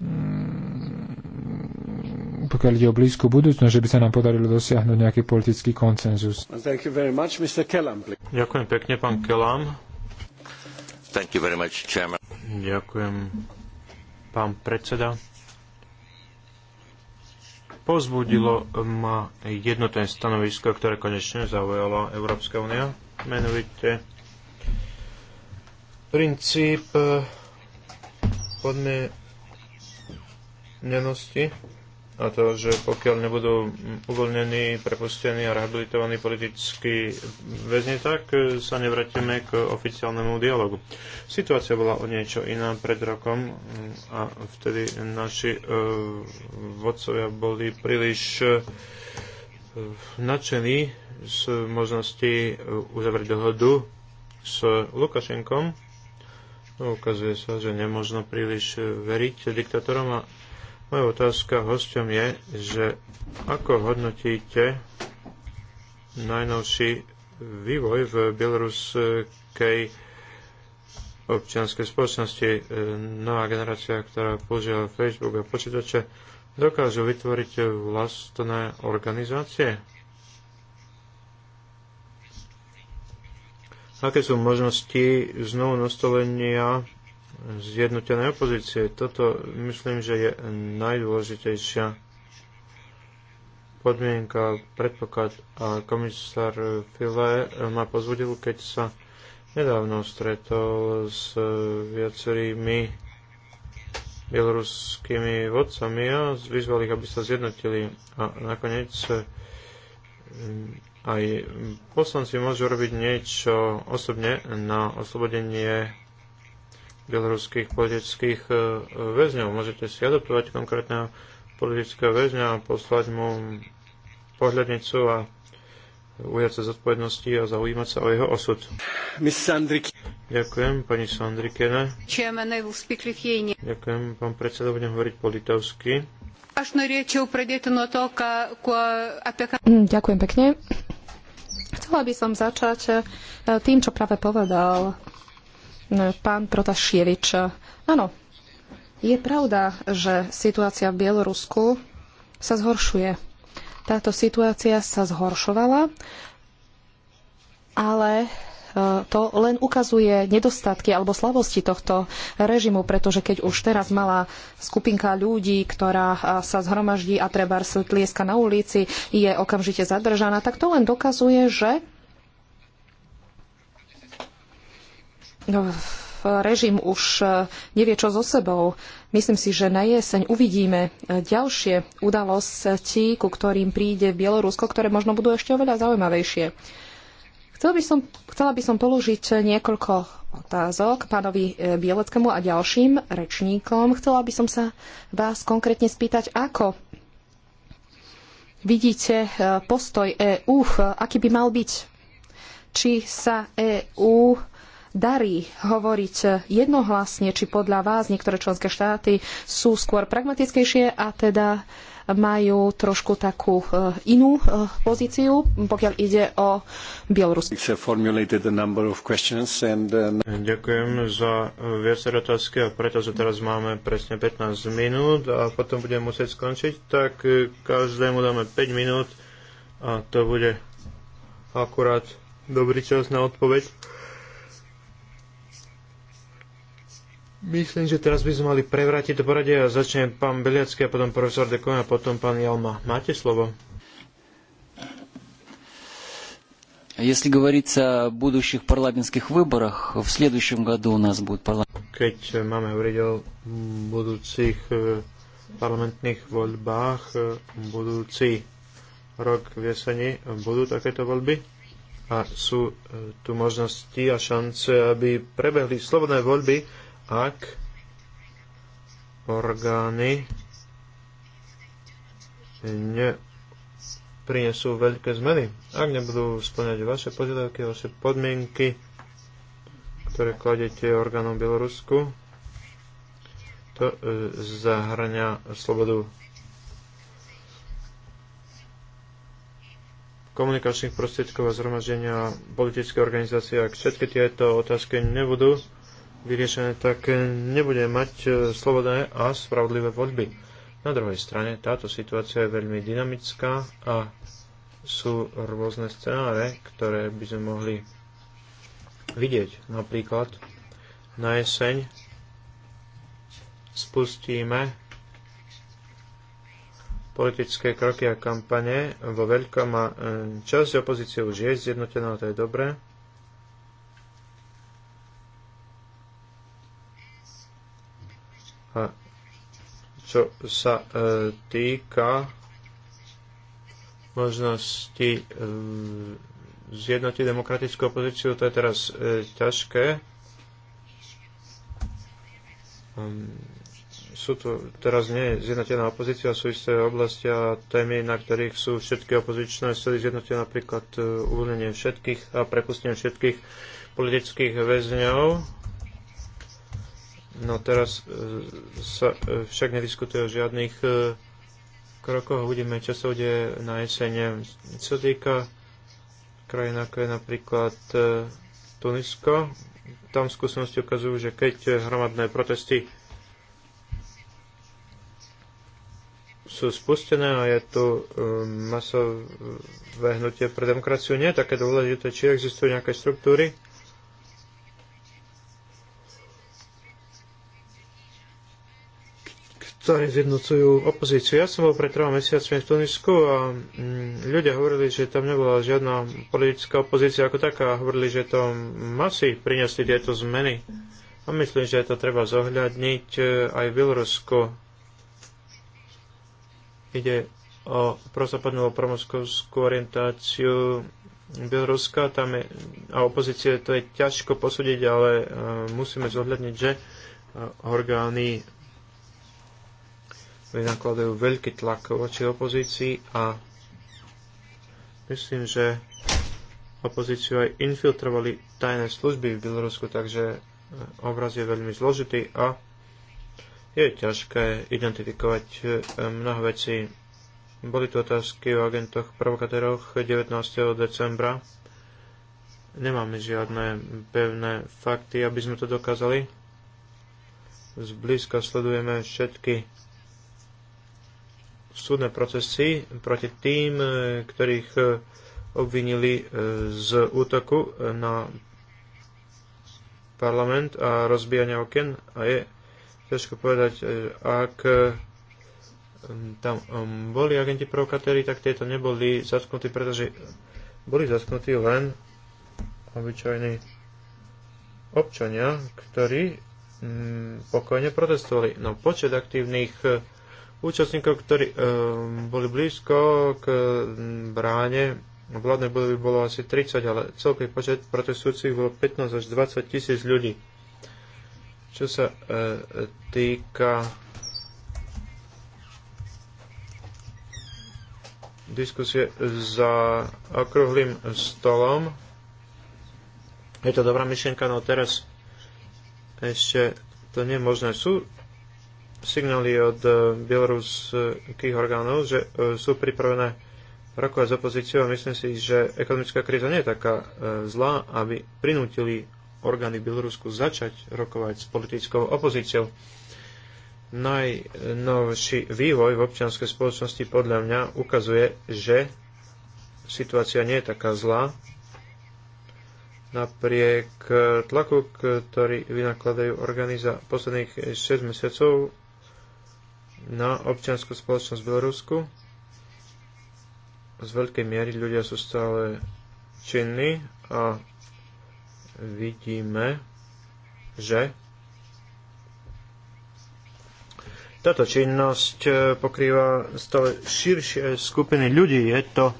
mm, pokiaľ ide o blízku budúcnosť, že by sa nám podarilo dosiahnuť nejaký politický koncenzus. Ďakujem pekne, pán Kelam. Much, Ďakujem, pán predseda. Pozbudilo ma jednotné stanovisko, ktoré konečne zaujala Európska únia, menovite princíp podmienenosti na to, že pokiaľ nebudú uvoľnení, prepustení a rehabilitovaní politickí väzni, tak e, sa nevrátime k oficiálnemu dialogu. Situácia bola o niečo iná pred rokom mm, a vtedy naši e, vodcovia boli príliš e, nadšení z možnosti uzavrieť dohodu s Lukašenkom. Ukazuje sa, že nemôžno príliš veriť diktátorom a moja otázka hosťom je, že ako hodnotíte najnovší vývoj v bieloruskej občianskej spoločnosti. Nová generácia, ktorá používa Facebook a počítače, dokážu vytvoriť vlastné organizácie? Aké sú možnosti znovu nastolenia zjednotenej opozície. Toto myslím, že je najdôležitejšia podmienka, predpoklad a komisár File ma pozvodil, keď sa nedávno stretol s viacerými bieloruskými vodcami a vyzval ich, aby sa zjednotili. A nakoniec mm, aj poslanci môžu robiť niečo osobne na oslobodenie bieloruských politických e, väzňov. Môžete si adoptovať konkrétneho politického väzňa a poslať mu pohľadnicu a ujať sa zodpovednosti a zaujímať sa o jeho osud. Ďakujem, pani Sandrikene. Ďakujem, pán predseda, budem hovoriť po litovsky. Mm, ďakujem pekne. Chcela by som začať e, tým, čo práve povedal Pán Protašievič, áno, je pravda, že situácia v Bielorusku sa zhoršuje. Táto situácia sa zhoršovala, ale e, to len ukazuje nedostatky alebo slabosti tohto režimu, pretože keď už teraz malá skupinka ľudí, ktorá e, sa zhromaždí a treba tlieska na ulici, je okamžite zadržaná, tak to len dokazuje, že režim už e, nevie čo so sebou. Myslím si, že na jeseň uvidíme e, ďalšie udalosti, ku ktorým príde Bielorusko, ktoré možno budú ešte oveľa zaujímavejšie. Chcela by som, chcela by som položiť niekoľko otázok pánovi e, Bieleckému a ďalším rečníkom. Chcela by som sa vás konkrétne spýtať, ako vidíte postoj EÚ, aký by mal byť? Či sa EÚ darí hovoriť jednohlasne, či podľa vás niektoré členské štáty sú skôr pragmatickejšie a teda majú trošku takú e, inú e, pozíciu, pokiaľ ide o Bielorusku. Uh, uh, Ďakujem za e, viaceré otázky a pretože teraz máme presne 15 minút a potom budem musieť skončiť, tak každému dáme 5 minút a to bude akurát dobrý čas na odpoveď. Myslím, že teraz by sme mali prevrátiť to poradie a začne pán Beliacký a potom profesor Dekoň a potom pán Jalma. Máte slovo. Если говорить о будущих парламентских выборах, в следующем году у нас будет парламент. Keď máme hovoriť o budúcich parlamentných voľbách, budúci rok v jeseni, budú takéto voľby? A sú tu možnosti a šance, aby prebehli slobodné voľby, ak orgány neprinesú veľké zmeny. Ak nebudú splňať vaše požiadavky, vaše podmienky, ktoré kladete orgánom Bielorusku, to e, zahrňa slobodu komunikačných prostriedkov a zhromaždenia politické organizácie. Ak všetky tieto otázky nebudú vyriešené, tak eh, nebude mať eh, slobodné a spravodlivé voľby. Na druhej strane táto situácia je veľmi dynamická a sú rôzne scenáre, ktoré by sme mohli vidieť. Napríklad na jeseň spustíme politické kroky a kampane vo veľkom a eh, časť opozície už je zjednotená, to je dobré A čo sa e, týka možnosti e, zjednotiť demokratickú opozíciu, to je teraz e, ťažké. Ehm, sú tu teraz nie zjednotená opozícia, sú isté oblasti a témy, na ktorých sú všetky opozičné sily zjednotené, napríklad uvoľnenie všetkých a prepustenie všetkých politických väzňov No teraz e, sa e, však nediskutuje o žiadnych e, krokoch. Budeme časovde na jesene. Co týka krajín ako je napríklad Tunisko, tam skúsenosti ukazujú, že keď hromadné protesty sú spustené a je tu masové hnutie pre demokraciu. Nie je také dôležité, či existujú nejaké štruktúry, ktoré zjednocujú opozíciu. Ja som bol pred troma mesiacmi v Tunisku a mm, ľudia hovorili, že tam nebola žiadna politická opozícia ako taká. Hovorili, že to masy priniesli tieto zmeny. A myslím, že to treba zohľadniť e, aj v Bielorusku. Ide o prozapadnú promoskovskú orientáciu Bieloruska tam je, a opozície to je ťažko posúdiť, ale uh, musíme zohľadniť, že e, orgány vynakladajú veľký tlak voči opozícii a myslím, že opozíciu aj infiltrovali tajné služby v Bielorusku, takže e, obraz je veľmi zložitý a je ťažké identifikovať e, mnoho vecí. Boli tu otázky o agentoch provokatéroch 19. decembra. Nemáme žiadne pevné fakty, aby sme to dokázali. Zblízka sledujeme všetky súdne procesy proti tým, e, ktorých e, obvinili e, z útoku na parlament a rozbijania okien. a je ťažko povedať, ak tam boli agenti provokatéry, tak tieto neboli zatknutí, pretože boli zatknutí len obyčajní občania, ktorí mm, pokojne protestovali. No počet aktívnych účastníkov, ktorí e, boli blízko k mm, bráne vládnej budovy bolo asi 30, ale celkový počet protestujúcich bolo 15 až 20 tisíc ľudí. Čo sa e, týka diskusie za okrúhlým stolom, je to dobrá myšlienka, no teraz ešte to nie je možné. Sú signály od e, bieloruských orgánov, že e, sú pripravené rokovať s opozíciou a myslím si, že ekonomická kríza nie je taká e, zlá, aby prinútili orgány v Bielorusku začať rokovať s politickou opozíciou. Najnovší vývoj v občianskej spoločnosti podľa mňa ukazuje, že situácia nie je taká zlá, napriek tlaku, ktorý vynakladajú orgány za posledných 6 mesiacov, na občianskú spoločnosť v Bielorusku. Z veľkej miery ľudia sú stále činní a vidíme, že táto činnosť e, pokrýva stále širšie skupiny ľudí. Je to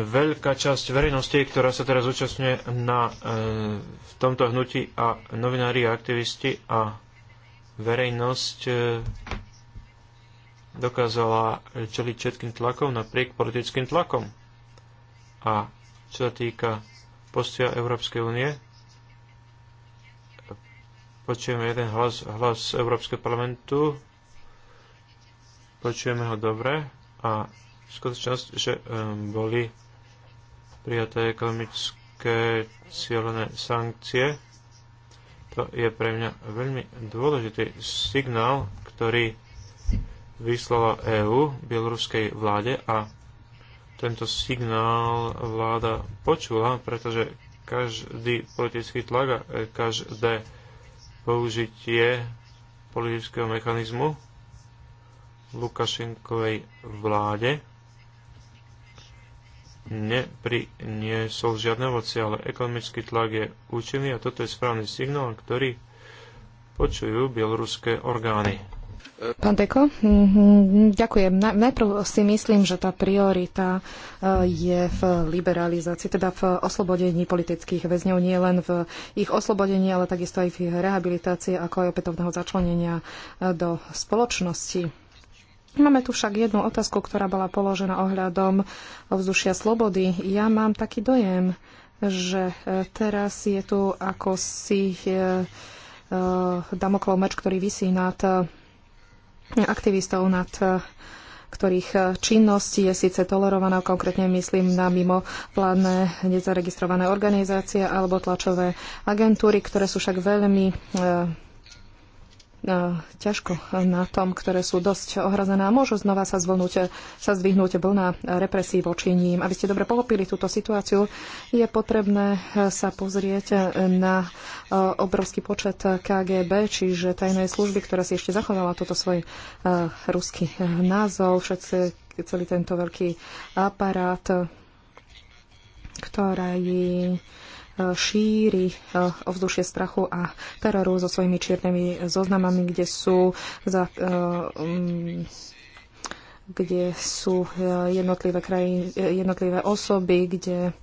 veľká časť verejnosti, ktorá sa teraz účastňuje na, e, v tomto hnutí a novinári a aktivisti a verejnosť e, dokázala čeliť všetkým tlakom napriek politickým tlakom. A čo sa týka postoja Európskej únie, počujeme jeden hlas, hlas Európskeho parlamentu, počujeme ho dobre a skutočnosť, že um, boli prijaté ekonomické cieľené sankcie, to je pre mňa veľmi dôležitý signál, ktorý vyslala EÚ bieloruskej vláde a tento signál vláda počula, pretože každý politický tlak a každé použitie politického mechanizmu Lukašenkovej vláde nepriniesol žiadne ovoci, ale ekonomický tlak je účinný a toto je správny signál, ktorý počujú bieloruské orgány. Pán Deko, mhm, ďakujem. Najprv si myslím, že tá priorita e, je v liberalizácii, teda v oslobodení politických väzňov, nie len v ich oslobodení, ale takisto aj v ich rehabilitácii, ako aj opätovného začlenenia e, do spoločnosti Máme tu však jednu otázku, ktorá bola položená ohľadom ovzdušia slobody. Ja mám taký dojem, že e, teraz je tu ako si e, e, Damoklov meč, ktorý vysí nad aktivistov, nad ktorých činnosti je síce tolerovaná, konkrétne myslím na mimo vládne nezaregistrované organizácie alebo tlačové agentúry, ktoré sú však veľmi E, ťažko na tom, ktoré sú dosť ohrazené a môžu znova sa, zvolnúť, sa zdvihnúť vlna represí voči ním. Aby ste dobre pochopili túto situáciu, je potrebné sa pozrieť na e, obrovský počet KGB, čiže tajnej služby, ktorá si ešte zachovala toto svoj e, ruský názov, všetci, celý tento veľký aparát, ktorý šíri e, ovzdušie strachu a teroru so svojimi čiernymi zoznamami, kde sú za, e, mm, kde sú e, jednotlivé, kraji, jednotlivé osoby, kde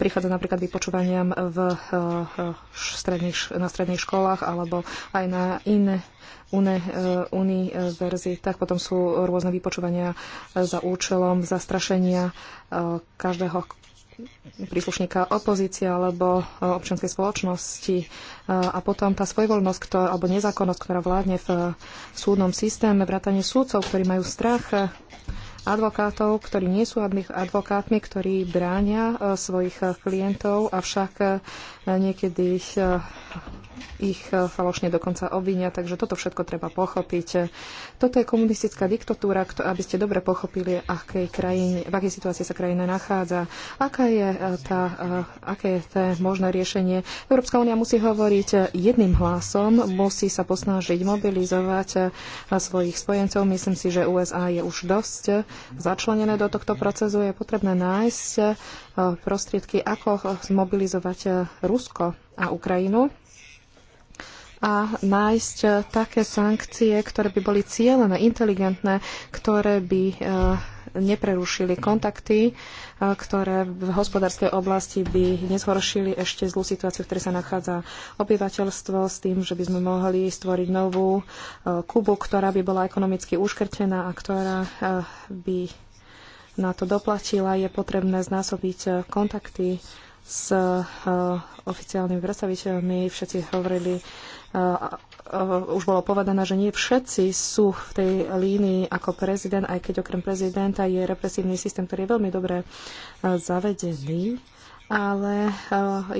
prichádza napríklad vypočúvaniam v, stredných, na stredných školách alebo aj na iné tak Potom sú rôzne vypočúvania za účelom zastrašenia každého príslušníka opozície alebo e, občianskej spoločnosti e, a potom tá svojvoľnosť ktorá, alebo nezákonnosť, ktorá vládne v e, súdnom systéme, vrátanie súdcov, ktorí majú strach advokátov, ktorí nie sú advokátmi, ktorí bránia svojich klientov, avšak niekedy ich ich eh, falošne dokonca obvinia, takže toto všetko treba pochopiť. Toto je komunistická diktatúra, aby ste dobre pochopili, akej krajine, v akej situácii sa krajina nachádza, aká je eh, tá, eh, aké je to možné riešenie. Európska únia musí hovoriť jedným hlasom, musí sa posnažiť mobilizovať svojich spojencov. Myslím si, že USA je už dosť začlenené do tohto procesu. Je potrebné nájsť prostriedky, ako zmobilizovať Rusko a Ukrajinu a nájsť e, také sankcie, ktoré by boli cieľené, inteligentné, ktoré by e, neprerušili kontakty, e, ktoré v hospodárskej oblasti by nezhoršili ešte zlú situáciu, v ktorej sa nachádza obyvateľstvo s tým, že by sme mohli stvoriť novú Kubu, ktorá by bola ekonomicky uškrtená a ktorá by na to doplatila. Je potrebné znásobiť kontakty s eh, oficiálnymi predstaviteľmi. Všetci hovorili, eh, už bolo povedané, že nie všetci sú v tej línii ako prezident, aj keď okrem prezidenta je represívny systém, ktorý je veľmi dobre eh, zavedený, ale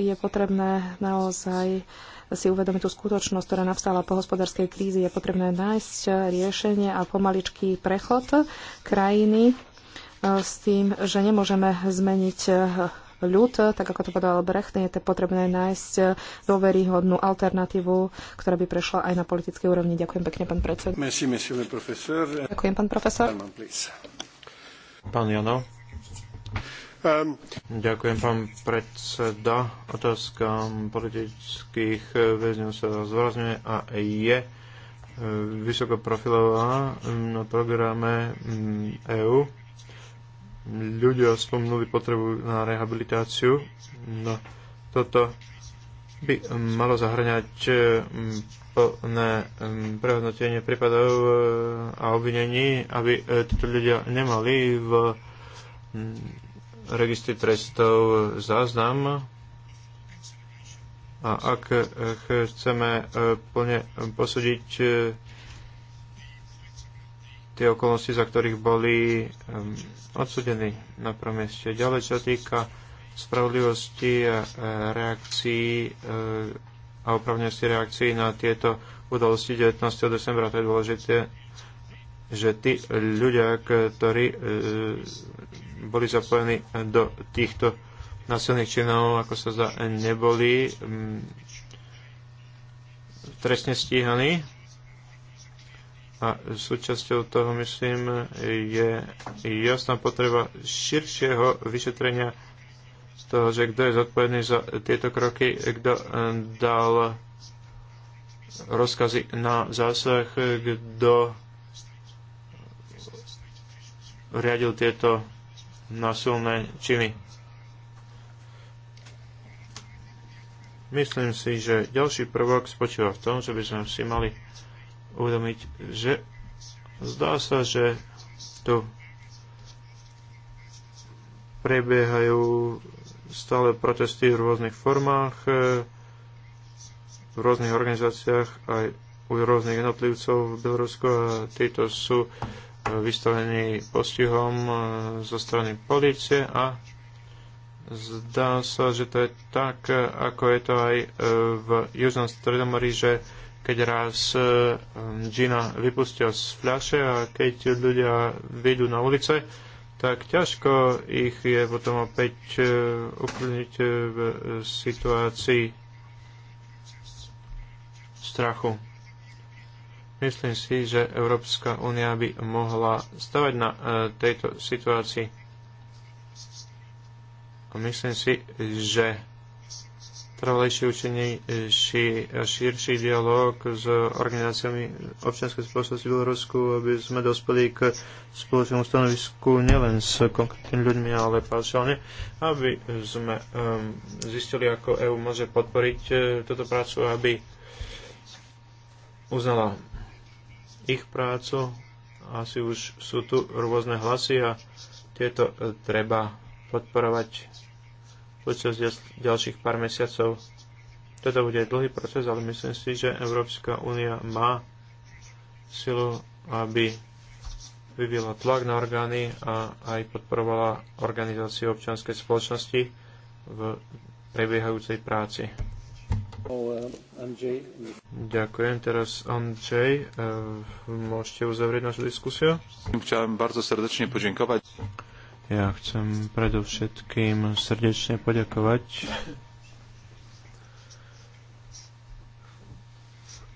je potrebné naozaj si uvedomiť tú skutočnosť, ktorá navstala po hospodárskej krízi. Je potrebné nájsť riešenie a pomaličký prechod krajiny s tým, že nemôžeme zmeniť ľud, tak ako to povedal Brecht, je to potrebné nájsť dôveryhodnú alternatívu, ktorá by prešla aj na politickej úrovni. Ďakujem pekne, pán predseda. Ďakujem, pán profesor. Pán Jano. Um, Ďakujem, pán predseda. Otázka politických väzňov sa zvrazňuje a je eh, vysokoprofilová na programe mm, EÚ ľudia spomnuli potrebu na rehabilitáciu. No, toto by malo zahrňať eh, plné eh, prehodnotenie prípadov eh, a obvinení, aby títo ľudia nemali v mm, registri trestov záznam. A ak chceme plne posúdiť tie okolnosti, za ktorých boli um, odsudení na prvom mieste. Ďalej, čo týka spravodlivosti a e, reakcií e, a opravnosti reakcií na tieto udalosti 19. decembra, to je dôležité, že tí ľudia, ktorí e, boli zapojení do týchto násilných činov, ako sa zdá, neboli trestne stíhaní a súčasťou toho, myslím, je jasná potreba širšieho vyšetrenia z toho, že kto je zodpovedný za tieto kroky, kto eh, dal rozkazy na zásah, kto riadil tieto násilné činy. Myslím si, že ďalší prvok spočíva v tom, že by sme si mali uvedomiť, že zdá sa, že tu prebiehajú stále protesty v rôznych formách, e, v rôznych organizáciách, aj u rôznych jednotlivcov v Bielorusku a títo sú e, vystavení postihom e, zo strany policie a zdá sa, že to je tak, ako je to aj v Južnom Stredomorí, že keď raz džina e, vypustia z fľaše a keď ľudia vyjdú na ulice, tak ťažko ich je potom opäť e, uklniť e, v situácii strachu. Myslím si, že Európska únia by mohla stavať na tejto situácii. A myslím si, že trvalejší učenie, ši, širší dialog s organizáciami občianskej spoločnosti v Bielorusku, aby sme dospeli k spoločnému stanovisku nielen s konkrétnymi ľuďmi, ale paušálne, aby sme um, zistili, ako EÚ môže podporiť uh, túto prácu, aby uznala ich prácu. Asi už sú tu rôzne hlasy a tieto treba podporovať počas ďalších pár mesiacov. Toto bude dlhý proces, ale myslím si, že Európska únia má silu, aby vyvíjala tlak na orgány a aj podporovala organizáciu občianskej spoločnosti v prebiehajúcej práci. Ďakujem. Teraz Andrzej, e, môžete uzavrieť našu diskusiu. Chciałem bardzo serdečne poďakovať. Ja chcem predovšetkým srdečne poďakovať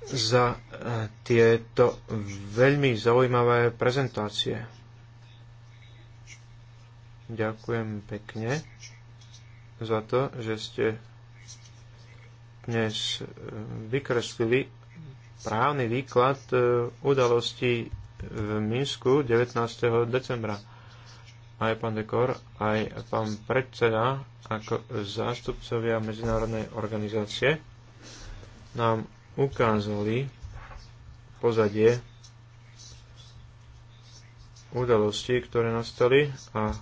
za e, tieto veľmi zaujímavé prezentácie. Ďakujem pekne za to, že ste dnes e, vykreslili právny výklad e, udalostí v Minsku 19. decembra aj pán Dekor, aj pán predseda, ako zástupcovia medzinárodnej organizácie, nám ukázali pozadie udalosti, ktoré nastali a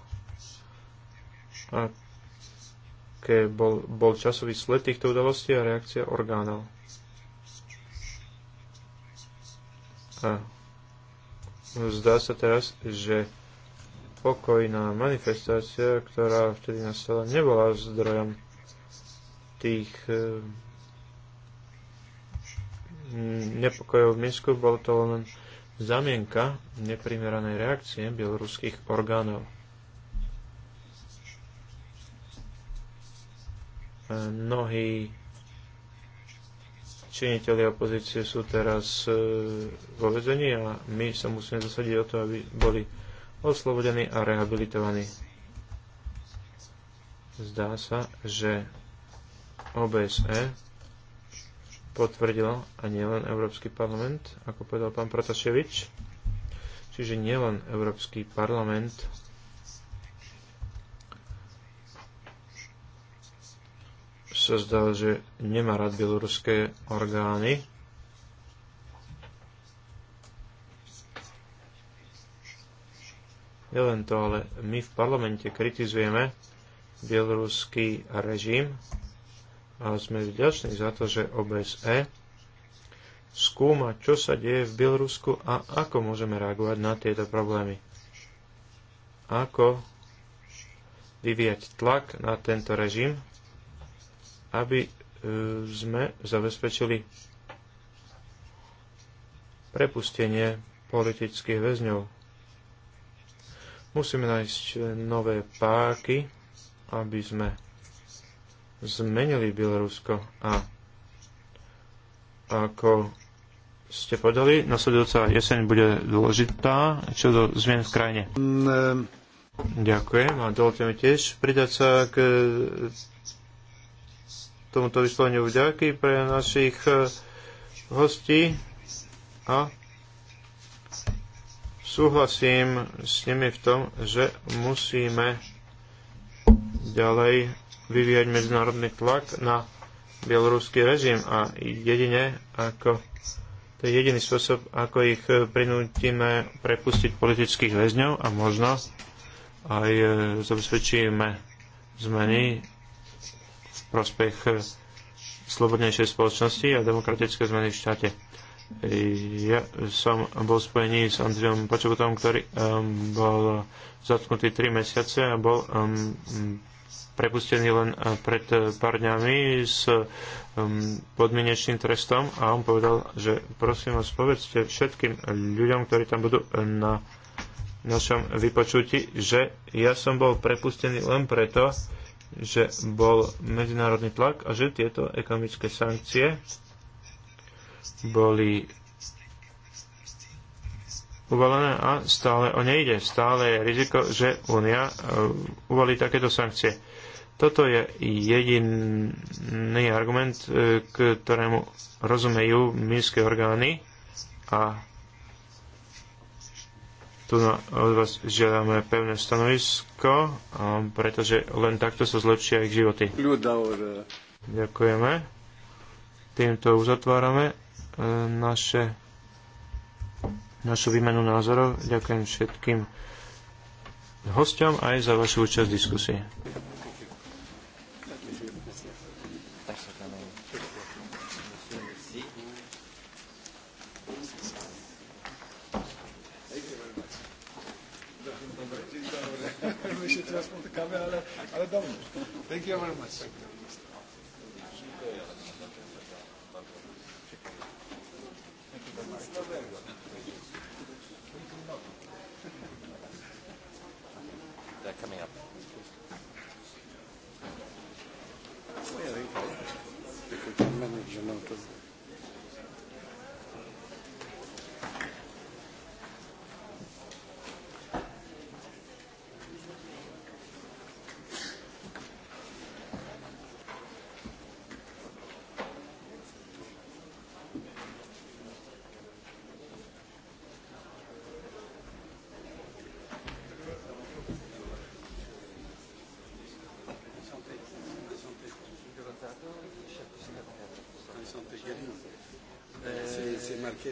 aké bol, bol časový sled týchto udalostí a reakcia orgánov. A zdá sa teraz, že pokojná manifestácia, ktorá vtedy nastala, nebola zdrojom tých eh, nepokojov v Minsku, bolo to len zamienka neprimeranej reakcie bieloruských orgánov. Mnohí činiteľi opozície sú teraz eh, vo vezení a my sa musíme zasadiť o to, aby boli oslobodený a rehabilitovaný. Zdá sa, že OBSE potvrdila a nielen Európsky parlament, ako povedal pán Protaševič, čiže nielen Európsky parlament sa zdá, že nemá rád bieloruské orgány, Nielen to, ale my v parlamente kritizujeme bieloruský režim a sme vďační za to, že OBSE skúma, čo sa deje v Bielorusku a ako môžeme reagovať na tieto problémy. Ako vyvíjať tlak na tento režim, aby e, sme zabezpečili prepustenie politických väzňov. Musíme nájsť nové páky, aby sme zmenili Bielorusko a ako ste podali, nasledujúca jeseň bude dôležitá čo do zmien v krajine. Mm. Ďakujem a dovolte mi tiež pridať sa k tomuto vysloveniu vďaky pre našich eh, hostí a Súhlasím s nimi v tom, že musíme ďalej vyvíjať medzinárodný tlak na bieloruský režim a jedine ako to je jediný spôsob, ako ich prinútime prepustiť politických väzňov a možno aj e, zabezpečíme zmeny v prospech e, slobodnejšej spoločnosti a demokratické zmeny v štáte. Ja som bol spojený s Andriom Počobotom, ktorý um, bol zatknutý 3 mesiace a bol um, prepustený len uh, pred pár dňami s um, podmienečným trestom a on povedal, že prosím vás, povedzte všetkým ľuďom, ktorí tam budú uh, na našom vypočutí, že ja som bol prepustený len preto, že bol medzinárodný tlak a že tieto ekonomické sankcie boli uvalené a stále o nejde. Stále je riziko, že Únia e, uvalí takéto sankcie. Toto je jediný argument, e, ktorému rozumejú mínske orgány a tu na, od vás žiadame pevné stanovisko, pretože len takto sa zlepšia ich životy. Ďakujeme. Týmto uzatvárame naše, našu výmenu názorov. Ďakujem všetkým hostom aj za vašu účasť v diskusii. Thank you very much.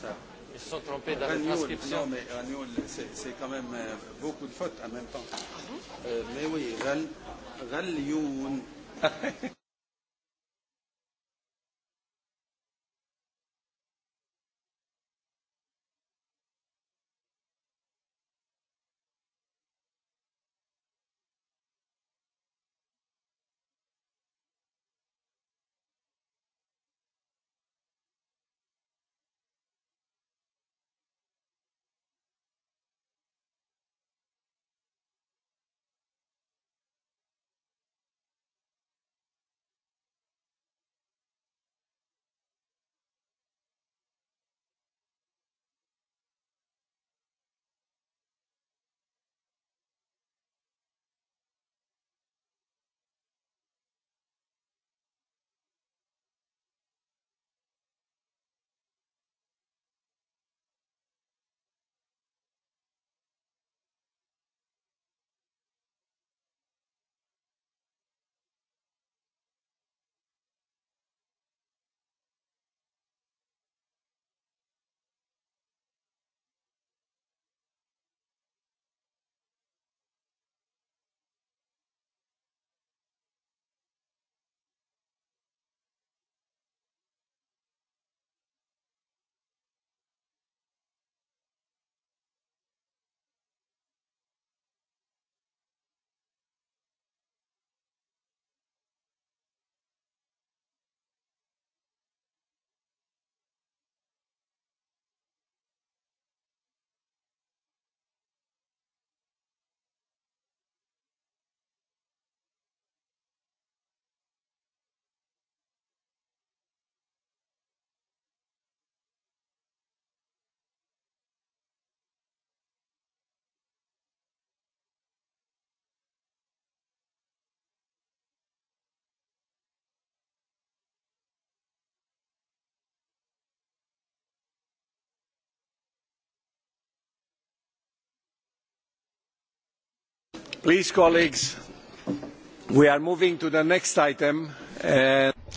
ça. Ils se sont trompés dans Ragnoul, la transcription. Non, mais Ragnoul, c'est quand même euh, beaucoup de fautes en même temps. Ah euh, mais oui, Ragnoul. [LAUGHS]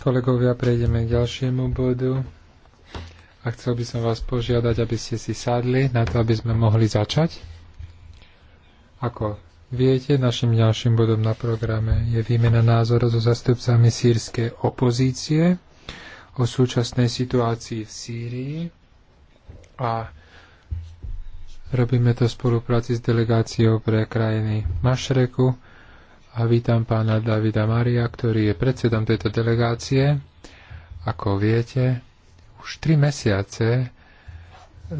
Kolegovia, prejdeme k ďalšiemu bodu. A chcel by som vás požiadať, aby ste si sadli na to, aby sme mohli začať. Ako viete, našim ďalším bodom na programe je výmena názorov so zastupcami sírskej opozície o súčasnej situácii v Sýrii a Robíme to v spolupráci s delegáciou pre krajiny Mašreku a vítam pána Davida Maria, ktorý je predsedom tejto delegácie. Ako viete, už tri mesiace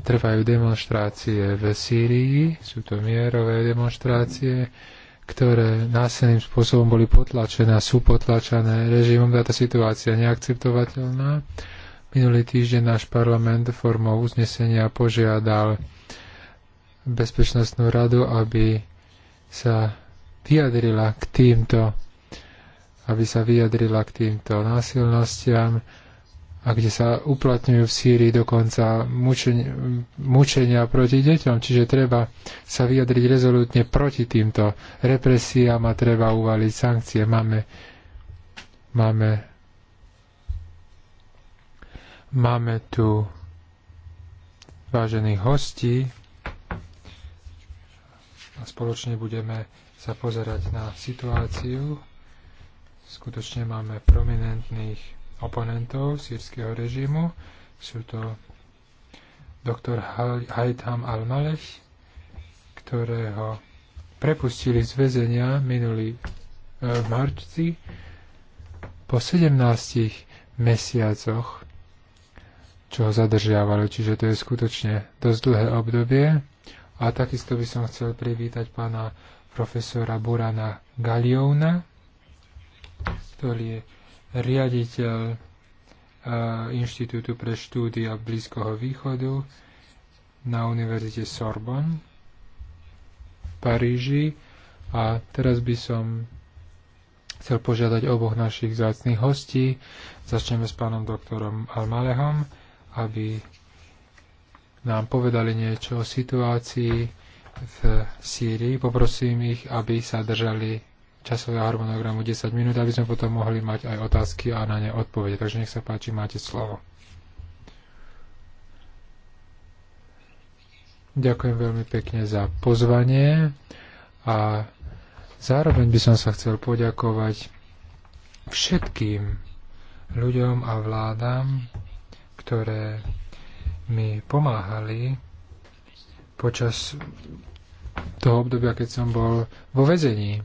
trvajú demonstrácie v Sýrii, sú to mierové demonstrácie, ktoré násilným spôsobom boli potlačené a sú potlačené režimom. Táto situácia neakceptovateľná. Minulý týždeň náš parlament formou uznesenia požiadal Bezpečnostnú radu, aby sa vyjadrila k týmto aby sa vyjadrila k týmto násilnostiam a kde sa uplatňujú v Sýrii dokonca mučenia, mučenia proti deťom. Čiže treba sa vyjadriť rezolútne proti týmto represiám a treba uvaliť sankcie. Máme, máme, máme tu vážených hostí spoločne budeme sa pozerať na situáciu. Skutočne máme prominentných oponentov sírskeho režimu. Sú to doktor Haitham al-Malech, ktorého prepustili z väzenia minulý e, v marci po 17 mesiacoch, čo ho zadržiavali, čiže to je skutočne dosť dlhé obdobie. A takisto by som chcel privítať pána profesora Burana Galiona, ktorý je riaditeľ e, Inštitútu pre štúdia Blízkoho východu na Univerzite Sorbonne v Paríži. A teraz by som chcel požiadať oboch našich zácných hostí. Začneme s pánom doktorom Almalehom, aby nám povedali niečo o situácii v Sýrii. Poprosím ich, aby sa držali časového harmonogramu 10 minút, aby sme potom mohli mať aj otázky a na ne odpovede. Takže nech sa páči, máte slovo. Ďakujem veľmi pekne za pozvanie a zároveň by som sa chcel poďakovať všetkým ľuďom a vládam, ktoré mi pomáhali počas toho obdobia, keď som bol vo vezení.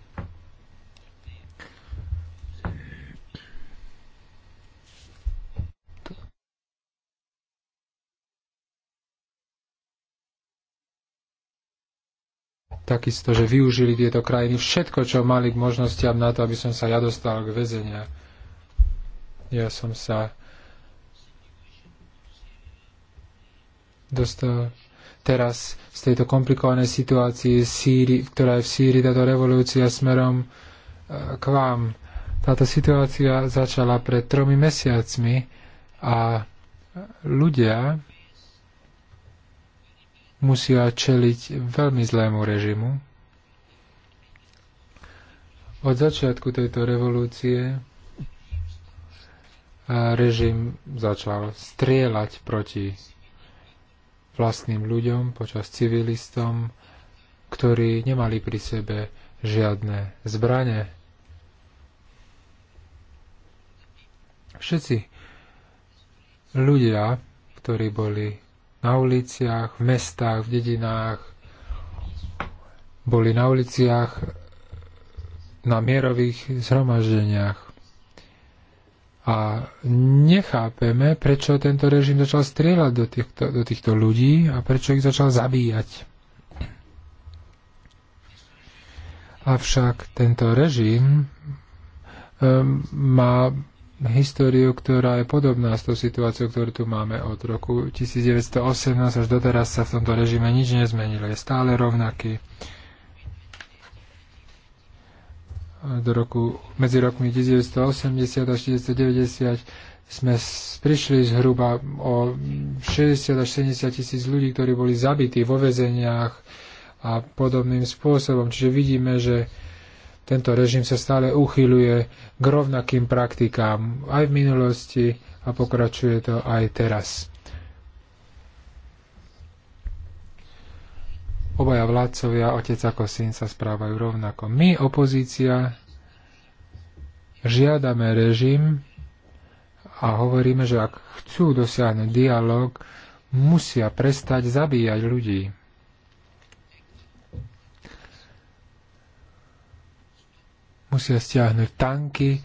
Takisto, že využili tieto krajiny všetko, čo mali k možnostiam na to, aby som sa ja dostal k väzenia. Ja som sa dostal teraz z tejto komplikovanej situácie, Síri, ktorá je v Sýrii, táto revolúcia smerom e, k vám. Táto situácia začala pred tromi mesiacmi a ľudia musia čeliť veľmi zlému režimu. Od začiatku tejto revolúcie e, režim začal strieľať proti vlastným ľuďom, počas civilistom, ktorí nemali pri sebe žiadne zbranie. Všetci ľudia, ktorí boli na uliciach, v mestách, v dedinách, boli na uliciach, na mierových zhromaždeniach. A nechápeme, prečo tento režim začal strieľať do týchto, do týchto ľudí a prečo ich začal zabíjať. Avšak tento režim um, má históriu, ktorá je podobná s tou situáciou, ktorú tu máme od roku 1918 až doteraz sa v tomto režime nič nezmenilo. Je stále rovnaký do roku, medzi rokmi 1980 až 1990 sme prišli zhruba o 60 až 70 tisíc ľudí, ktorí boli zabití vo vezeniach a podobným spôsobom. Čiže vidíme, že tento režim sa stále uchyluje k rovnakým praktikám aj v minulosti a pokračuje to aj teraz. obaja vládcovia, otec ako syn, sa správajú rovnako. My, opozícia, žiadame režim a hovoríme, že ak chcú dosiahnuť dialog, musia prestať zabíjať ľudí. Musia stiahnuť tanky,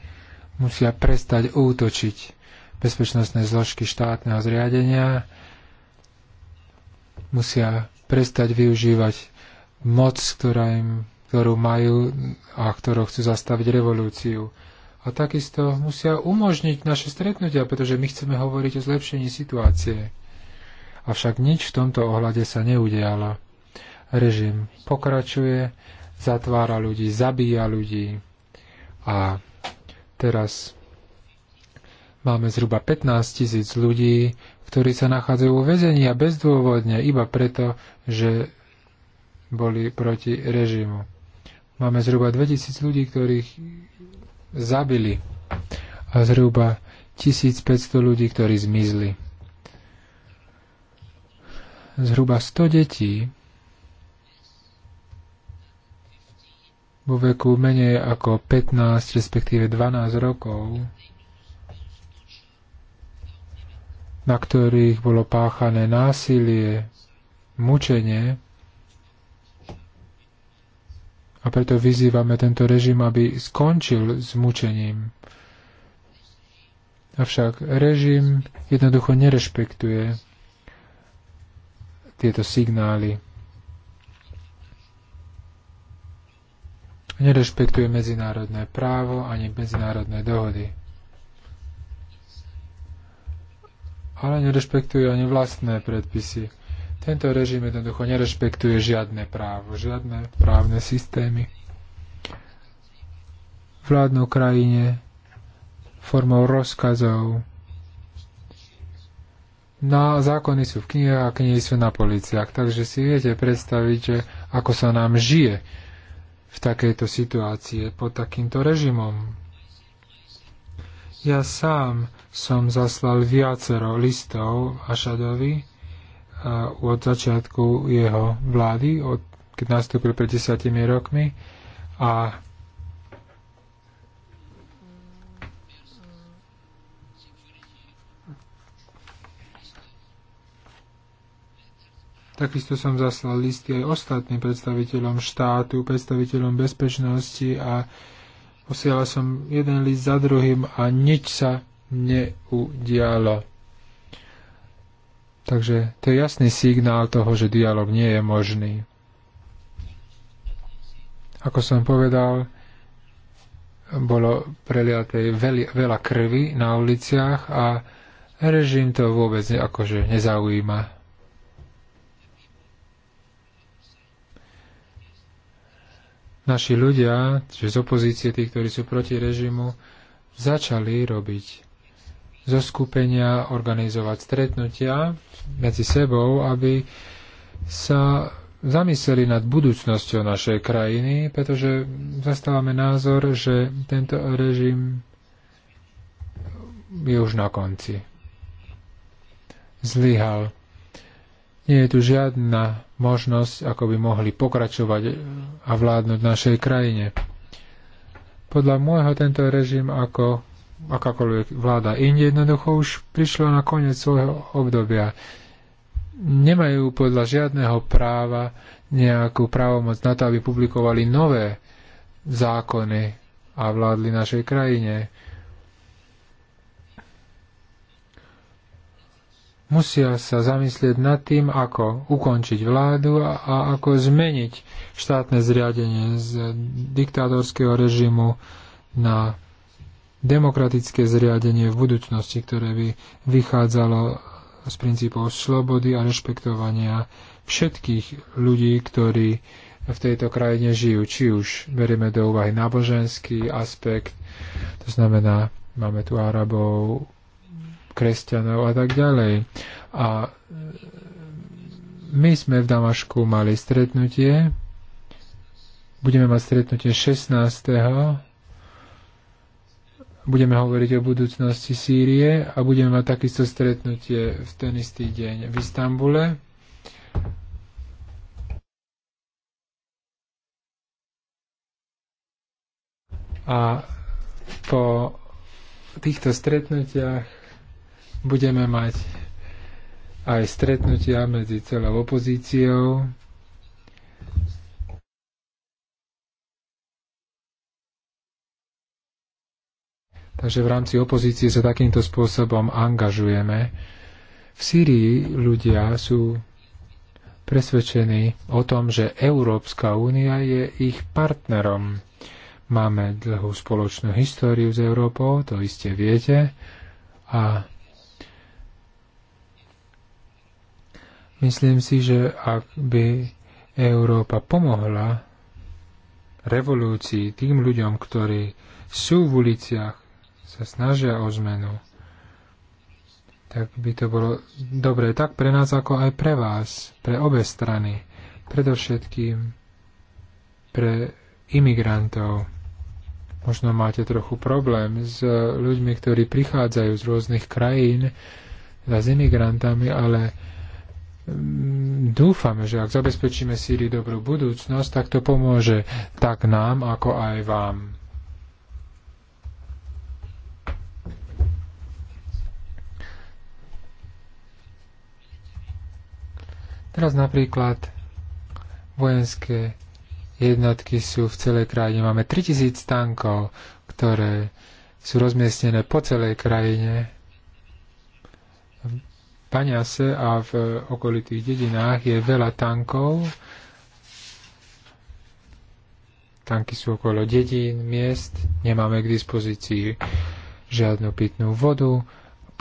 musia prestať útočiť bezpečnostné zložky štátneho zriadenia, musia prestať využívať moc, ktorá im, ktorú majú a ktorou chcú zastaviť revolúciu. A takisto musia umožniť naše stretnutia, pretože my chceme hovoriť o zlepšení situácie. Avšak nič v tomto ohľade sa neudialo. Režim pokračuje, zatvára ľudí, zabíja ľudí a teraz máme zhruba 15 tisíc ľudí, ktorí sa nachádzajú vo vezení a bezdôvodne, iba preto, že boli proti režimu. Máme zhruba 2000 ľudí, ktorých zabili a zhruba 1500 ľudí, ktorí zmizli. Zhruba 100 detí vo veku menej ako 15, respektíve 12 rokov na ktorých bolo páchané násilie, mučenie. A preto vyzývame tento režim, aby skončil s mučením. Avšak režim jednoducho nerešpektuje tieto signály. Nerešpektuje medzinárodné právo ani medzinárodné dohody. ale nerešpektujú ani vlastné predpisy. Tento režim jednoducho nerešpektuje žiadne právo, žiadne právne systémy. Vládnu krajine formou rozkazov. Na zákony sú v knihách a knihy sú na policiách, takže si viete predstaviť, že ako sa nám žije v takejto situácii pod takýmto režimom. Ja sám som zaslal viacero listov Ašadovi e, od začiatku jeho vlády, od, keď nastúpil pred desiatimi rokmi a Takisto som zaslal listy aj ostatným predstaviteľom štátu, predstaviteľom bezpečnosti a posielal som jeden list za druhým a nič sa neudialo. Takže to je jasný signál toho, že dialog nie je možný. Ako som povedal, bolo preliaté veľa krvi na uliciach a režim to vôbec ne, akože nezaujíma. Naši ľudia, čiže z opozície, tí, ktorí sú proti režimu, začali robiť zo skupenia organizovať stretnutia medzi sebou, aby sa zamysleli nad budúcnosťou našej krajiny, pretože zastávame názor, že tento režim je už na konci. Zlyhal. Nie je tu žiadna možnosť, ako by mohli pokračovať a vládnuť našej krajine. Podľa môjho tento režim ako akákoľvek vláda inde jednoducho už prišla na koniec svojho obdobia. Nemajú podľa žiadneho práva nejakú právomoc na to, aby publikovali nové zákony a vládli našej krajine. Musia sa zamyslieť nad tým, ako ukončiť vládu a, a ako zmeniť štátne zriadenie z diktátorského režimu na demokratické zriadenie v budúcnosti, ktoré by vychádzalo z princípov slobody a rešpektovania všetkých ľudí, ktorí v tejto krajine žijú. Či už berieme do úvahy náboženský aspekt, to znamená, máme tu Arabov, kresťanov a tak ďalej. A my sme v Damašku mali stretnutie, budeme mať stretnutie 16 Budeme hovoriť o budúcnosti Sýrie a budeme mať takisto stretnutie v ten istý deň v Istambule. A po týchto stretnutiach budeme mať aj stretnutia medzi celou opozíciou Takže v rámci opozície sa takýmto spôsobom angažujeme. V Sýrii ľudia sú presvedčení o tom, že Európska únia je ich partnerom. Máme dlhú spoločnú históriu s Európou, to iste viete. A myslím si, že ak by Európa pomohla revolúcii tým ľuďom, ktorí sú v uliciach sa snažia o zmenu, tak by to bolo dobre tak pre nás, ako aj pre vás, pre obe strany, predovšetkým pre imigrantov. Možno máte trochu problém s ľuďmi, ktorí prichádzajú z rôznych krajín, teda s imigrantami, ale mm, dúfame, že ak zabezpečíme Sýrii dobrú budúcnosť, tak to pomôže tak nám, ako aj vám. Teraz napríklad vojenské jednotky sú v celej krajine. Máme 3000 tankov, ktoré sú rozmiestnené po celej krajine. V Paniase a v okolitých dedinách je veľa tankov. Tanky sú okolo dedín, miest. Nemáme k dispozícii žiadnu pitnú vodu,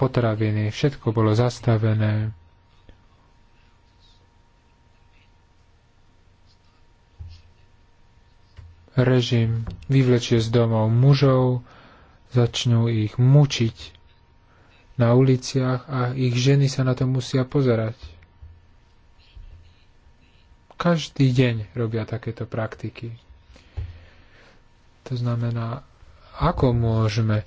potraviny, všetko bolo zastavené. režim vyvlečie z domov mužov, začnú ich mučiť na uliciach a ich ženy sa na to musia pozerať. Každý deň robia takéto praktiky. To znamená, ako môžeme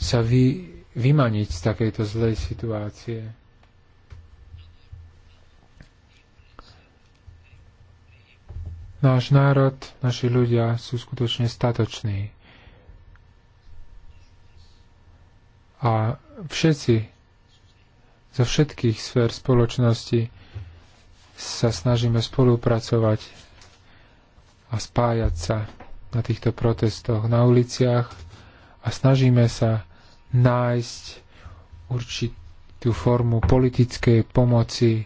sa vy, vymaniť z takejto zlej situácie? Náš národ, naši ľudia sú skutočne statoční. A všetci zo všetkých sfér spoločnosti sa snažíme spolupracovať a spájať sa na týchto protestoch na uliciach a snažíme sa nájsť určitú formu politickej pomoci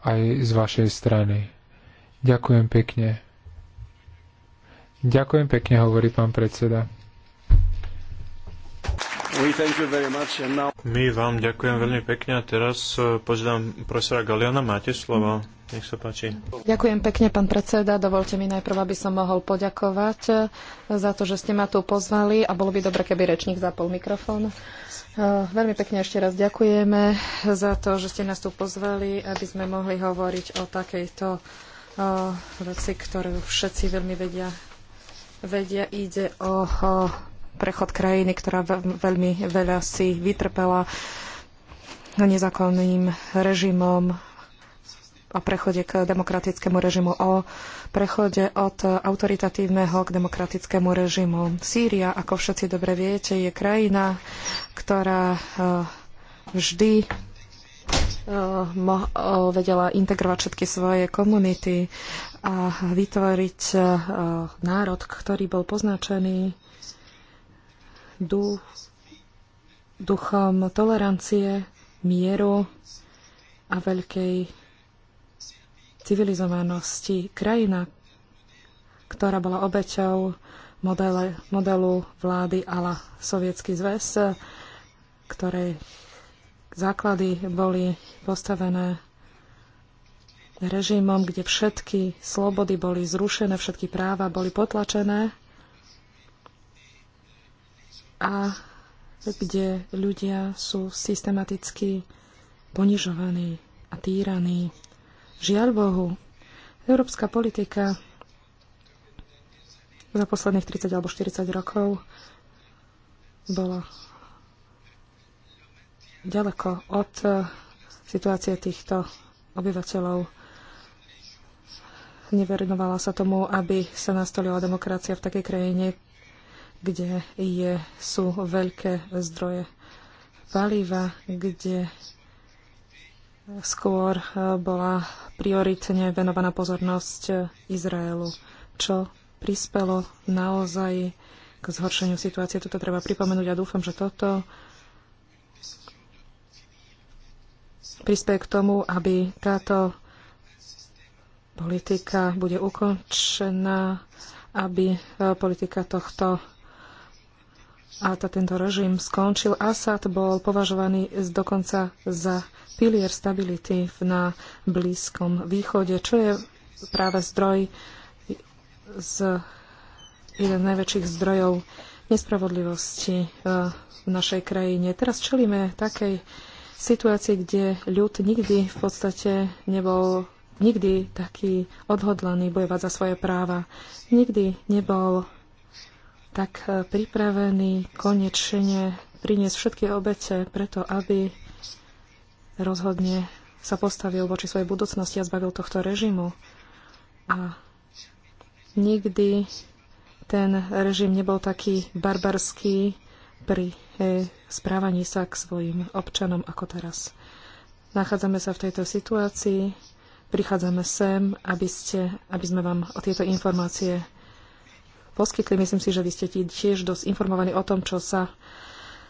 aj z vašej strany. Ďakujem pekne. Ďakujem pekne, hovorí pán predseda. My vám ďakujem veľmi pekne a teraz e, požiadam profesora Galiana, máte slovo. Nech sa páči. Ďakujem pekne, pán predseda. Dovolte mi najprv, aby som mohol poďakovať e, za to, že ste ma tu pozvali a bolo by dobre, keby rečník zapol mikrofón. E, veľmi pekne ešte raz ďakujeme za to, že ste nás tu pozvali, aby sme mohli hovoriť o takejto veci, ktoré všetci veľmi vedia. Vedia, ide o, o prechod krajiny, ktorá veľmi veľa si vytrpela nezákonným režimom o prechode k demokratickému režimu, o prechode od autoritatívneho k demokratickému režimu. Sýria, ako všetci dobre viete, je krajina, ktorá vždy Eh, vedela integrovať všetky svoje komunity a vytvoriť eh, národ, ktorý bol poznačený duchom tolerancie, mieru a veľkej civilizovanosti. Krajina, ktorá bola obeťou modele, modelu vlády ala Sovietský zväz, eh, ktorej základy boli postavené režimom, kde všetky slobody boli zrušené, všetky práva boli potlačené a kde ľudia sú systematicky ponižovaní a týraní. Žiaľ Bohu, európska politika za posledných 30 alebo 40 rokov bola ďaleko od e, situácie týchto obyvateľov. Nevernovala sa tomu, aby sa nastolila demokracia v takej krajine, kde je, sú veľké zdroje paliva, kde skôr e, bola prioritne venovaná pozornosť e, Izraelu, čo prispelo naozaj k zhoršeniu situácie. Toto treba pripomenúť a dúfam, že toto prispieje k tomu, aby táto politika bude ukončená, aby e, politika tohto a to tento režim skončil. Assad bol považovaný dokonca za pilier stability na Blízkom východe, čo je práve zdroj z jeden z najväčších zdrojov nespravodlivosti e, v našej krajine. Teraz čelíme takej situácii, kde ľud nikdy v podstate nebol nikdy taký odhodlaný bojovať za svoje práva. Nikdy nebol tak e, pripravený konečne priniesť všetky obete preto, aby rozhodne sa postavil voči svojej budúcnosti a zbavil tohto režimu. A nikdy ten režim nebol taký barbarský pri E, správanie sa k svojim občanom ako teraz. Nachádzame sa v tejto situácii, prichádzame sem, aby, ste, aby sme vám o tieto informácie poskytli. Myslím si, že vy ste tiež dosť informovaní o tom, čo sa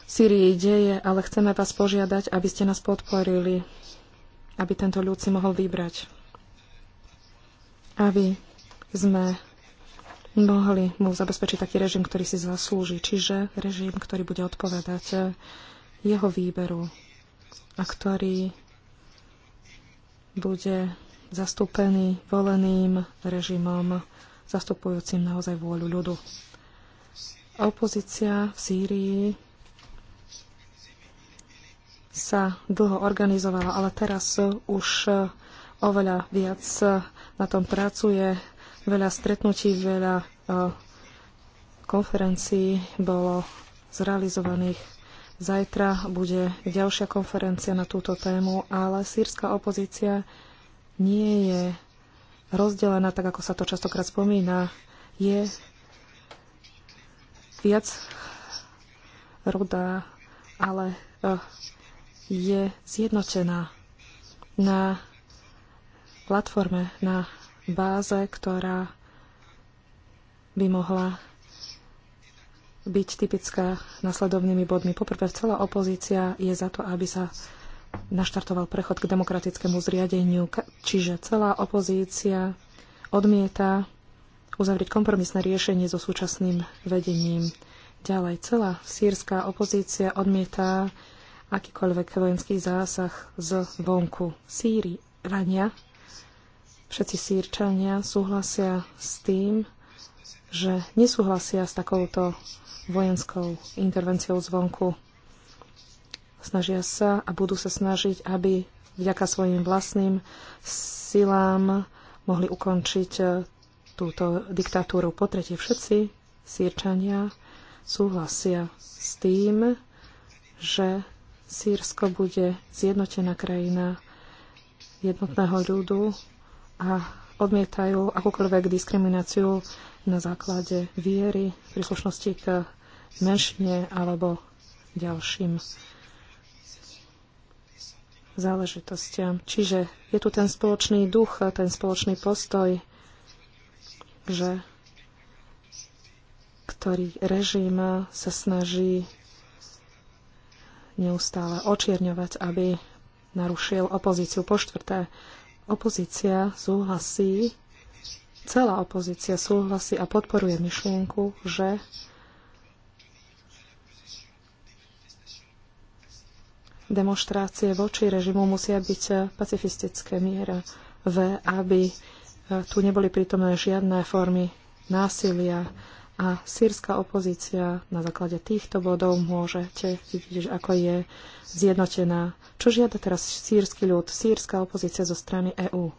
v Syrii deje, ale chceme vás požiadať, aby ste nás podporili, aby tento ľud si mohol vybrať. Aby sme mohli mu zabezpečiť taký režim, ktorý si zaslúži. Čiže režim, ktorý bude odpovedať jeho výberu a ktorý bude zastúpený voleným režimom, zastupujúcim naozaj vôľu ľudu. Opozícia v Sýrii sa dlho organizovala, ale teraz už oveľa viac na tom pracuje. Veľa stretnutí, veľa e, konferencií bolo zrealizovaných. Zajtra bude ďalšia konferencia na túto tému, ale sírska opozícia nie je rozdelená, tak ako sa to častokrát spomína. Je viac rodá, ale e, je zjednotená na platforme, na báze, ktorá by mohla byť typická nasledovnými bodmi. Poprvé, celá opozícia je za to, aby sa naštartoval prechod k demokratickému zriadeniu, čiže celá opozícia odmieta uzavrieť kompromisné riešenie so súčasným vedením. Ďalej, celá sírska opozícia odmieta akýkoľvek vojenský zásah z vonku. Sýrii rania všetci sírčania súhlasia s tým, že nesúhlasia s takouto vojenskou intervenciou zvonku. Snažia sa a budú sa snažiť, aby vďaka svojim vlastným silám mohli ukončiť e, túto diktatúru. Po tretie, všetci sírčania súhlasia s tým, že Sýrsko bude zjednotená krajina jednotného ľudu, a odmietajú akúkoľvek diskrimináciu na základe viery, príslušnosti k menšine alebo ďalším záležitostiam. Čiže je tu ten spoločný duch, ten spoločný postoj, že ktorý režim sa snaží neustále očierňovať, aby narušil opozíciu. Po štvrté, opozícia súhlasí, celá opozícia súhlasí a podporuje myšlienku, že demonstrácie voči režimu musia byť pacifistické miere v, aby tu neboli prítomné žiadne formy násilia, a sírska opozícia na základe týchto bodov môžete vidieť, ako je zjednotená. Čo žiada teraz sírsky ľud, sírska opozícia zo strany EÚ?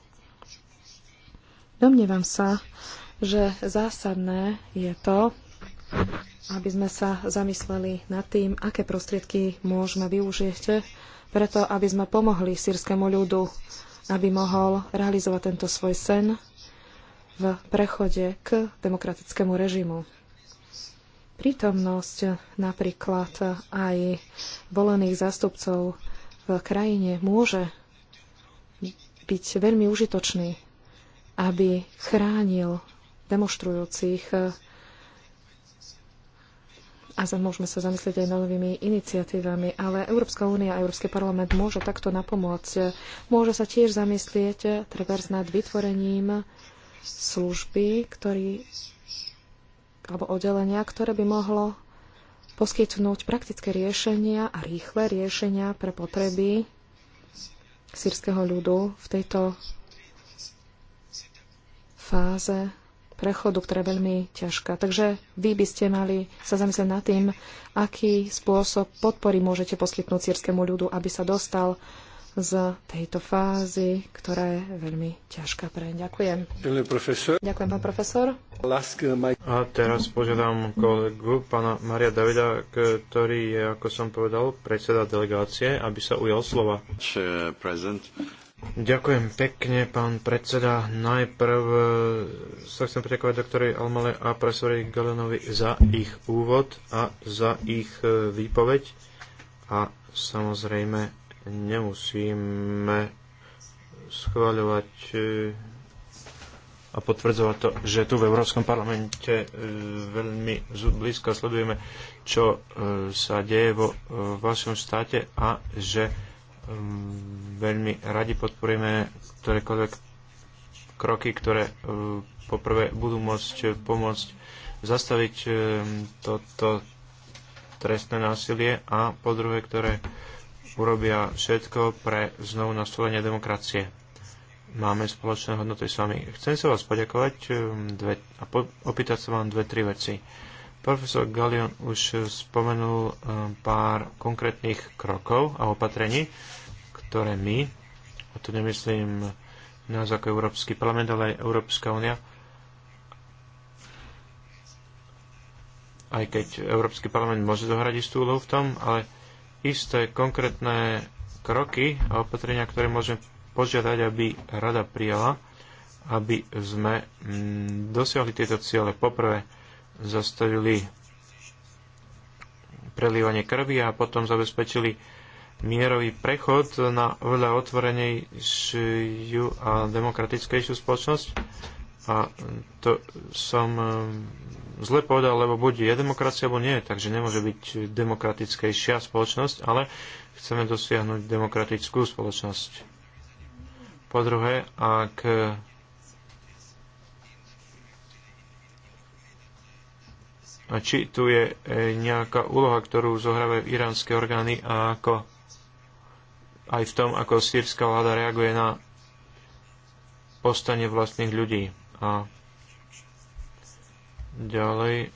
Domnievam sa, že zásadné je to, aby sme sa zamysleli nad tým, aké prostriedky môžeme využiť preto, aby sme pomohli sírskému ľudu, aby mohol realizovať tento svoj sen v prechode k demokratickému režimu. Prítomnosť napríklad aj volených zástupcov v krajine môže byť veľmi užitočný, aby chránil demonstrujúcich a môžeme sa zamyslieť aj novými iniciatívami, ale Európska únia a Európsky parlament môže takto napomôcť. Môže sa tiež zamyslieť trebárs nad vytvorením služby, ktorý, alebo oddelenia, ktoré by mohlo poskytnúť praktické riešenia a rýchle riešenia pre potreby sírskeho ľudu v tejto fáze prechodu, ktorá je veľmi ťažká. Takže vy by ste mali sa zamyslieť nad tým, aký spôsob podpory môžete poskytnúť sírskému ľudu, aby sa dostal z tejto fázy, ktorá je veľmi ťažká pre ne. Ďakujem. Ďakujem, pán profesor. A teraz požiadam kolegu, pána Maria Davida, ktorý je, ako som povedal, predseda delegácie, aby sa ujal slova. Ďakujem pekne, pán predseda. Najprv e, sa chcem poďakovať doktorej Almale a profesorej Galenovi za ich úvod a za ich e, výpoveď a samozrejme nemusíme schváľovať e, a potvrdzovať to, že tu v Európskom parlamente e, veľmi blízko sledujeme, čo e, sa deje vo vašom štáte a že mm, veľmi radi podporíme ktorékoľvek kroky, ktoré poprvé budú môcť pomôcť zastaviť toto trestné násilie a po druhé, ktoré urobia všetko pre znovu nastolenie demokracie. Máme spoločné hodnoty s vami. Chcem sa vás poďakovať um, dve, a po, opýtať sa vám dve, tri veci. Profesor Galion už spomenul um, pár konkrétnych krokov a opatrení, ktoré my, a tu nemyslím nás ako Európsky parlament, ale aj Európska únia, aj keď Európsky parlament môže zohrať istú úlohu v tom, ale isté konkrétne kroky a opatrenia, ktoré môžeme požiadať, aby rada prijala, aby sme mm, dosiahli tieto ciele. Poprvé zastavili prelievanie krvi a potom zabezpečili mierový prechod na oveľa otvorenejšiu a demokratickejšiu spoločnosť. A to som e, zle povedal, lebo buď je demokracia, alebo nie, takže nemôže byť demokratickejšia spoločnosť, ale chceme dosiahnuť demokratickú spoločnosť. Po druhé, ak a či tu je e, nejaká úloha, ktorú zohrávajú iránske orgány a ako aj v tom, ako sírska vláda reaguje na postanie vlastných ľudí. A ďalej,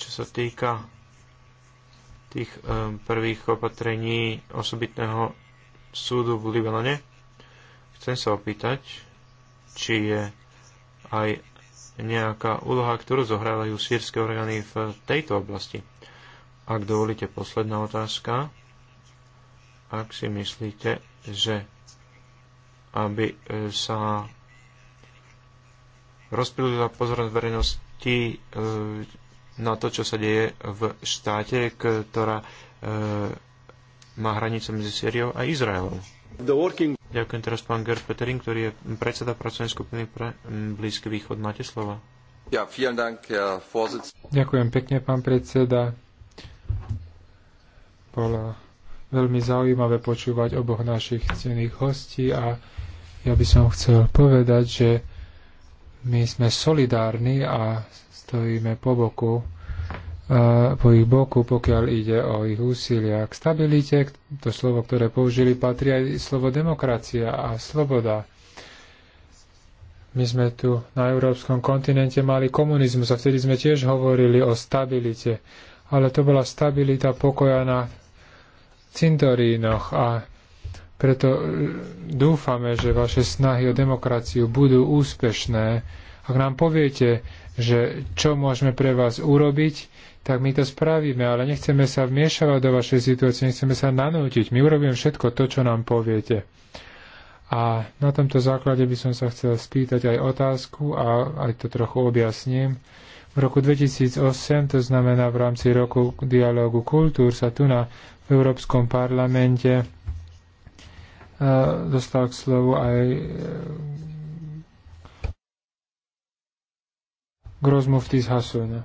čo sa týka tých e, prvých opatrení osobitného súdu v Libanone, chcem sa opýtať, či je aj nejaká úloha, ktorú zohrávajú sírske orgány v tejto oblasti. Ak dovolíte, posledná otázka. Ak si myslíte, že aby e, sa rozprílila pozornosť verejnosti e, na to, čo sa deje v štáte, ktorá e, má hranice medzi Syriou a Izraelom. Working... Ďakujem teraz pán Gerd Petering, ktorý je predseda pracovnej skupiny pre Blízky východ. Máte slovo. Ja, dank, ja, Ďakujem pekne, pán predseda. Bolo veľmi zaujímavé počúvať oboch našich cených hostí a ja by som chcel povedať, že my sme solidárni a stojíme po boku e, po ich boku, pokiaľ ide o ich úsilia k stabilite. To slovo, ktoré použili, patrí aj slovo demokracia a sloboda. My sme tu na európskom kontinente mali komunizmus a vtedy sme tiež hovorili o stabilite. Ale to bola stabilita pokoja na cintorínoch a preto e, dúfame, že vaše snahy o demokraciu budú úspešné. Ak nám poviete, že čo môžeme pre vás urobiť, tak my to spravíme, ale nechceme sa vmiešavať do vašej situácie, nechceme sa nanútiť. My urobíme všetko to, čo nám poviete. A na tomto základe by som sa chcel spýtať aj otázku a aj to trochu objasním. V roku 2008, to znamená v rámci roku dialógu kultúr, sa tu na v Európskom parlamente dostal k slovu aj e, Grozmufti z Hasuna.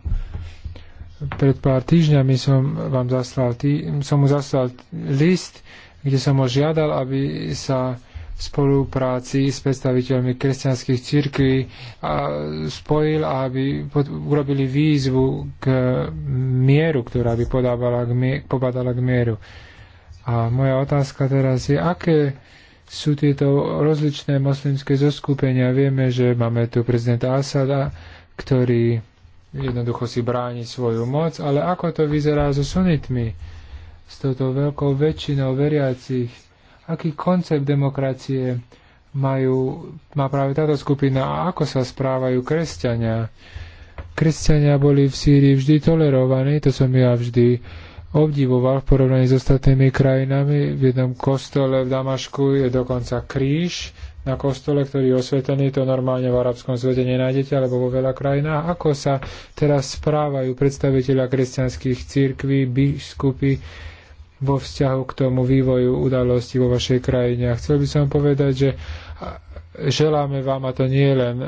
Pred pár týždňami som vám zaslal, tý, som mu zaslal list, kde som ho žiadal, aby sa v spolupráci s predstaviteľmi kresťanských církví spojil a aby pod, urobili výzvu k mieru, ktorá by podávala k mieru, k mieru. A moja otázka teraz je, aké sú tieto rozličné moslimské zoskupenia. Vieme, že máme tu prezidenta Asada, ktorý jednoducho si bráni svoju moc, ale ako to vyzerá so sunitmi, s touto veľkou väčšinou veriacich, aký koncept demokracie majú, má práve táto skupina a ako sa správajú kresťania. Kresťania boli v Sýrii vždy tolerovaní, to som ja vždy obdivoval v porovnaní s ostatnými krajinami. V jednom kostole v Damašku je dokonca kríž na kostole, ktorý je osvetlený, to normálne v arabskom svete nenájdete, alebo vo veľa krajinách. Ako sa teraz správajú predstaviteľa kresťanských církví, biskupy, vo vzťahu k tomu vývoju udalosti vo vašej krajine. A chcel by som povedať, že želáme vám, a to nie len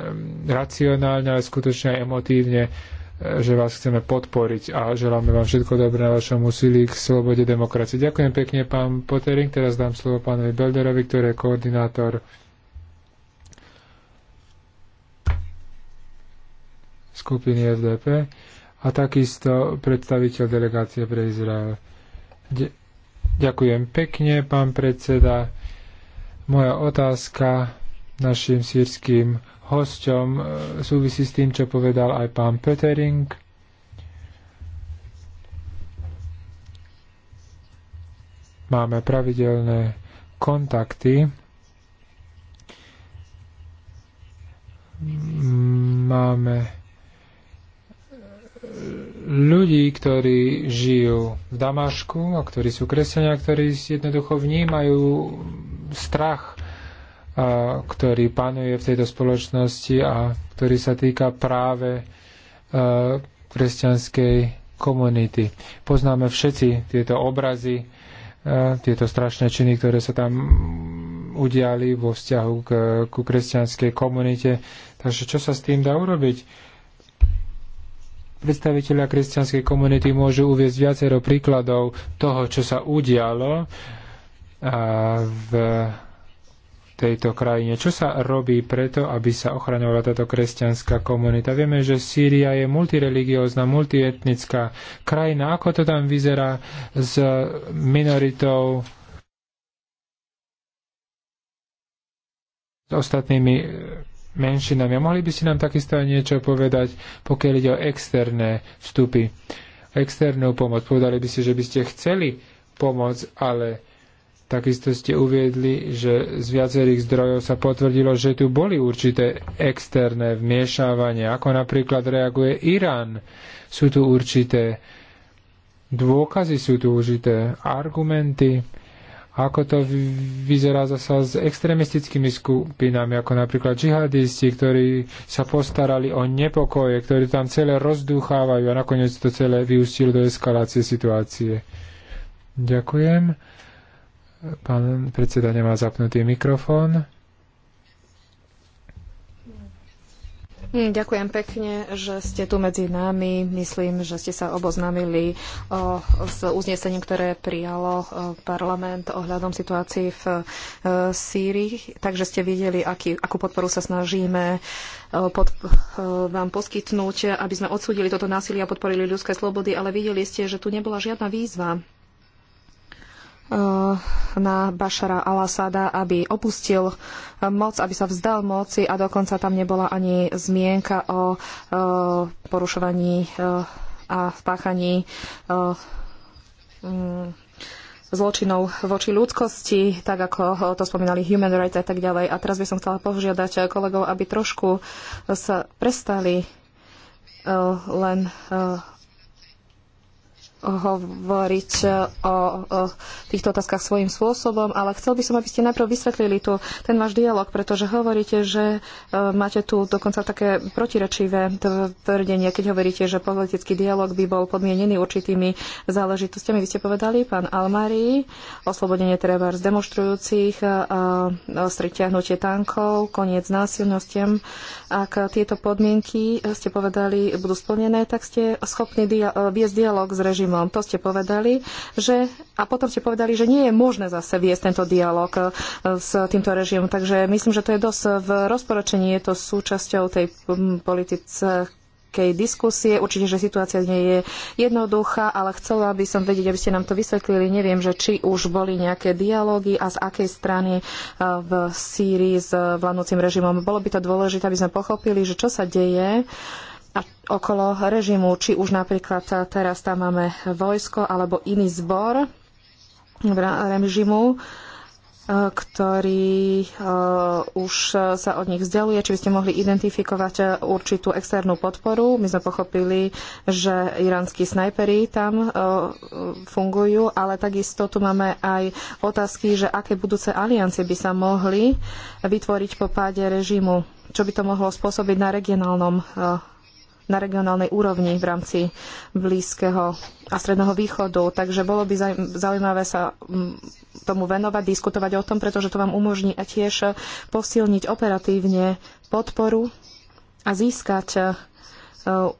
racionálne, ale skutočne aj emotívne, E, že vás chceme podporiť a želáme vám všetko dobré na vašom úsilí k slobode demokracie. Ďakujem pekne, pán Potering. Teraz dám slovo pánovi Belderovi, ktorý je koordinátor skupiny FDP a takisto predstaviteľ delegácie pre Izrael. Ďakujem pekne, pán predseda. Moja otázka našim sírským hosťom e, súvisí s tým, čo povedal aj pán Petering. Máme pravidelné kontakty. Máme e, ľudí, ktorí žijú v Damašku a ktorí sú kresťania, ktorí jednoducho vnímajú strach ktorý panuje v tejto spoločnosti a ktorý sa týka práve kresťanskej komunity. Poznáme všetci tieto obrazy, tieto strašné činy, ktoré sa tam udiali vo vzťahu k, ku kresťanskej komunite. Takže čo sa s tým dá urobiť? Predstaviteľia kresťanskej komunity môžu uviezť viacero príkladov toho, čo sa udialo v tejto krajine. Čo sa robí preto, aby sa ochraňovala táto kresťanská komunita? Vieme, že Sýria je multireligiózna, multietnická krajina. Ako to tam vyzerá s minoritou s ostatnými menšinami. A mohli by ste nám takisto aj niečo povedať, pokiaľ ide o externé vstupy, externú pomoc. Povedali by ste, že by ste chceli pomoc, ale Takisto ste uviedli, že z viacerých zdrojov sa potvrdilo, že tu boli určité externé vmiešávanie, ako napríklad reaguje Irán. Sú tu určité dôkazy, sú tu určité argumenty, ako to vyzerá zasa s extremistickými skupinami, ako napríklad džihadisti, ktorí sa postarali o nepokoje, ktorí tam celé rozdúchávajú a nakoniec to celé vyústilo do eskalácie situácie. Ďakujem. Pán predseda nemá zapnutý mikrofón. Hm, ďakujem pekne, že ste tu medzi nami. Myslím, že ste sa oboznámili s uznesením, ktoré prijalo parlament ohľadom situácií v e, Sýrii. Takže ste videli, aký, akú podporu sa snažíme pod, e, vám poskytnúť, aby sme odsúdili toto násilie a podporili ľudské slobody, ale videli ste, že tu nebola žiadna výzva Eh, na Bašara al-Asada, aby opustil moc, aby sa vzdal moci a dokonca tam nebola ani zmienka o eh, porušovaní eh, a spáchaní mm, zločinov voči ľudskosti, tak ako to spomínali human rights a tak ďalej. A teraz by som chcela požiadať kolegov, aby trošku sa prestali len hovoriť e, o, o týchto otázkach svojím spôsobom, ale chcel by som, aby ste najprv vysvetlili tu, ten váš dialog, pretože hovoríte, že e, máte tu dokonca také protirečivé tvrdenie, keď hovoríte, že politický dialog by bol podmienený určitými záležitostiami. Vy ste povedali, pán Almari, oslobodenie treba z demonstrujúcich, e, e, stritiahnutie tankov, koniec násilnostiam. Ak tieto podmienky ste povedali budú splnené, tak ste schopní dia- viesť dialog s režimom režimom. To ste povedali, že, a potom ste povedali, že nie je možné zase viesť tento dialog e, s týmto režimom. Takže myslím, že to je dosť v rozporočení, je to súčasťou tej politice diskusie. Určite, že situácia nie je jednoduchá, ale chcela by som vedieť, aby ste nám to vysvetlili. Neviem, že či už boli nejaké dialógy a z akej strany e, v Sýrii s vládnúcim režimom. Bolo by to dôležité, aby sme pochopili, že čo sa deje okolo režimu, či už napríklad teraz tam máme vojsko alebo iný zbor režimu, e, ktorý e, už sa od nich vzdialuje, či by ste mohli identifikovať e, určitú externú podporu. My sme pochopili, že iránsky snajpery tam fungujú, ale takisto tu máme aj otázky, že aké budúce aliancie by sa mohli vytvoriť po páde režimu. Čo by to mohlo spôsobiť na regionálnom na regionálnej úrovni v rámci Blízkeho a Stredného východu. Takže bolo by zaujímavé sa mm, tomu venovať, diskutovať o tom, pretože to vám umožní a tiež posilniť operatívne podporu a získať e,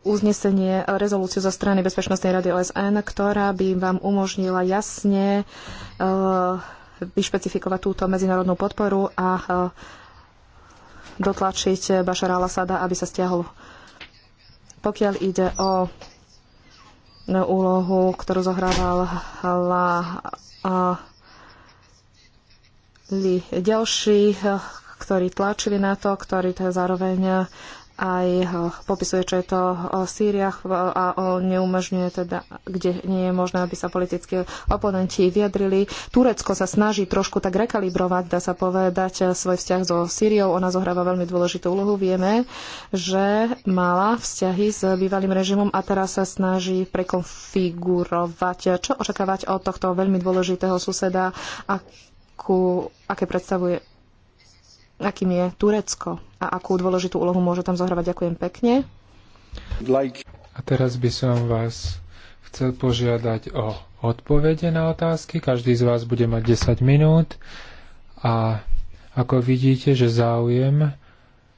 uznesenie, rezolúciu zo strany Bezpečnostnej rady OSN, ktorá by vám umožnila jasne e, vyšpecifikovať túto medzinárodnú podporu a e, dotlačiť Bašara al-Asada, aby sa stiahol pokiaľ ide o úlohu, ktorú zohrávala ďalší, eh, ktorí tlačili na to, ktorí to zároveň eh, aj eh, popisuje, čo je to o eh, Sýriach a o neumožňuje teda, kde nie je možné, aby sa politickí oponenti vyjadrili. Turecko sa snaží trošku tak rekalibrovať, dá sa povedať, eh, svoj vzťah so Sýriou. Ona zohráva veľmi dôležitú úlohu. Vieme, že mala vzťahy s bývalým režimom a teraz sa snaží prekonfigurovať. Čo očakávať od tohto veľmi dôležitého suseda, akú, aké predstavuje akým je Turecko a akú dôležitú úlohu môže tam zohrávať. Ďakujem pekne. A teraz by som vás chcel požiadať o odpovede na otázky. Každý z vás bude mať 10 minút a ako vidíte, že záujem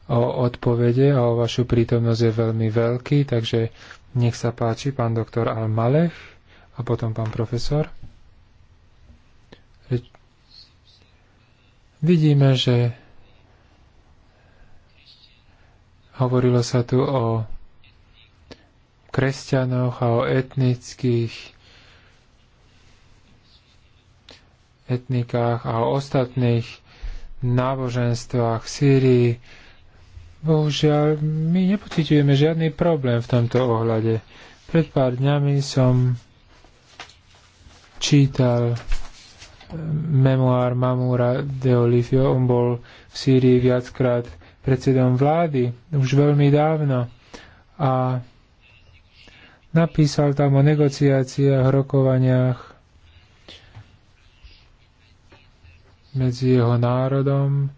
o odpovede a o vašu prítomnosť je veľmi veľký, takže nech sa páči pán doktor Almalech a potom pán profesor. Vidíme, že Hovorilo sa tu o kresťanoch a o etnických etnikách a o ostatných náboženstvách v Sýrii. Bohužiaľ, my nepociťujeme žiadny problém v tomto ohľade. Pred pár dňami som čítal eh, memoár Mamúra de Olivio. On bol v Sýrii viackrát predsedom vlády už veľmi dávno a napísal tam o negociáciách, rokovaniach medzi jeho národom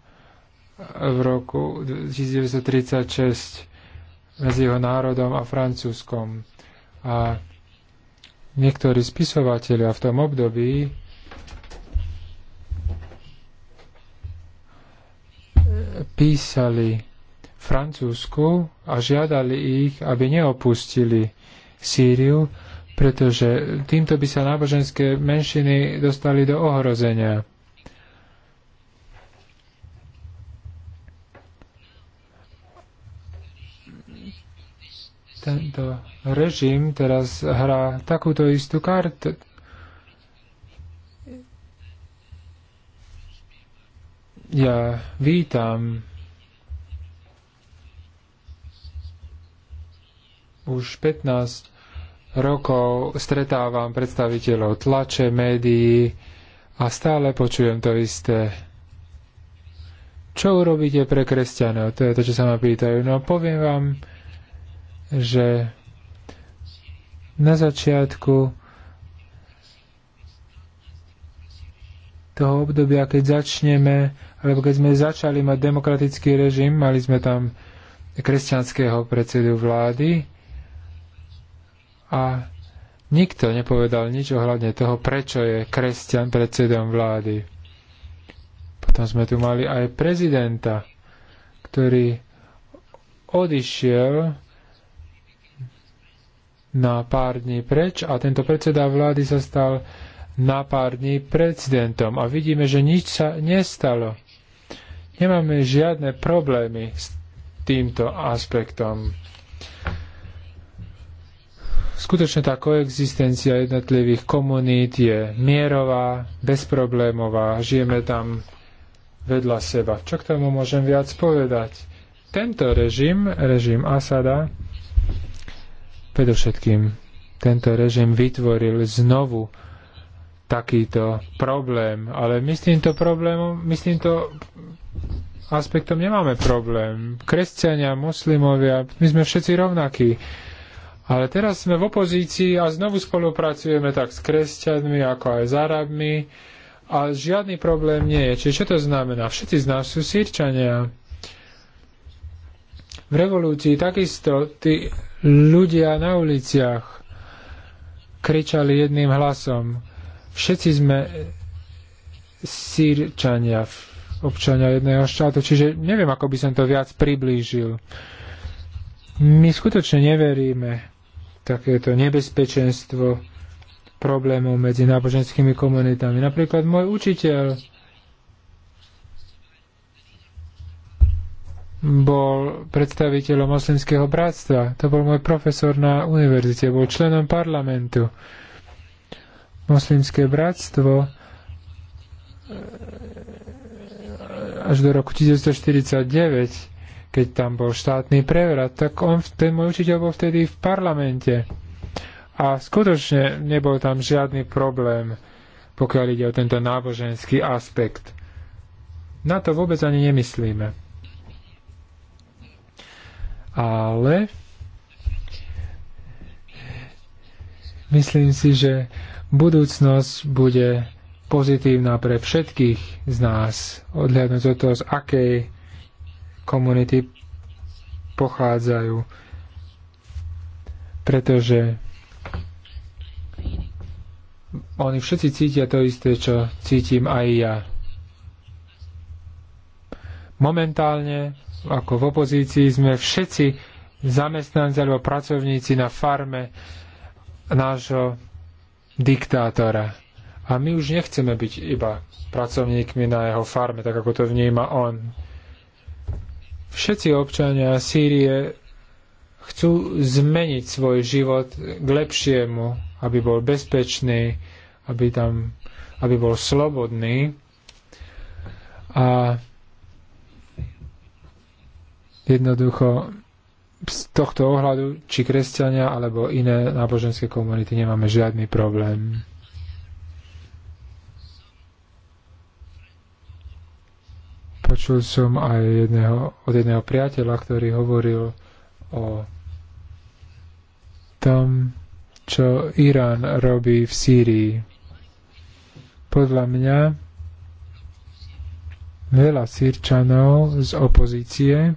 v roku 1936 medzi jeho národom a francúzskom. A niektorí spisovatelia v tom období písali Francúzsku a žiadali ich, aby neopustili Sýriu, pretože týmto by sa náboženské menšiny dostali do ohrozenia. Tento režim teraz hrá takúto istú kartu, Ja vítam už 15 rokov stretávam predstaviteľov tlače, médií a stále počujem to isté. Čo urobíte pre kresťanov? To je to, čo sa ma pýtajú. No poviem vám, že na začiatku toho obdobia, keď začneme lebo keď sme začali mať demokratický režim, mali sme tam kresťanského predsedu vlády a nikto nepovedal nič ohľadne toho, prečo je kresťan predsedom vlády. Potom sme tu mali aj prezidenta, ktorý odišiel na pár dní preč a tento predseda vlády sa stal na pár dní prezidentom a vidíme, že nič sa nestalo. Nemáme žiadne problémy s týmto aspektom. Skutočne tá koexistencia jednotlivých komunít je mierová, bezproblémová, žijeme tam vedľa seba. Čo k tomu môžem viac povedať? Tento režim, režim Asada, predovšetkým tento režim vytvoril znovu takýto problém, ale my s týmto problémom, my s týmto aspektom nemáme problém. Kresťania, moslimovia, my sme všetci rovnakí. Ale teraz sme v opozícii a znovu spolupracujeme tak s kresťanmi, ako aj s Arabmi a žiadny problém nie je. Čiže čo to znamená? Všetci z nás sú sírčania. V revolúcii takisto tí ľudia na uliciach kričali jedným hlasom. Všetci sme sírčania, občania jedného štátu. Čiže neviem, ako by som to viac priblížil. My skutočne neveríme takéto nebezpečenstvo problémov medzi náboženskými komunitami. Napríklad môj učiteľ bol predstaviteľom moslimského bratstva. To bol môj profesor na univerzite, bol členom parlamentu. Moslimské bratstvo až do roku 1949, keď tam bol štátny prevrat, tak on, ten môj učiteľ bol vtedy v parlamente. A skutočne nebol tam žiadny problém, pokiaľ ide o tento náboženský aspekt. Na to vôbec ani nemyslíme. Ale myslím si, že budúcnosť bude pozitívna pre všetkých z nás, odhľadnúť od toho, z akej komunity pochádzajú. Pretože oni všetci cítia to isté, čo cítim aj ja. Momentálne, ako v opozícii, sme všetci zamestnanci alebo pracovníci na farme nášho diktátora. A my už nechceme byť iba pracovníkmi na jeho farme, tak ako to vníma on. Všetci občania Sýrie chcú zmeniť svoj život k lepšiemu, aby bol bezpečný, aby, tam, aby bol slobodný. A jednoducho z tohto ohľadu, či kresťania alebo iné náboženské komunity, nemáme žiadny problém. Počul som aj jedného, od jedného priateľa, ktorý hovoril o tom, čo Irán robí v Sýrii. Podľa mňa veľa Sýrčanov z opozície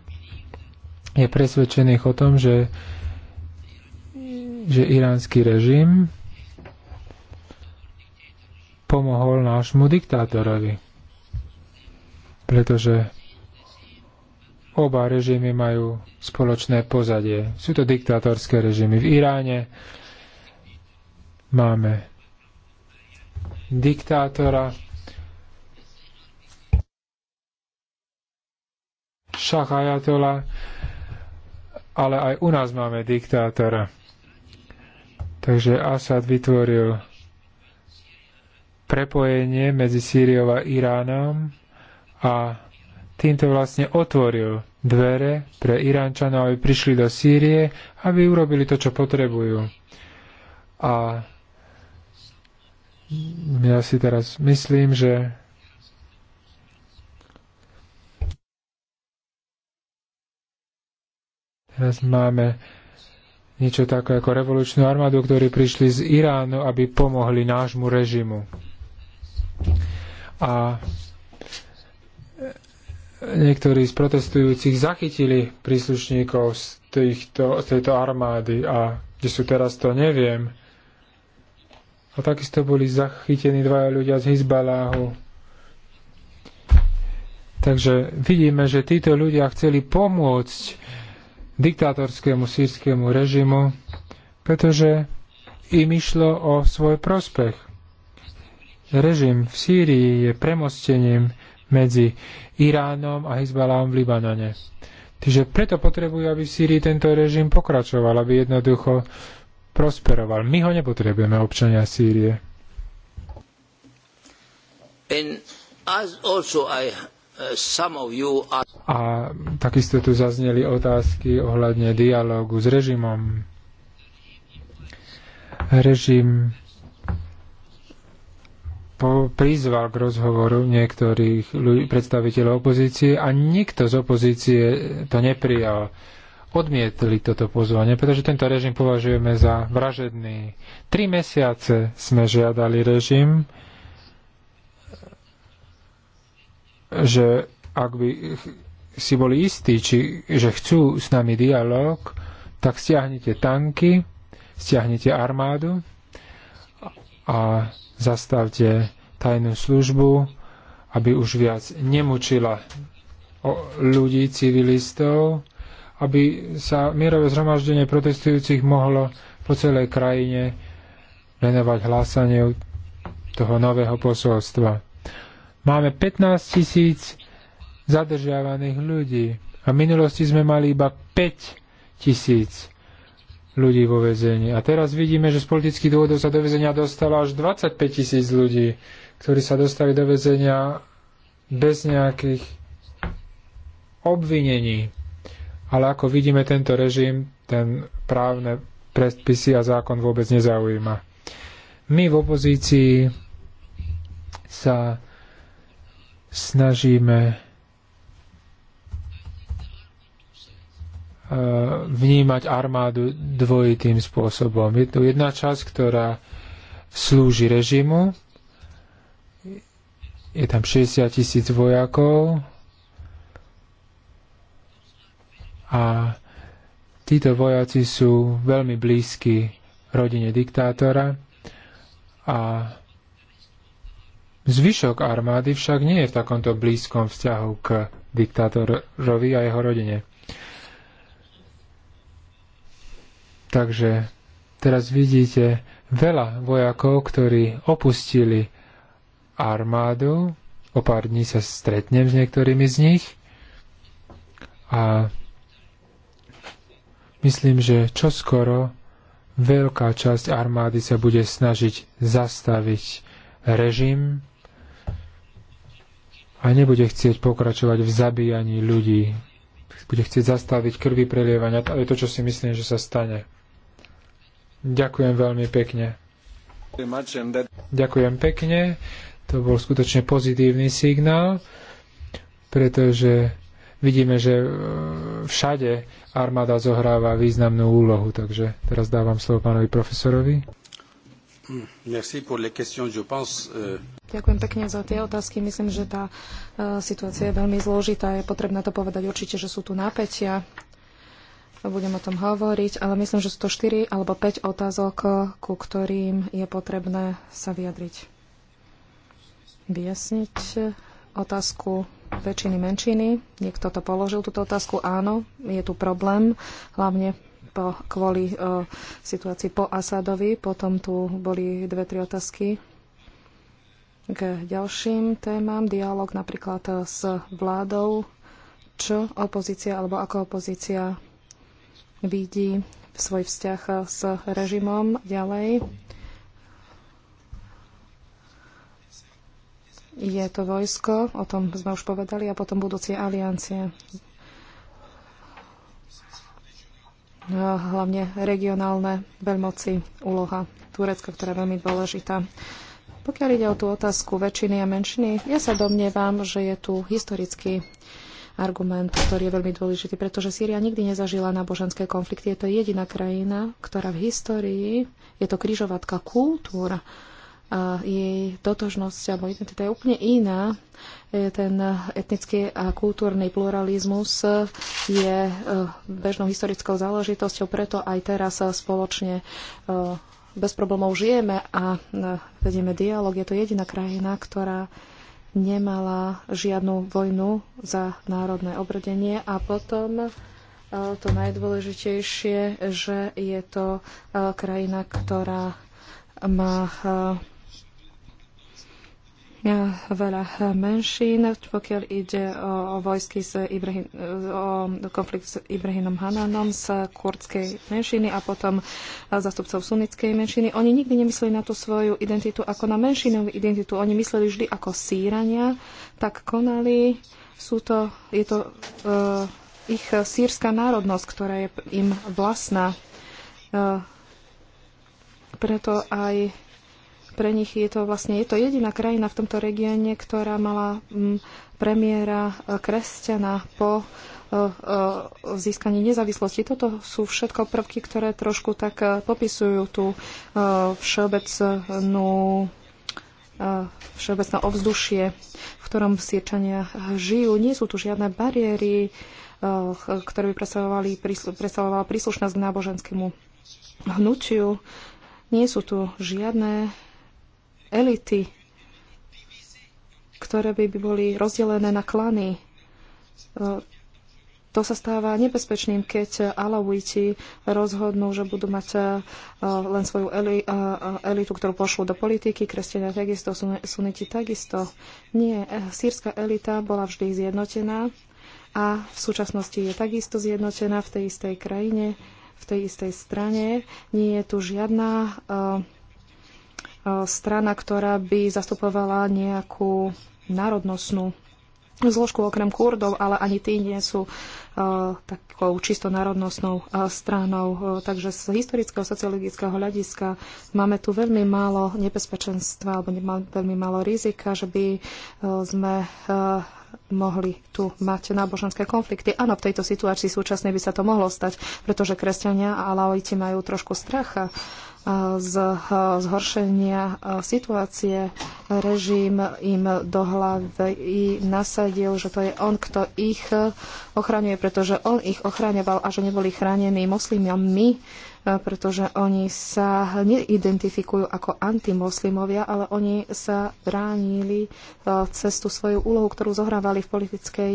je presvedčených o tom, že, že iránsky režim pomohol nášmu diktátorovi pretože oba režimy majú spoločné pozadie. Sú to diktátorské režimy. V Iráne máme diktátora Šachajatola, ale aj u nás máme diktátora. Takže Asad vytvoril prepojenie medzi Sýriou a Iránom a týmto vlastne otvoril dvere pre Iránčanov, aby prišli do Sýrie, aby urobili to, čo potrebujú. A ja si teraz myslím, že teraz máme niečo také ako revolučnú armádu, ktorí prišli z Iránu, aby pomohli nášmu režimu. A niektorí z protestujúcich zachytili príslušníkov z, týchto, z tejto armády a kde sú teraz, to neviem. A takisto boli zachytení dvaja ľudia z Hizbaláhu. Takže vidíme, že títo ľudia chceli pomôcť diktátorskému sírskému režimu, pretože im išlo o svoj prospech. Režim v Sýrii je premostením medzi Iránom a Hezbalám v Libanone. Čiže preto potrebujú, aby v Sýrii tento režim pokračoval, aby jednoducho prosperoval. My ho nepotrebujeme, občania Sýrie. Uh, a takisto tu zazneli otázky ohľadne dialógu s režimom. Režim prizval k rozhovoru niektorých predstaviteľov opozície a nikto z opozície to neprijal. Odmietli toto pozvanie, pretože tento režim považujeme za vražedný. Tri mesiace sme žiadali režim, že ak by si boli istí, či, že chcú s nami dialog, tak stiahnite tanky, stiahnite armádu a zastavte tajnú službu, aby už viac nemučila ľudí, civilistov, aby sa mierové zhromaždenie protestujúcich mohlo po celej krajine venovať hlásaniu toho nového posolstva. Máme 15 tisíc zadržiavaných ľudí a v minulosti sme mali iba 5 tisíc ľudí vo vezení. A teraz vidíme, že z politických dôvodov sa do vezenia dostalo až 25 tisíc ľudí ktorí sa dostali do väzenia bez nejakých obvinení. Ale ako vidíme, tento režim, ten právne predpisy a zákon vôbec nezaujíma. My v opozícii sa snažíme e, vnímať armádu dvojitým spôsobom. Je tu jedna časť, ktorá slúži režimu je tam 60 tisíc vojakov a títo vojaci sú veľmi blízki rodine diktátora a zvyšok armády však nie je v takomto blízkom vzťahu k diktátorovi a jeho rodine. Takže teraz vidíte veľa vojakov, ktorí opustili armádu. O pár dní sa stretnem s niektorými z nich. A myslím, že čoskoro veľká časť armády sa bude snažiť zastaviť režim a nebude chcieť pokračovať v zabíjaní ľudí. Bude chcieť zastaviť krvi prelievania. To je to, čo si myslím, že sa stane. Ďakujem veľmi pekne. Ďakujem pekne. To bol skutočne pozitívny signál, pretože vidíme, že e, všade armáda zohráva významnú úlohu. Takže teraz dávam slovo pánovi profesorovi. E, Ďakujem pekne za tie otázky. Myslím, že tá e, situácia je veľmi zložitá. Je potrebné to povedať určite, že sú tu napätia. Budem o tom hovoriť, ale myslím, že sú to 4 alebo 5 otázok, ku ktorým je potrebné sa vyjadriť vyjasniť otázku väčšiny menšiny. Niekto to položil, túto otázku. Áno, je tu problém, hlavne po, kvôli o, e, situácii po Asadovi. Potom tu boli dve, tri otázky k ďalším témam. Dialóg napríklad s vládou, čo opozícia alebo ako opozícia vidí svoj vzťah s režimom ďalej. je to vojsko, o tom sme už povedali, a potom budúcie aliancie. No, hlavne regionálne veľmoci, úloha Turecka, ktorá je veľmi dôležitá. Pokiaľ ide o tú otázku väčšiny a menšiny, ja sa domnievam, že je tu historický argument, ktorý je veľmi dôležitý, pretože Sýria nikdy nezažila náboženské konflikty. Je to jediná krajina, ktorá v histórii, je to križovatka kultúra, a jej totožnosť alebo identita je úplne iná. E, ten etnický a kultúrny pluralizmus je e, bežnou historickou záležitosťou, preto aj teraz e, spoločne bez problémov žijeme a vedieme dialog. Je to jediná krajina, ktorá nemala žiadnu vojnu za národné obrodenie a potom to najdôležitejšie, že je to krajina, ktorá má veľa menšín, pokiaľ ide o, o vojsky s Ibrahim, o konflikt s Ibrahimom Hananom z kurdskej menšiny a potom zastupcov sunnickej menšiny. Oni nikdy nemysleli na tú svoju identitu ako na menšinovú identitu. Oni mysleli vždy ako sírania, tak konali. Sú to, je to uh, ich sírska národnosť, ktorá je im vlastná. Uh, preto aj pre nich je to vlastne je to jediná krajina v tomto regióne, ktorá mala mm, premiéra e, kresťana po e, e, získaní nezávislosti. Toto sú všetko prvky, ktoré trošku tak popisujú tú všeobecnú všeobecné ovzdušie, v ktorom siečania žijú. Nie sú tu žiadne bariéry, ktoré by predstavovala príslušnosť k náboženskému hnutiu. Nie sú tu žiadne elity, ktoré by boli rozdelené na klany. E, to sa stáva nebezpečným, keď Alawiti rozhodnú, že budú mať e, len svoju e, elitu, ktorú pošlú do politiky, kresťania takisto, suniti takisto. Nie, sírska elita bola vždy zjednotená a v súčasnosti je takisto zjednotená v tej istej krajine, v tej istej strane. Nie je tu žiadna E, strana, ktorá by zastupovala nejakú národnostnú zložku okrem Kurdov, ale ani tí nie sú uh, takou čisto národnostnou uh, stranou. Uh, takže z historického, sociologického hľadiska máme tu veľmi málo nebezpečenstva alebo veľmi málo rizika, že by sme mohli tu mať náboženské konflikty. Áno, v tejto situácii súčasnej by sa to mohlo stať, pretože kresťania a laoiti majú trošku stracha z zhoršenia e, situácie režim im do hlavy nasadil, že to je on, kto ich e, ochraňuje, pretože on ich ochraňoval a že neboli chránení moslimami, e, pretože oni sa neidentifikujú ako antimoslimovia, ale oni sa bránili cez tú svoju úlohu, ktorú zohrávali v politickej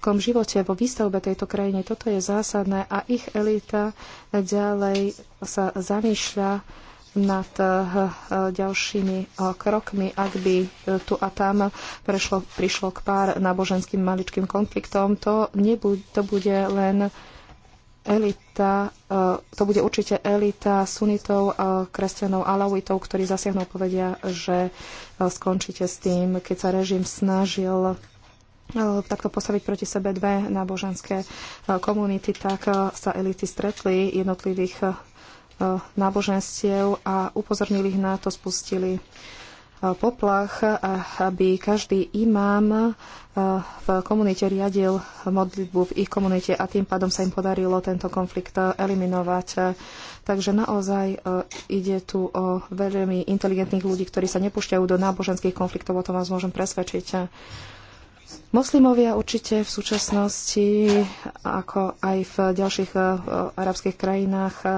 ľudskom živote, vo výstavbe tejto krajiny. Toto je zásadné a ich elita ďalej sa zamýšľa nad eh, ďalšími eh, krokmi, ak by eh, tu a tam prešlo, prišlo k pár náboženským maličkým konfliktom. To, nebude, to bude len elita, to bude určite elita sunitov, kresťanov, alauitov, ktorí zasiahnu povedia, že skončíte s tým, keď sa režim snažil Eh, takto postaviť proti sebe dve náboženské eh, komunity, tak eh, sa elity stretli jednotlivých náboženstiev a upozornili ich na to, spustili poplach, aby každý imám v komunite riadil modlitbu v ich komunite a tým pádom sa im podarilo tento konflikt eliminovať. Takže naozaj ide tu o veľmi inteligentných ľudí, ktorí sa nepúšťajú do náboženských konfliktov, o tom vás môžem presvedčiť. Moslimovia určite v súčasnosti, ako aj v ďalších eh, arabských krajinách, eh,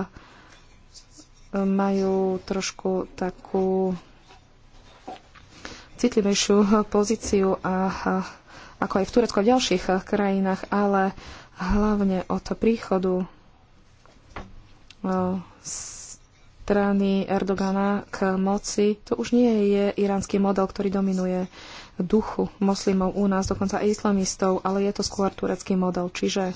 majú trošku takú citlivejšiu pozíciu a, eh, ako aj v Turecku a v ďalších krajinách, ale hlavne od príchodu strany Erdogana k moci, to už nie je iránsky model, ktorý dominuje duchu moslimov u nás, dokonca aj islamistov, ale je to skôr turecký model. Čiže e,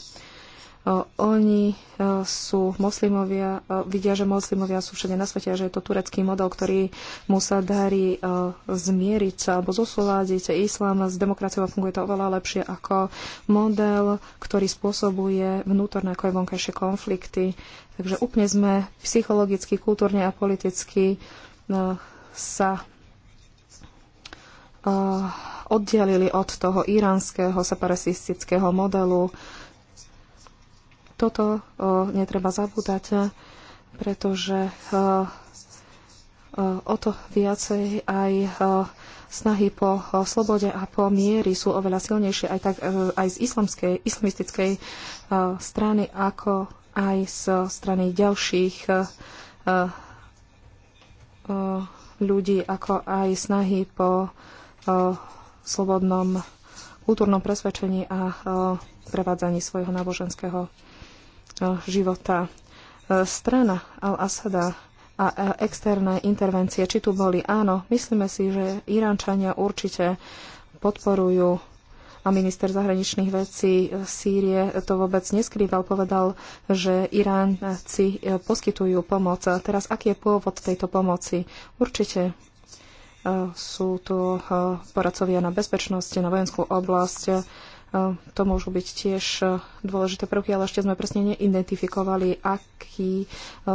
oni e, sú moslimovia, e, vidia, že moslimovia sú všade na svete a že je to turecký model, ktorý mu sa darí zmieriť sa alebo zosúľadiť islám s demokraciou a funguje to oveľa lepšie ako model, ktorý spôsobuje vnútorné ako aj vonkajšie konflikty. Takže úplne sme psychologicky, kultúrne a politicky sa Eh, oddelili od toho iránskeho separatistického modelu. Toto eh, netreba zabúdať, pretože eh, o to viacej aj snahy po slobode a po miery sú oveľa silnejšie aj, tak, aj z islamskej, islamistickej strany, ako aj z strany ďalších ľudí, ako aj snahy po slobodnom kultúrnom presvedčení a prevádzaní svojho náboženského života. E, strana Al-Asada a e, externé intervencie, či tu boli, áno, myslíme si, že Iránčania určite podporujú a minister zahraničných vecí Sýrie to vôbec neskrýval, povedal, že Iránci e, poskytujú pomoc. Teraz aký je pôvod tejto pomoci? Určite sú tu eh, poradcovia na bezpečnosti, na vojenskú oblasť. Eh, to môžu byť tiež eh, dôležité prvky, ale ešte sme presne neidentifikovali, akí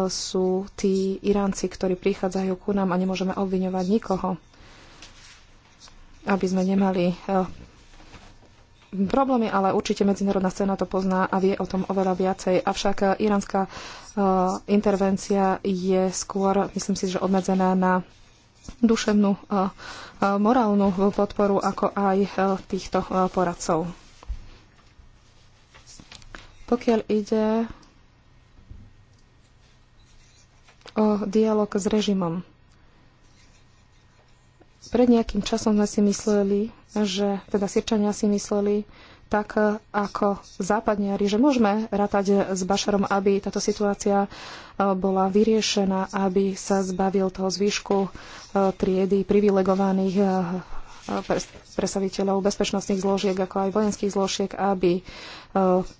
sú tí Iránci, ktorí prichádzajú ku nám a nemôžeme obviňovať nikoho, aby sme nemali problémy, ale určite medzinárodná scéna to pozná a vie o tom oveľa viacej. Avšak iránska intervencia je skôr, myslím si, že obmedzená na duševnú a e, e, morálnu podporu, ako aj e, týchto poradcov. Pokiaľ ide o dialog s režimom. Pred nejakým časom sme si mysleli, že teda Sirčania si mysleli, tak e, ako západniari, že môžeme rátať s Bašarom, aby táto situácia e, bola vyriešená, aby sa zbavil toho zvyšku e, triedy privilegovaných predstaviteľov bezpečnostných zložiek, ako aj vojenských zložiek, aby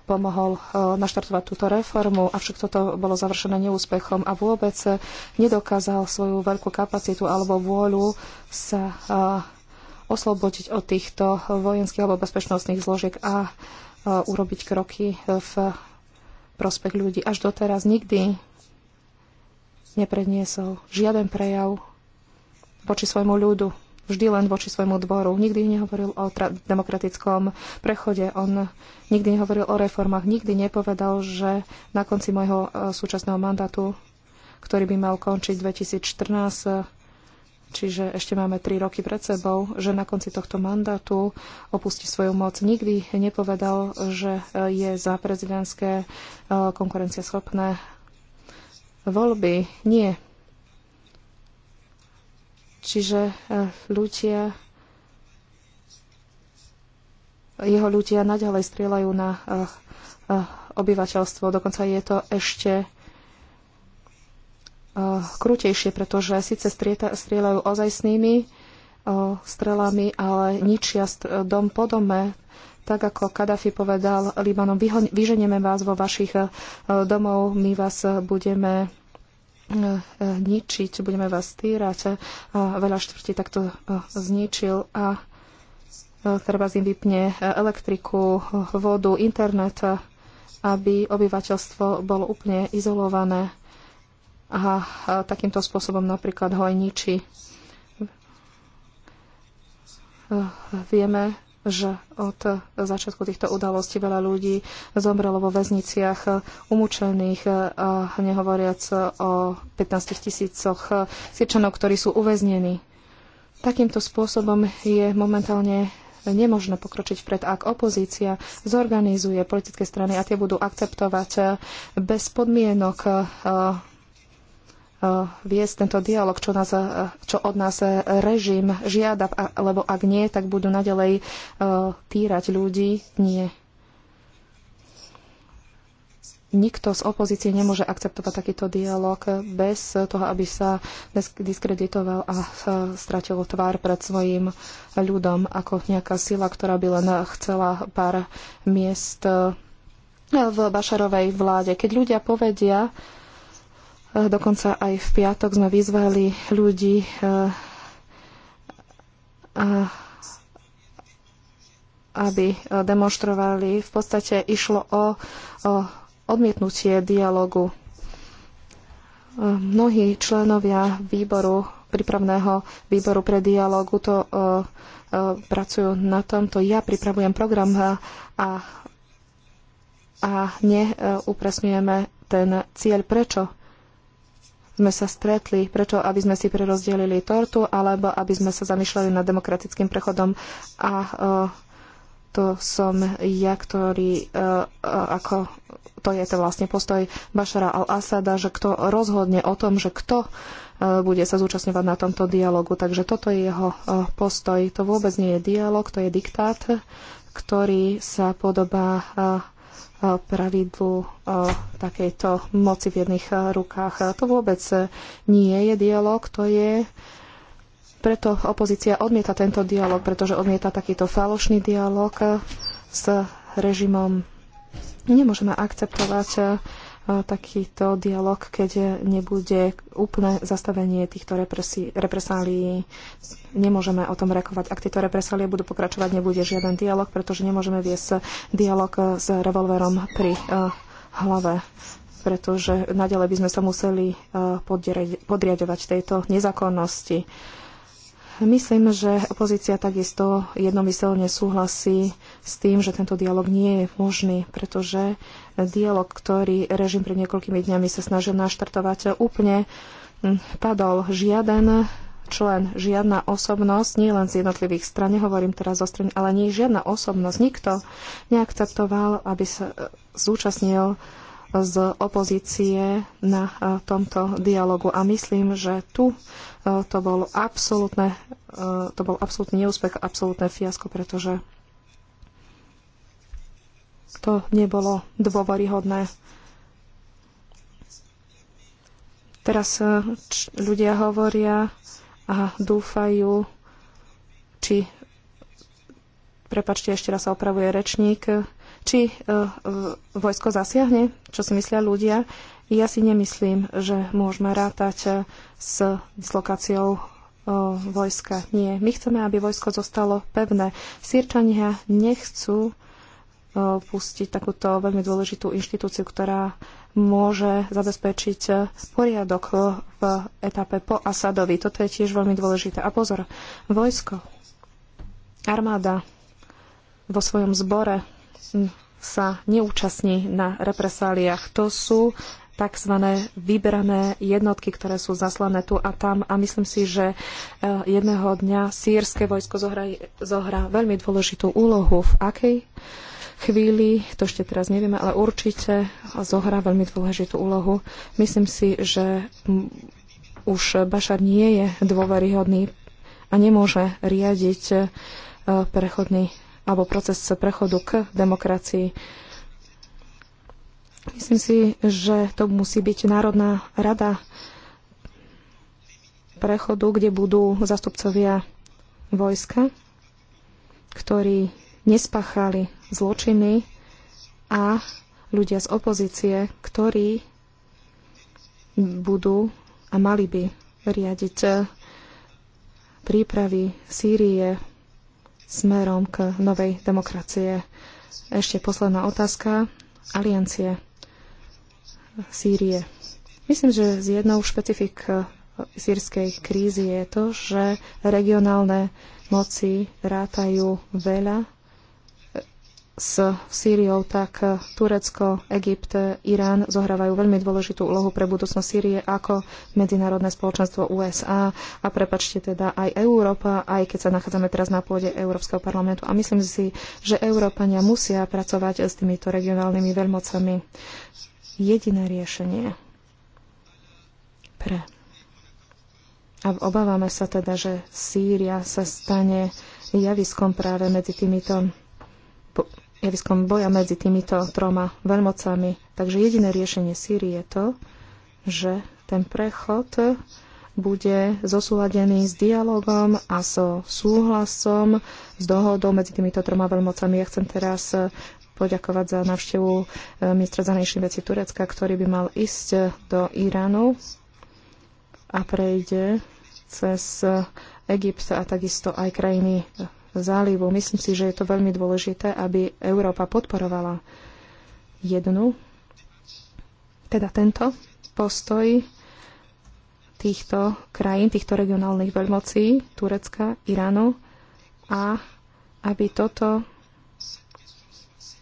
pomohol naštartovať túto reformu. Avšak toto bolo završené neúspechom a vôbec nedokázal svoju veľkú kapacitu alebo vôľu sa oslobodiť od týchto vojenských alebo bezpečnostných zložiek a e, urobiť kroky v prospech ľudí. Až doteraz nikdy nepredniesol žiaden prejav voči svojmu ľudu, vždy len voči svojmu dvoru. Nikdy nehovoril o demokratickom prechode, on nikdy nehovoril o reformách, nikdy nepovedal, že na konci môjho e, súčasného mandátu, ktorý by mal končiť 2014, Čiže ešte máme tri roky pred sebou, že na konci tohto mandátu opustí svoju moc. Nikdy nepovedal, že e, je za prezidentské e, konkurencieschopné voľby. Nie. Čiže e, ľudia jeho ľudia naďalej strieľajú na obyvateľstvo. Dokonca je to ešte Eh, krutejšie, pretože síce strieľajú ozajstnými eh, strelami, ale ničia dom po dome. Tak ako Kadafi povedal Libanom, vyženieme vás vo vašich eh, domov, my vás budeme ničiť, budeme vás týrať. Veľa štvrtí takto zničil a treba im vypne elektriku, vodu, internet, aby obyvateľstvo bolo úplne izolované a takýmto spôsobom napríklad hojniči. E, vieme, že od začiatku týchto udalostí veľa ľudí zomrelo vo väzniciach umúčených, nehovoriac o 15 tisícoch sičanov, ktorí sú uväznení. Takýmto spôsobom je momentálne nemožné pokročiť vpred, ak opozícia zorganizuje politické strany a tie budú akceptovať bez podmienok e, Eh, viesť tento dialog, čo, nás, eh, čo od nás eh, režim žiada, lebo ak nie, tak budú nadalej týrať ľudí. Nie. Nikto z opozície nemôže akceptovať takýto dialog bez toho, aby sa diskreditoval a stratil tvár pred svojim ľudom ako nejaká sila, ktorá by len chcela pár miest v Bašarovej vláde. Keď ľudia povedia, Eh, dokonca aj v piatok sme vyzvali ľudí eh, eh, aby demonstrovali. V podstate išlo o, o odmietnutie dialogu. Mnohí členovia výboru, prípravného výboru pre dialogu to o, o, pracujú na tomto. Ja pripravujem program a, a, a neupresňujeme ten cieľ, prečo sme sa stretli, prečo aby sme si prerozdelili tortu, alebo aby sme sa zamýšľali nad demokratickým prechodom a e, to som ja, ktorý e, e, ako to je to vlastne postoj Bašara al-Asada, že kto rozhodne o tom, že kto bude sa zúčastňovať na tomto dialogu. Takže toto je jeho postoj. To vôbec nie je dialog, to je diktát, ktorý sa podobá pravidlu takejto moci v jedných rukách. To vôbec nie je dialog, to je preto opozícia odmieta tento dialog, pretože odmieta takýto falošný dialog s režimom. Nemôžeme akceptovať takýto dialog, keď nebude úplné zastavenie týchto represí, represálií. Nemôžeme o tom rekovať. Ak tieto represálie budú pokračovať, nebude žiaden dialog, pretože nemôžeme viesť dialog s revolverom pri uh, hlave pretože naďalej by sme sa museli uh, podriadovať tejto nezákonnosti. Myslím, že opozícia takisto jednomyselne súhlasí s tým, že tento dialog nie je možný, pretože dialog, ktorý režim pred niekoľkými dňami sa snažil naštartovať, úplne mm, padol. Žiaden člen, žiadna osobnosť, nie len z jednotlivých stran, hovorím teraz o strane, ale nie žiadna osobnosť, nikto neakceptoval, aby sa e, zúčastnil z opozície na e, tomto dialogu. A myslím, že tu e, to bol, absolútne, e, to bol absolútny neúspech, absolútne fiasko, pretože to nebolo dôveryhodné. Teraz ľudia hovoria a dúfajú, či prepačte, ešte raz sa opravuje rečník, či e, e, vojsko zasiahne, čo si myslia ľudia. Ja si nemyslím, že môžeme rátať e, s dislokáciou vojska. Nie. My chceme, aby vojsko zostalo pevné. Sýrčania nechcú pustiť takúto veľmi dôležitú inštitúciu, ktorá môže zabezpečiť poriadok v etape po Asadovi. Toto je tiež veľmi dôležité. A pozor, vojsko, armáda vo svojom zbore sa neúčastní na represáliách. To sú tzv. vybrané jednotky, ktoré sú zaslané tu a tam. A myslím si, že e, jedného dňa sírske vojsko zohra, zohrá veľmi dôležitú úlohu. V akej chvíli, to ešte teraz nevieme, ale určite zohrá veľmi dôležitú úlohu. Myslím si, že už Bašar nie je dôveryhodný a nemôže riadiť e, prechodný alebo proces prechodu k demokracii. Myslím si, že to musí byť Národná rada prechodu, kde budú zastupcovia vojska, ktorí nespáchali zločiny a ľudia z opozície, ktorí budú a mali by riadiť prípravy Sýrie smerom k novej demokracie. Ešte posledná otázka. Aliancie Sýrie. Myslím, že z jednou špecifik e, sírskej krízy je to, že regionálne moci rátajú veľa s Sýriou, tak Turecko, Egypt, Irán zohrávajú veľmi dôležitú úlohu pre budúcnosť Sýrie ako medzinárodné spoločenstvo USA a prepačte teda aj Európa, aj keď sa nachádzame teraz na pôde Európskeho parlamentu. A myslím si, že Európania musia pracovať s týmito regionálnymi veľmocami. Jediné riešenie pre. A obávame sa teda, že Sýria sa stane javiskom práve medzi týmito javiskom boja medzi týmito troma veľmocami. Takže jediné riešenie Sýrie je to, že ten prechod bude zosúladený s dialogom a so súhlasom, s dohodou medzi týmito troma veľmocami. Ja chcem teraz poďakovať za návštevu e, ministra zahraničných vecí Turecka, ktorý by mal ísť e, do Iránu a prejde cez Egypt a takisto aj krajiny zálivu. Myslím si, že je to veľmi dôležité, aby Európa podporovala jednu, teda tento postoj týchto krajín, týchto regionálnych veľmocí, Turecka, Iránu a aby toto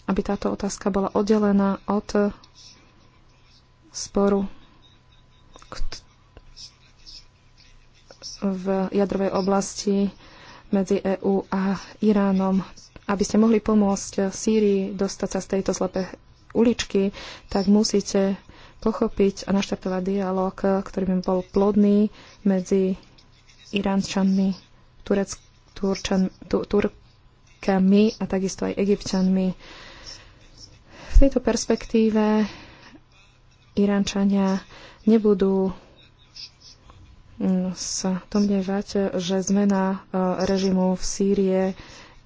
aby táto otázka bola oddelená od sporu v jadrovej oblasti medzi EÚ a Iránom, aby ste mohli pomôcť Sýrii dostať sa z tejto slepej uličky, tak musíte pochopiť a naštartovať dialog, ktorý by bol plodný medzi Iránčanmi, Turec, Turčan, tu, Turkami a takisto aj Egyptianmi. V tejto perspektíve Iránčania nebudú sa domnievať, že zmena e, režimu v Sýrie e,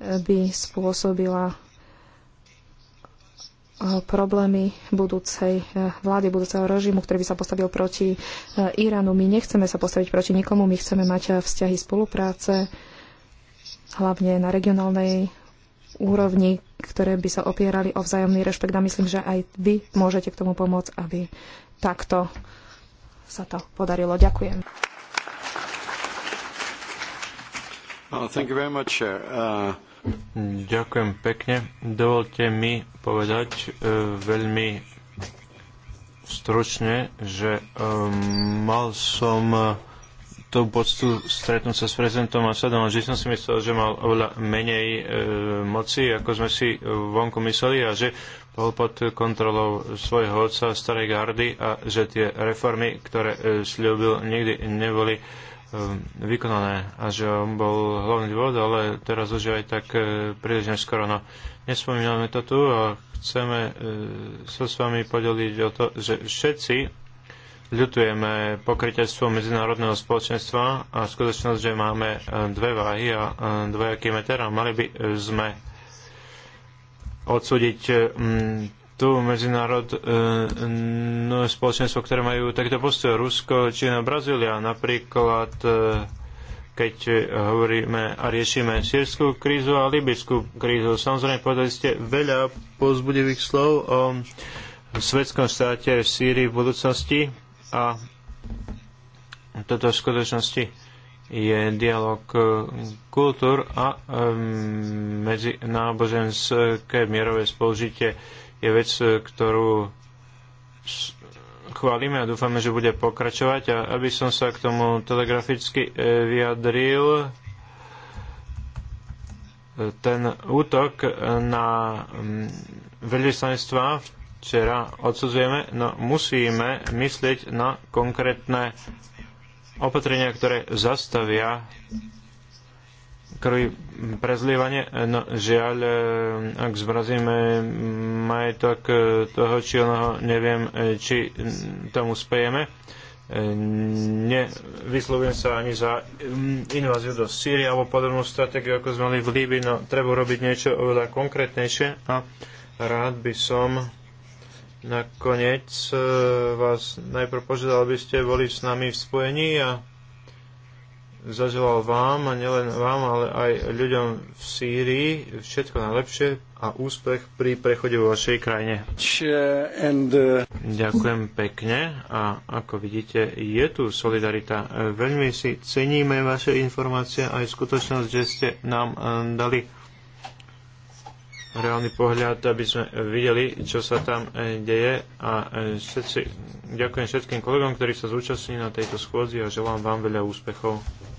by spôsobila e, problémy budúcej vlády, budúceho režimu, ktorý by sa postavil proti Iránu. My nechceme sa postaviť proti nikomu, my chceme mať vzťahy spolupráce, hlavne na regionálnej úrovni, ktoré by sa opierali o vzájomný rešpekt. A myslím, že aj vy môžete k tomu pomôcť, aby takto sa to podarilo. Ďakujem. Uh, Ďakujem pekne. Dovolte mi povedať uh, veľmi stručne, že um, mal som uh, tú poctu stretnúť sa s prezidentom Asadom, že som si myslel, že mal oveľa menej uh, moci, ako sme si uh, vonku mysleli a že bol pod kontrolou svojho otca starej gardy a že tie reformy, ktoré e, slúbil, nikdy neboli Um, vykonané a že on bol hlavný dôvod, ale teraz už aj tak e, príliš neskoro. No, nespomíname to tu a chceme e, sa s vami podeliť o to, že všetci ľutujeme pokrytectvo medzinárodného spoločenstva a skutočnosť, že máme e, dve váhy a dvojaký meter a mali by sme odsúdiť tu medzinárodné e, no, spoločenstvo, ktoré majú takto postoj. Rusko, Čína, Brazília napríklad e, keď hovoríme a riešime sírskú krízu a libyskú krízu. Samozrejme, povedali ste veľa pozbudivých slov o svetskom štáte v Sýrii v budúcnosti a toto v skutočnosti je dialog kultúr a medzi náboženské mierové spolužitie je vec, e, ktorú chválime a dúfame, že bude pokračovať. A aby som sa k tomu telegraficky e, vyjadril, e, ten útok na veľvyslanectvá včera odsudzujeme, no musíme myslieť na konkrétne opatrenia, ktoré zastavia krvi prezlievanie. No, žiaľ, e, ak zmrazíme majetok e, toho či onoho, neviem, e, či tomu spejeme. Nevyslovujem sa ani za inváziu do Sýrie alebo podobnú stratégiu, ako sme mali v Líbi, no treba robiť niečo oveľa konkrétnejšie a rád by som nakoniec vás najprv požiadal, aby ste boli s nami v spojení a zaželal vám, a nielen vám, ale aj ľuďom v Sýrii všetko najlepšie a úspech pri prechode vo vašej krajine. Uh, ďakujem pekne a ako vidíte, je tu solidarita. Veľmi si ceníme vaše informácie aj skutočnosť, že ste nám uh, dali reálny pohľad, aby sme videli, čo sa tam uh, deje. A všetci, ďakujem všetkým kolegom, ktorí sa zúčastnili na tejto schôdzi a želám vám veľa úspechov.